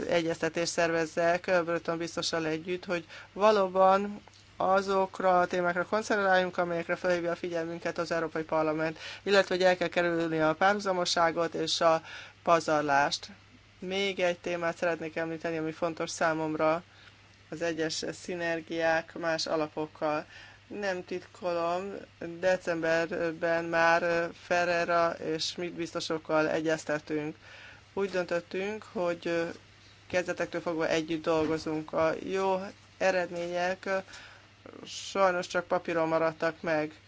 Speaker 1: egyeztetést szervezzek Breton biztossal együtt, hogy valóban azokra a témákra koncentráljunk, amelyekre felhívja a figyelmünket az Európai Parlament, illetve hogy el kell kerülni a párhuzamosságot és a pazarlást. Még egy témát szeretnék említeni, ami fontos számomra, az egyes szinergiák más alapokkal. Nem titkolom, decemberben már Ferrera és mit biztosokkal egyeztetünk. Úgy döntöttünk, hogy kezdetektől fogva együtt dolgozunk. A jó eredmények sajnos csak papíron maradtak meg.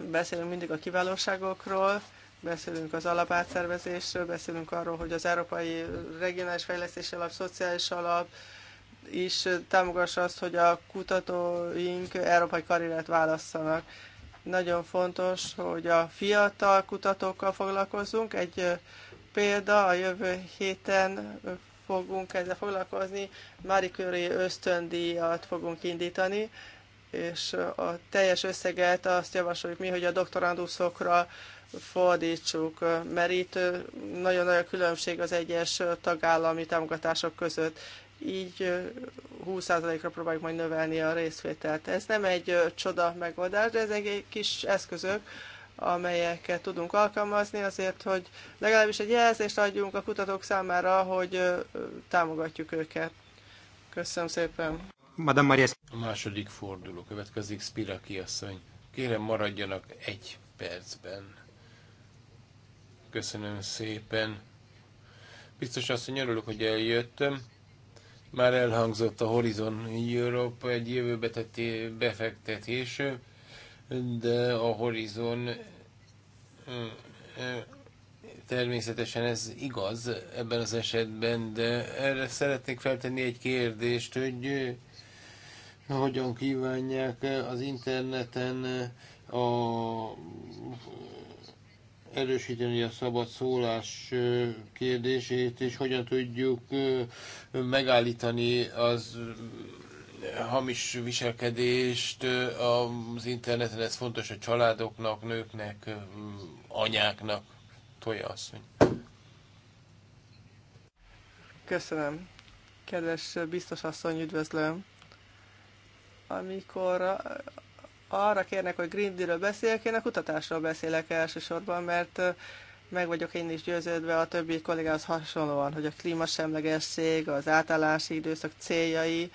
Speaker 1: Beszélünk mindig a kiválóságokról, Beszélünk az alapátszervezésről, beszélünk arról, hogy az Európai Regionális Fejlesztési Alap, Szociális Alap is támogassa azt, hogy a kutatóink európai karriert válasszanak. Nagyon fontos, hogy a fiatal kutatókkal foglalkozzunk. Egy példa, a jövő héten fogunk ezzel foglalkozni, Marie Curie ösztöndíjat fogunk indítani, és a teljes összeget azt javasoljuk mi, hogy a doktoranduszokra fordítsuk, mert itt nagyon nagy a különbség az egyes tagállami támogatások között. Így 20%-ra próbáljuk majd növelni a részvételt. Ez nem egy csoda megoldás, de ezek egy kis eszközök, amelyeket tudunk alkalmazni azért, hogy legalábbis egy jelzést adjunk a kutatók számára, hogy támogatjuk őket. Köszönöm szépen.
Speaker 3: Madame Maria. A második forduló következik, Spiraki asszony. Kérem maradjanak egy percben. Köszönöm szépen. Biztos azt, hogy örülök, hogy eljöttem. Már elhangzott a Horizon Europe egy jövőbe befektetés, de a Horizon természetesen ez igaz ebben az esetben, de erre szeretnék feltenni egy kérdést, hogy hogyan kívánják az interneten a erősíteni a szabad szólás kérdését, és hogyan tudjuk megállítani az hamis viselkedést az interneten, ez fontos a családoknak, nőknek, anyáknak, Tolja asszony.
Speaker 1: Köszönöm. Kedves biztos asszony, üdvözlöm. Amikor arra kérnek, hogy Green Deal-ről beszéljek, én a kutatásról beszélek elsősorban, mert meg vagyok én is győződve a többi kollégához hasonlóan, hogy a klímasemlegesség, az átállási időszak céljai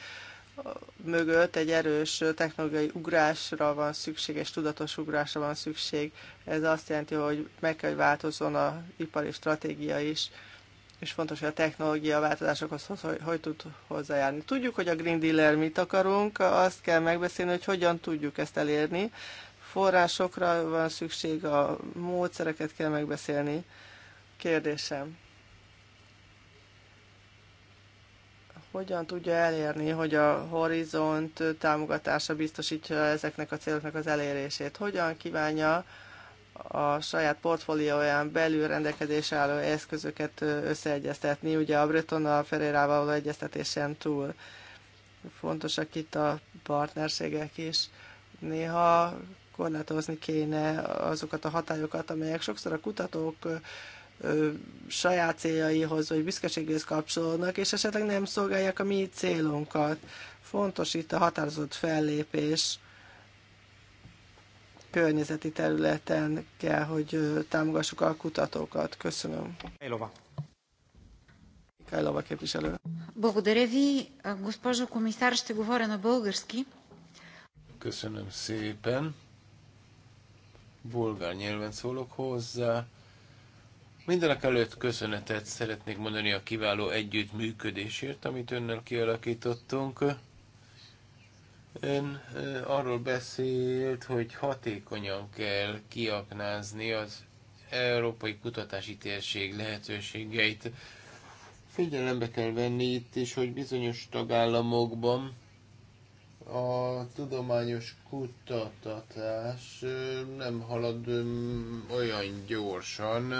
Speaker 1: mögött egy erős technológiai ugrásra van szükség, és tudatos ugrásra van szükség. Ez azt jelenti, hogy meg kell, hogy változzon a ipari stratégia is és fontos, hogy a technológia változásokhoz hogy, hogy tud hozzájárni. Tudjuk, hogy a Green Dealer mit akarunk, azt kell megbeszélni, hogy hogyan tudjuk ezt elérni. Forrásokra van szükség, a módszereket kell megbeszélni. Kérdésem. Hogyan tudja elérni, hogy a horizont támogatása biztosítja ezeknek a céloknak az elérését? Hogyan kívánja a saját portfólióján belül rendelkezésre álló eszközöket összeegyeztetni, ugye a a Ferrerával való egyeztetésen túl. Fontosak itt a partnerségek is. Néha korlátozni kéne azokat a hatályokat, amelyek sokszor a kutatók ö, saját céljaihoz vagy büszkeségéhez kapcsolódnak, és esetleg nem szolgálják a mi célunkat. Fontos itt a határozott fellépés, környezeti területen kell, hogy támogassuk a kutatókat. Köszönöm. Elova. Kajlova képviselő.
Speaker 2: Благодаря ви, госпожо комисар, ще говоря на български.
Speaker 3: Köszönöm szépen. Bulgár nyelven szólok hozzá. Mindenek előtt köszönetet szeretnék mondani a kiváló együttműködésért, amit önnel kialakítottunk. Ön arról beszélt, hogy hatékonyan kell kiaknázni az európai kutatási térség lehetőségeit. Figyelembe kell venni itt is, hogy bizonyos tagállamokban a tudományos kutatás nem halad olyan gyorsan,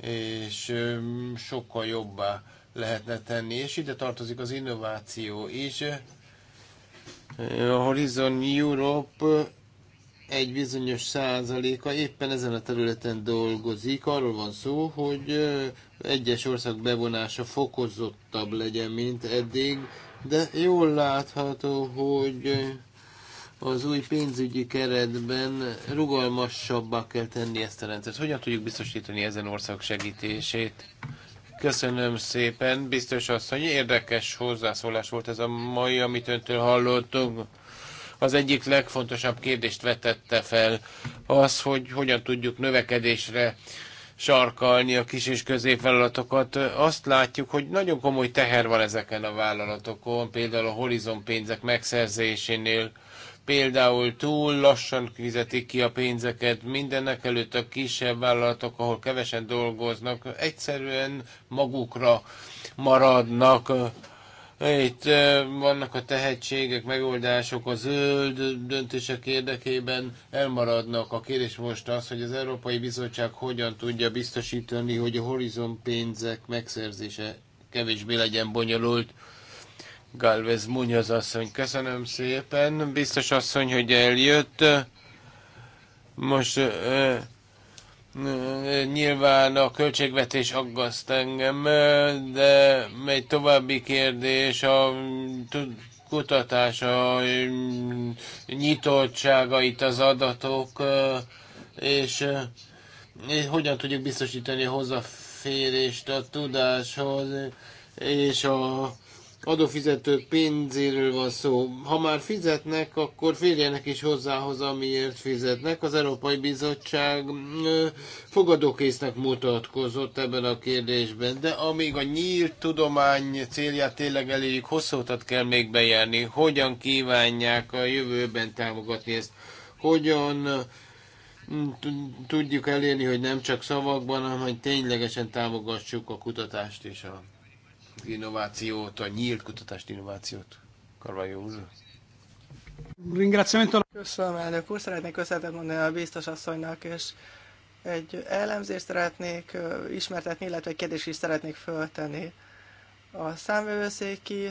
Speaker 3: és sokkal jobbá lehetne tenni, és ide tartozik az innováció is, a Horizon Europe egy bizonyos százaléka éppen ezen a területen dolgozik. Arról van szó, hogy egyes ország bevonása fokozottabb legyen, mint eddig, de jól látható, hogy az új pénzügyi keretben rugalmasabbá kell tenni ezt a rendszert. Hogyan tudjuk biztosítani ezen ország segítését? Köszönöm szépen, biztos asszony. Érdekes hozzászólás volt ez a mai, amit öntől hallottunk. Az egyik legfontosabb kérdést vetette fel, az, hogy hogyan tudjuk növekedésre sarkalni a kis és középvállalatokat. Azt látjuk, hogy nagyon komoly teher van ezeken a vállalatokon, például a Horizon pénzek megszerzésénél Például túl lassan fizetik ki a pénzeket, mindenek előtt a kisebb vállalatok, ahol kevesen dolgoznak, egyszerűen magukra maradnak. Itt vannak a tehetségek, megoldások, a zöld döntések érdekében elmaradnak. A kérdés most az, hogy az Európai Bizottság hogyan tudja biztosítani, hogy a horizont pénzek megszerzése kevésbé legyen bonyolult. Galvez Munoz asszony, köszönöm szépen. Biztos asszony, hogy eljött. Most uh, nyilván a költségvetés aggaszt engem, de egy további kérdés a kutatás, a nyitottsága itt az adatok, és hogyan tudjuk biztosítani a hozzáférést a tudáshoz, és a adófizetők pénzéről van szó. Ha már fizetnek, akkor férjenek is hozzához, amiért fizetnek. Az Európai Bizottság fogadókésznek mutatkozott ebben a kérdésben, de amíg a nyílt tudomány célját tényleg elérjük, hosszú utat kell még bejárni. Hogyan kívánják a jövőben támogatni ezt? Hogyan tudjuk elérni, hogy nem csak szavakban, hanem hogy ténylegesen támogassuk a kutatást és a innovációt, a nyílt kutatást, innovációt. Karvajó úr.
Speaker 1: Köszönöm, elnök úr. Szeretnék köszönetet mondani a biztos asszonynak, és egy elemzést szeretnék ismertetni, illetve egy kérdést is szeretnék föltenni. A számvevőszéki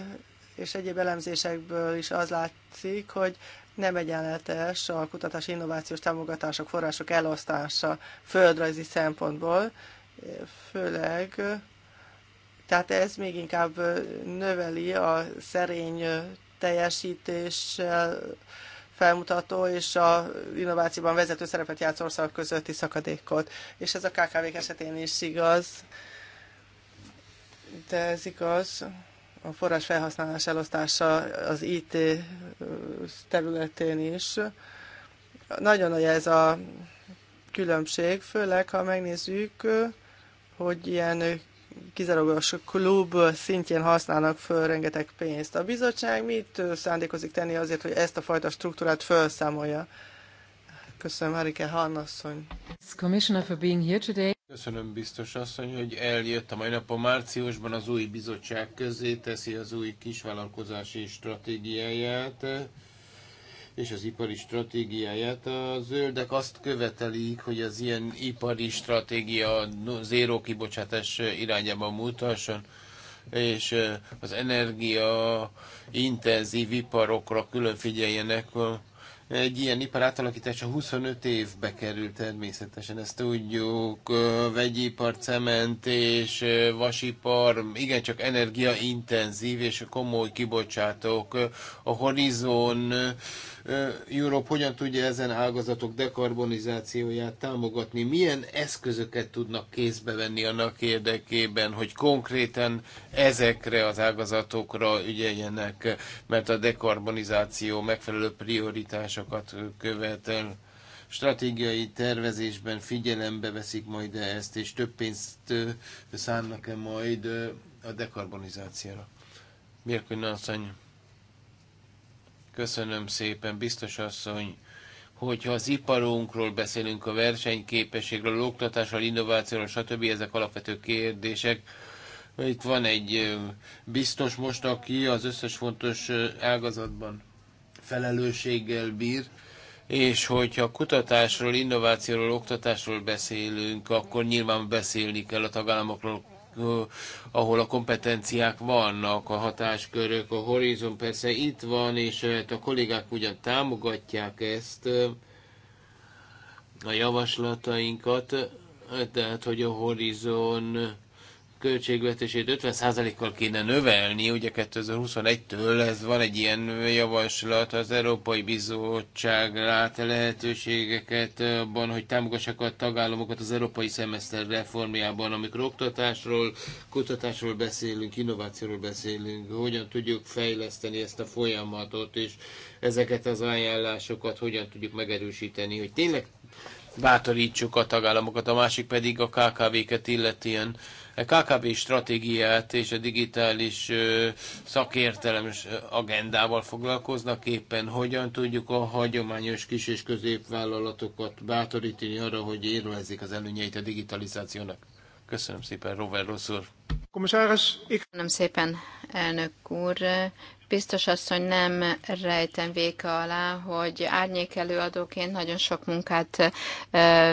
Speaker 1: és egyéb elemzésekből is az látszik, hogy nem egyenletes a kutatási innovációs támogatások, források elosztása földrajzi szempontból, főleg tehát ez még inkább növeli a szerény teljesítés felmutató és a innovációban vezető szerepet játszó országok közötti szakadékot. És ez a kkv esetén is igaz, de ez igaz. A forrás felhasználás elosztása az IT területén is. Nagyon nagy ez a különbség, főleg ha megnézzük, hogy ilyen kizárólagos klub szintjén használnak föl rengeteg pénzt. A bizottság mit szándékozik tenni azért, hogy ezt a fajta struktúrát felszámolja? Köszönöm, Harike Hannasszony.
Speaker 3: Köszönöm, biztos asszony, hogy eljött a mai napon. Márciusban az új bizottság közé teszi az új kisvállalkozási stratégiáját és az ipari stratégiáját. A zöldek azt követelik, hogy az ilyen ipari stratégia zéró kibocsátás irányába mutasson, és az energia intenzív iparokra külön figyeljenek. Egy ilyen ipar átalakítása 25 évbe kerül természetesen, ezt tudjuk. Vegyipar, cement és vasipar, igencsak energiaintenzív és komoly kibocsátók. A Horizon Europe hogyan tudja ezen ágazatok dekarbonizációját támogatni, milyen eszközöket tudnak kézbe venni annak érdekében, hogy konkrétan ezekre az ágazatokra ügyeljenek, mert a dekarbonizáció megfelelő prioritásokat követel stratégiai tervezésben figyelembe veszik majd ezt, és több pénzt szánnak-e majd a dekarbonizációra? Mirko asszony. Köszönöm szépen, biztos asszony hogyha az iparunkról beszélünk, a versenyképességről, oktatásról, innovációról, stb. ezek alapvető kérdések. Itt van egy biztos most, aki az összes fontos ágazatban felelősséggel bír, és hogyha kutatásról, innovációról, oktatásról beszélünk, akkor nyilván beszélni kell a tagállamokról, ahol a kompetenciák vannak, a hatáskörök, a horizon persze itt van, és hát a kollégák ugyan támogatják ezt, a javaslatainkat, tehát hogy a horizon költségvetését 50%-kal kéne növelni, ugye 2021-től ez van egy ilyen javaslat, az Európai Bizottság lát lehetőségeket abban, hogy támogassák a tagállamokat az Európai Szemeszter reformjában, amikor oktatásról, kutatásról beszélünk, innovációról beszélünk, hogyan tudjuk fejleszteni ezt a folyamatot, és ezeket az ajánlásokat hogyan tudjuk megerősíteni, hogy tényleg bátorítsuk a tagállamokat, a másik pedig a KKV-ket illetően KKV stratégiát és a digitális szakértelem agendával foglalkoznak éppen, hogyan tudjuk a hagyományos kis és középvállalatokat bátorítani arra, hogy érvezzék az előnyeit a digitalizációnak. Köszönöm szépen, Robert Rossz úr.
Speaker 2: Commissaris, ik... Köszönöm szépen, elnök úr. Biztos asszony, nem rejtem véka alá, hogy árnyék előadóként nagyon sok munkát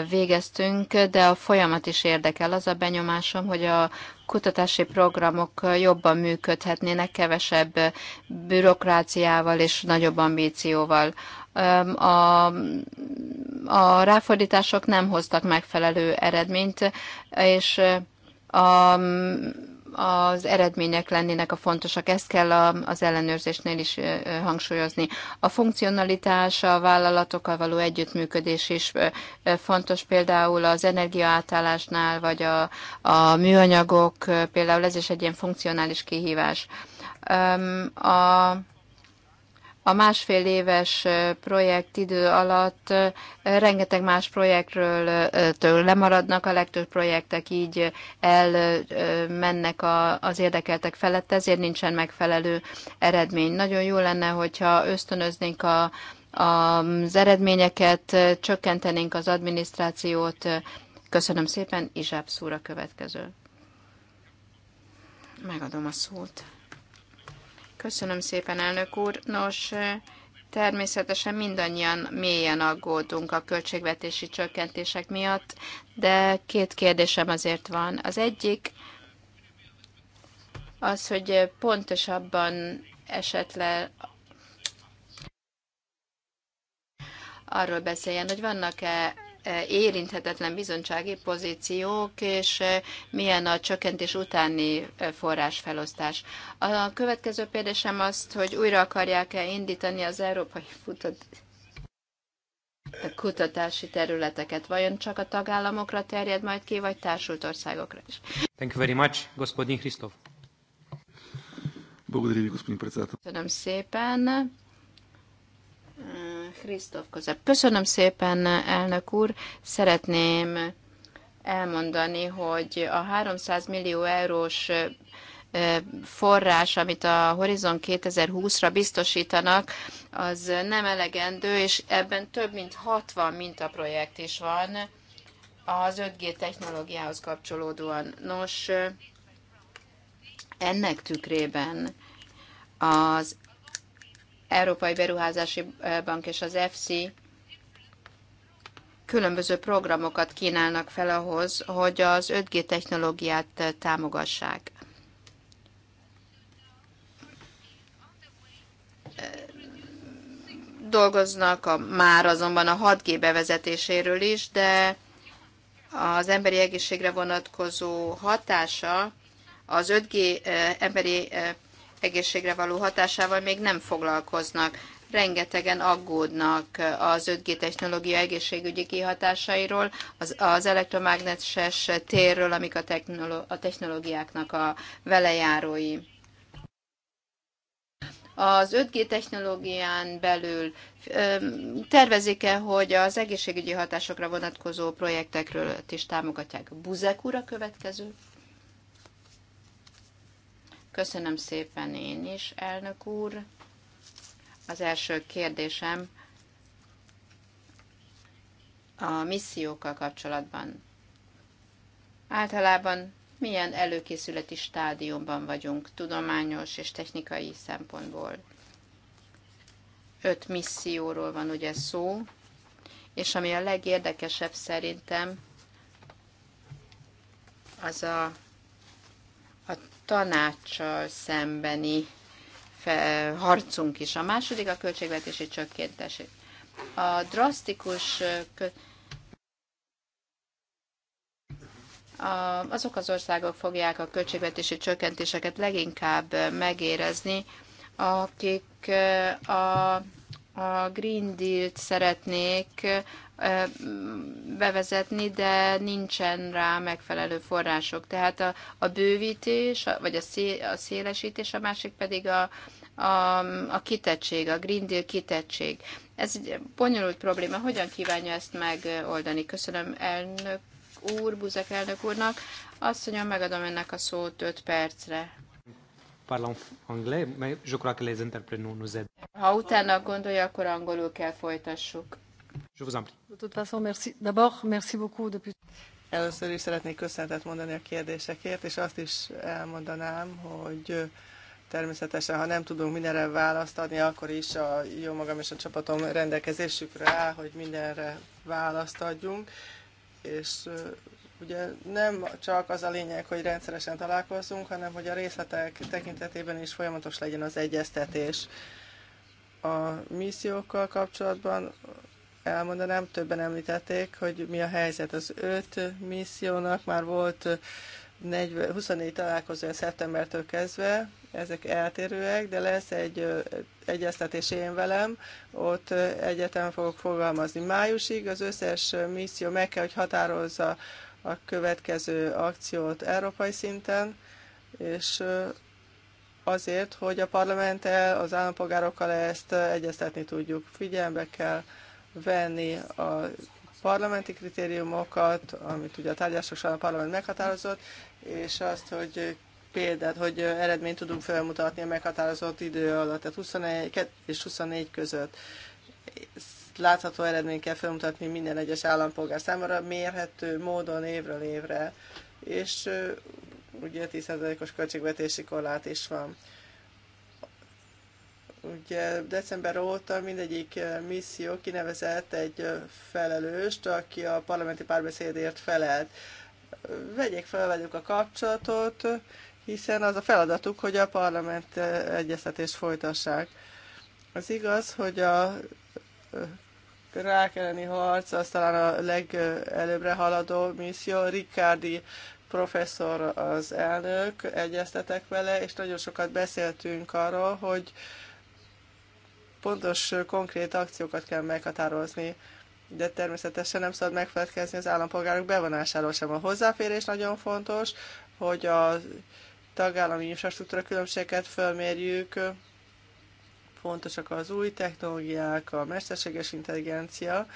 Speaker 2: végeztünk, de a folyamat is érdekel. Az a benyomásom, hogy a kutatási programok jobban működhetnének, kevesebb bürokráciával és nagyobb ambícióval. A, a ráfordítások nem hoztak megfelelő eredményt, és a az eredmények lennének a fontosak. Ezt kell az ellenőrzésnél is hangsúlyozni. A funkcionalitás, a vállalatokkal való együttműködés is fontos, például az energiaátállásnál, vagy a, a műanyagok, például ez is egy ilyen funkcionális kihívás. A a másfél éves projekt idő alatt rengeteg más projektről től lemaradnak, a legtöbb projektek így elmennek az érdekeltek felett, ezért nincsen megfelelő eredmény. Nagyon jó lenne, hogyha ösztönöznénk a, az eredményeket, csökkentenénk az adminisztrációt. Köszönöm szépen, Izsáb szóra következő. Megadom a szót. Köszönöm szépen, elnök úr. Nos, természetesen mindannyian mélyen aggódunk a költségvetési csökkentések miatt, de két kérdésem azért van. Az egyik az, hogy pontosabban esetleg arról beszéljen, hogy vannak-e érinthetetlen bizonysági pozíciók, és eh, milyen a csökkentés utáni eh, forrásfelosztás. A következő kérdésem azt, hogy újra akarják-e indítani az európai futat kutatási területeket. Vajon csak a tagállamokra terjed majd ki, vagy társult országokra is? Thank you very much, господин Христов. Благодарю, господин Köszönöm szépen. Krisztof Kozep. Köszönöm szépen, elnök úr. Szeretném elmondani, hogy a 300 millió eurós forrás, amit a Horizon 2020-ra biztosítanak, az nem elegendő, és ebben több mint 60 mintaprojekt is van az 5G technológiához kapcsolódóan. Nos, ennek tükrében az Európai Beruházási Bank és az EFSI különböző programokat kínálnak fel ahhoz, hogy az 5G technológiát támogassák. Dolgoznak a, már azonban a 6G bevezetéséről is, de az emberi egészségre vonatkozó hatása az 5G emberi egészségre való hatásával még nem foglalkoznak. Rengetegen aggódnak az 5G technológia egészségügyi kihatásairól, az, az elektromágneses térről, amik a, technoló, a technológiáknak a velejárói. Az 5G technológián belül tervezik-e, hogy az egészségügyi hatásokra vonatkozó projektekről is támogatják? Buzek úr a következő. Köszönöm szépen én is, elnök úr. Az első kérdésem a missziókkal kapcsolatban. Általában milyen előkészületi stádiumban vagyunk tudományos és technikai szempontból. Öt misszióról van ugye szó, és ami a legérdekesebb szerintem, az a tanácssal szembeni harcunk is. A második a költségvetési csökkentés. A drasztikus azok az országok fogják a költségvetési csökkentéseket leginkább megérezni, akik a, a Green Deal-t szeretnék bevezetni, de nincsen rá megfelelő források. Tehát a, a bővítés, vagy a, szé, a szélesítés, a másik pedig a, a, a kitettség, a Green Deal kitettség. Ez egy bonyolult probléma. Hogyan kívánja ezt megoldani? Köszönöm elnök úr, Buzek elnök úrnak. Azt mondjam, megadom ennek a szót 5 percre. Ha utána gondolja, akkor angolul kell
Speaker 1: folytassuk. Je vous en prie. De toute façon, merci. D'abord, merci beaucoup depuis... Először is szeretnék köszöntet mondani a kérdésekért, és azt is elmondanám, hogy természetesen, ha nem tudunk mindenre választ adni, akkor is a jó magam és a csapatom rendelkezésükre áll, hogy mindenre választ adjunk. És ugye nem csak az a lényeg, hogy rendszeresen találkozzunk, hanem hogy a részletek tekintetében is folyamatos legyen az egyeztetés. A missziókkal kapcsolatban elmondanám, többen említették, hogy mi a helyzet az öt missziónak. Már volt 40, 24 találkozó szeptembertől kezdve, ezek eltérőek, de lesz egy egyeztetés én velem, ott egyetem fogok fogalmazni. Májusig az összes misszió meg kell, hogy határozza a következő akciót európai szinten, és azért, hogy a parlamenttel, az állampolgárokkal ezt egyeztetni tudjuk. Figyelembe kell venni a parlamenti kritériumokat, amit ugye a tárgyások során a parlament meghatározott, és azt, hogy példát, hogy eredményt tudunk felmutatni a meghatározott idő alatt, tehát 21 és 24 között látható eredményt kell felmutatni minden egyes állampolgár számára, mérhető módon évről évre, és ugye 10%-os költségvetési korlát is van ugye december óta mindegyik eh, misszió kinevezett egy eh, felelőst, aki a parlamenti párbeszédért felelt. Vegyék fel velük a kapcsolatot, hiszen az a feladatuk, hogy a parlament eh, egyeztetést folytassák. Az igaz, hogy a rák elleni harc, az talán a legelőbbre haladó misszió. Riccardi professzor az elnök, egyeztetek vele, és nagyon sokat beszéltünk arról, hogy pontos, konkrét akciókat kell meghatározni, de természetesen nem szabad megfelelkezni az állampolgárok bevonásáról sem. A hozzáférés nagyon fontos, hogy a tagállami infrastruktúra különbségeket fölmérjük, fontosak az új technológiák, a mesterséges intelligencia,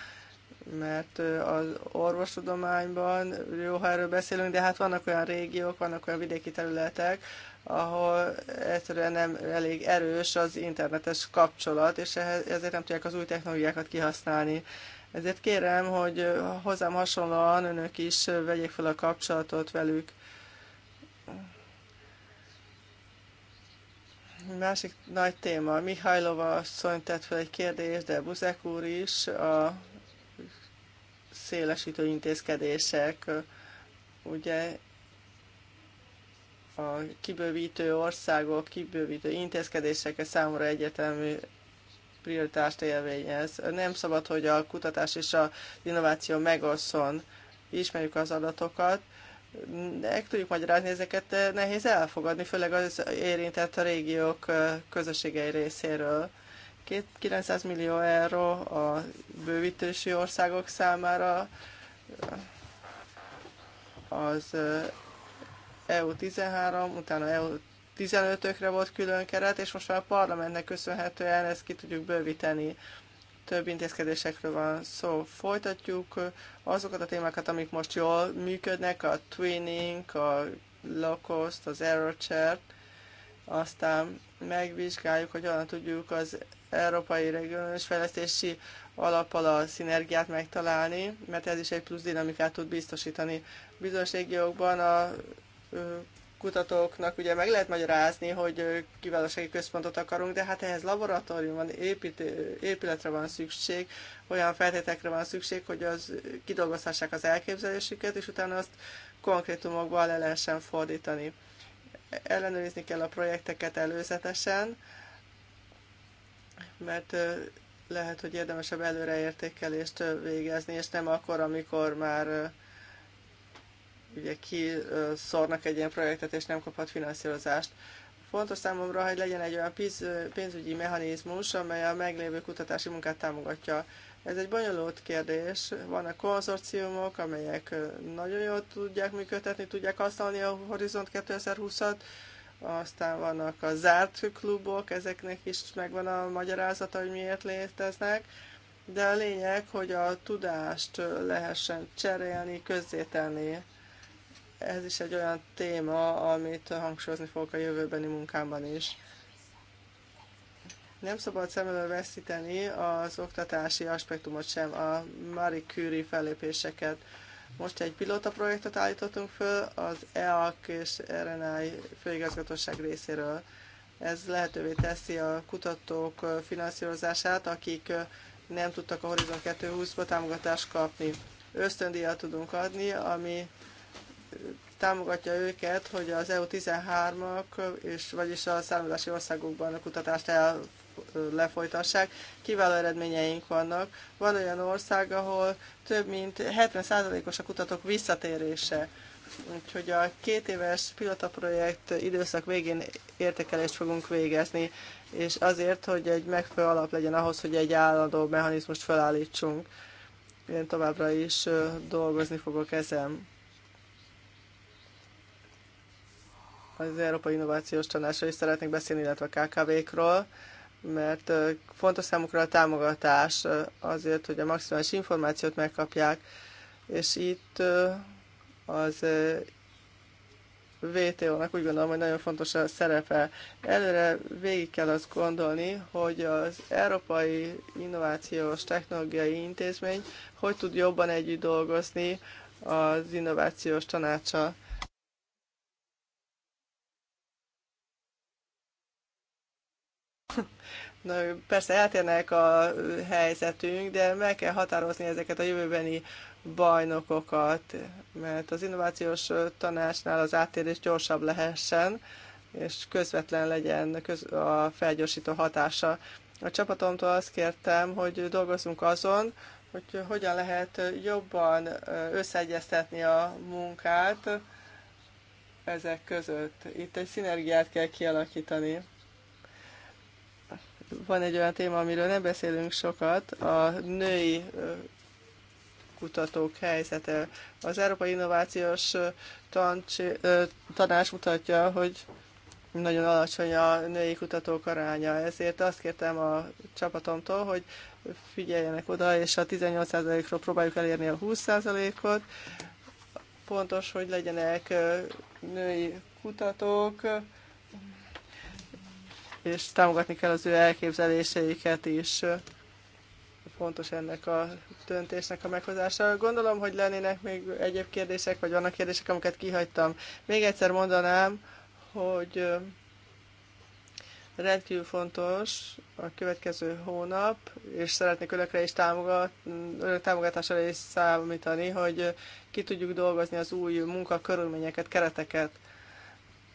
Speaker 1: mert az orvostudományban jó, ha erről beszélünk, de hát vannak olyan régiók, vannak olyan vidéki területek, ahol egyszerűen nem elég erős az internetes kapcsolat, és ezért nem tudják az új technológiákat kihasználni. Ezért kérem, hogy hozzám hasonlóan önök is vegyék fel a kapcsolatot velük. Másik nagy téma, Mihajlova asszony tett fel egy kérdést, de Buzek úr is, a szélesítő intézkedések. Ugye a kibővítő országok, kibővítő intézkedéseke számomra egyetemű prioritást élvényez. Nem szabad, hogy a kutatás és a innováció megosszon. Ismerjük az adatokat, meg tudjuk magyarázni ezeket, nehéz elfogadni, főleg az érintett a régiók közösségei részéről. 900 millió euró a bővítősi országok számára az EU13, utána EU15-ökre volt külön keret, és most már a parlamentnek köszönhetően ezt ki tudjuk bővíteni. Több intézkedésekről van szó. Folytatjuk azokat a témákat, amik most jól működnek, a twinning, a low cost, az error chart, aztán megvizsgáljuk, hogy olyan tudjuk az Európai Regionális Fejlesztési Alappal a szinergiát megtalálni, mert ez is egy plusz dinamikát tud biztosítani. Bizonyos régiókban a kutatóknak ugye meg lehet magyarázni, hogy kiválósági központot akarunk, de hát ehhez laboratórium van, épít, épületre van szükség, olyan feltételekre van szükség, hogy az kidolgozhassák az elképzelésüket, és utána azt konkrétumokba le lehessen fordítani. Ellenőrizni kell a projekteket előzetesen, mert lehet, hogy érdemesebb előreértékelést végezni, és nem akkor, amikor már ugye kiszornak egy ilyen projektet, és nem kaphat finanszírozást. Fontos számomra, hogy legyen egy olyan pénzügyi mechanizmus, amely a meglévő kutatási munkát támogatja. Ez egy bonyolult kérdés. Vannak konzorciumok, amelyek nagyon jól tudják működtetni, tudják használni a Horizont 2020-at, aztán vannak a zárt klubok, ezeknek is megvan a magyarázata, hogy miért léteznek, de a lényeg, hogy a tudást lehessen cserélni, közzétenni. Ez is egy olyan téma, amit hangsúlyozni fogok a jövőbeni munkámban is. Nem szabad szemelől veszíteni az oktatási aspektumot sem, a Marie Curie fellépéseket. Most egy pilota projektet állítottunk föl az EAK és RNI főigazgatóság részéről. Ez lehetővé teszi a kutatók finanszírozását, akik nem tudtak a Horizon 2020-ba támogatást kapni. Ösztöndíjat tudunk adni, ami támogatja őket, hogy az EU13-ak, és vagyis a számolási országokban a kutatást el lefolytassák. Kiváló eredményeink vannak. Van olyan ország, ahol több mint 70%-os a kutatók visszatérése. Úgyhogy a két éves pilotaprojekt időszak végén értékelést fogunk végezni, és azért, hogy egy megfelelő alap legyen ahhoz, hogy egy állandó mechanizmust felállítsunk. Én továbbra is dolgozni fogok ezen. az Európai Innovációs Tanácsról is szeretnék beszélni, illetve a KKV-król, mert fontos számukra a támogatás azért, hogy a maximális információt megkapják, és itt az VTO-nak úgy gondolom, hogy nagyon fontos a szerepe. Előre végig kell azt gondolni, hogy az Európai Innovációs Technológiai Intézmény hogy tud jobban együtt dolgozni az innovációs tanácsa. Na, persze eltérnek a helyzetünk, de meg kell határozni ezeket a jövőbeni bajnokokat, mert az innovációs tanácsnál az áttérés gyorsabb lehessen, és közvetlen legyen a felgyorsító hatása. A csapatomtól azt kértem, hogy dolgozzunk azon, hogy hogyan lehet jobban összeegyeztetni a munkát ezek között. Itt egy szinergiát kell kialakítani van egy olyan téma, amiről nem beszélünk sokat, a női kutatók helyzete. Az Európai Innovációs Tancs, Tanács mutatja, hogy nagyon alacsony a női kutatók aránya, ezért azt kértem a csapatomtól, hogy figyeljenek oda, és a 18%-ról próbáljuk elérni a 20%-ot. Pontos, hogy legyenek női kutatók, és támogatni kell az ő elképzeléseiket is. Fontos ennek a döntésnek a meghozása. Gondolom, hogy lennének még egyéb kérdések, vagy vannak kérdések, amiket kihagytam. Még egyszer mondanám, hogy rendkívül fontos a következő hónap, és szeretnék önökre is támogat, önök támogatásra is számítani, hogy ki tudjuk dolgozni az új munkakörülményeket, kereteket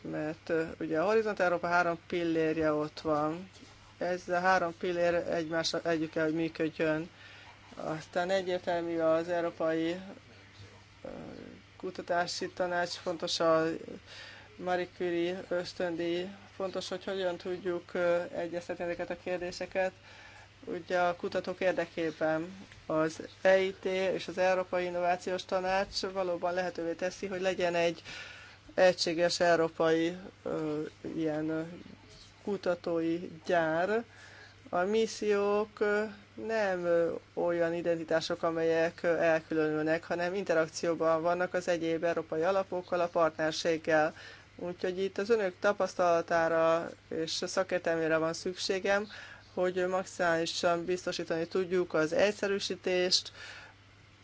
Speaker 1: mert ugye a Horizont Európa három pillérje ott van. Ez a három pillér egymásra együtt kell, hogy működjön. Aztán egyértelmű az Európai Kutatási Tanács, fontos a Marie Curie ösztöndíj, fontos, hogy hogyan tudjuk egyeztetni ezeket a kérdéseket ugye a kutatók érdekében az EIT és az Európai Innovációs Tanács valóban lehetővé teszi, hogy legyen egy egységes európai ilyen kutatói gyár. A missziók nem olyan identitások, amelyek elkülönülnek, hanem interakcióban vannak az egyéb európai alapokkal, a partnerséggel. Úgyhogy itt az önök tapasztalatára és szakértelmére van szükségem, hogy maximálisan biztosítani tudjuk az egyszerűsítést,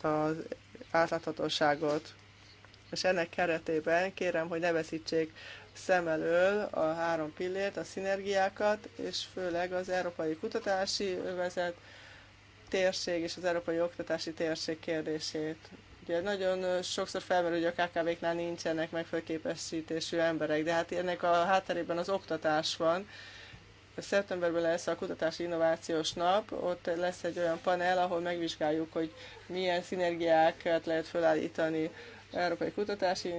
Speaker 1: az átláthatóságot és ennek keretében kérem, hogy ne veszítsék szem elől a három pillért, a szinergiákat, és főleg az európai kutatási övezet térség és az európai oktatási térség kérdését. Ugye nagyon sokszor felmerül, hogy a KKV-knál nincsenek megfelelő emberek, de hát ennek a hátterében az oktatás van. Szeptemberben lesz a Kutatási Innovációs Nap, ott lesz egy olyan panel, ahol megvizsgáljuk, hogy milyen szinergiákat lehet felállítani Európai Kutatási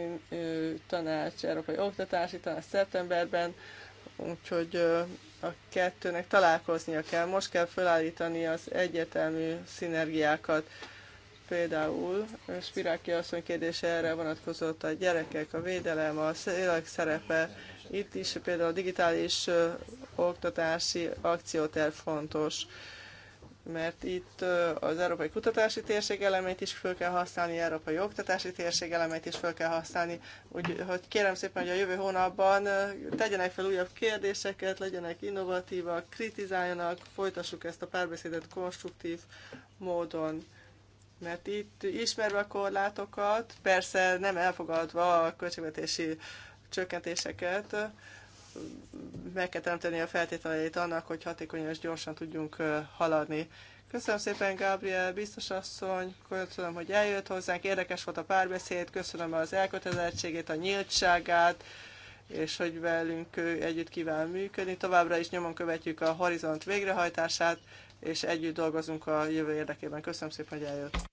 Speaker 1: Tanács, Európai Oktatási Tanács szeptemberben, úgyhogy a kettőnek találkoznia kell. Most kell felállítani az egyetemű szinergiákat. Például Spiráki asszony kérdése erre vonatkozott a gyerekek, a védelem, a szélek szerepe. Itt is például a digitális oktatási akcióterv fontos mert itt az európai kutatási térség elemeit is föl kell használni, európai oktatási térség elemeit is föl kell használni. Úgyhogy kérem szépen, hogy a jövő hónapban tegyenek fel újabb kérdéseket, legyenek innovatívak, kritizáljanak, folytassuk ezt a párbeszédet konstruktív módon. Mert itt ismerve a korlátokat, persze nem elfogadva a költségvetési csökkentéseket, meg kell teremteni a feltételeit annak, hogy hatékonyan és gyorsan tudjunk haladni. Köszönöm szépen, Gabriel, biztos asszony, köszönöm, hogy eljött hozzánk, érdekes volt a párbeszéd, köszönöm az elkötelezettségét, a nyíltságát, és hogy velünk együtt kíván működni. Továbbra is nyomon követjük a horizont végrehajtását, és együtt dolgozunk a jövő érdekében. Köszönöm szépen, hogy eljött.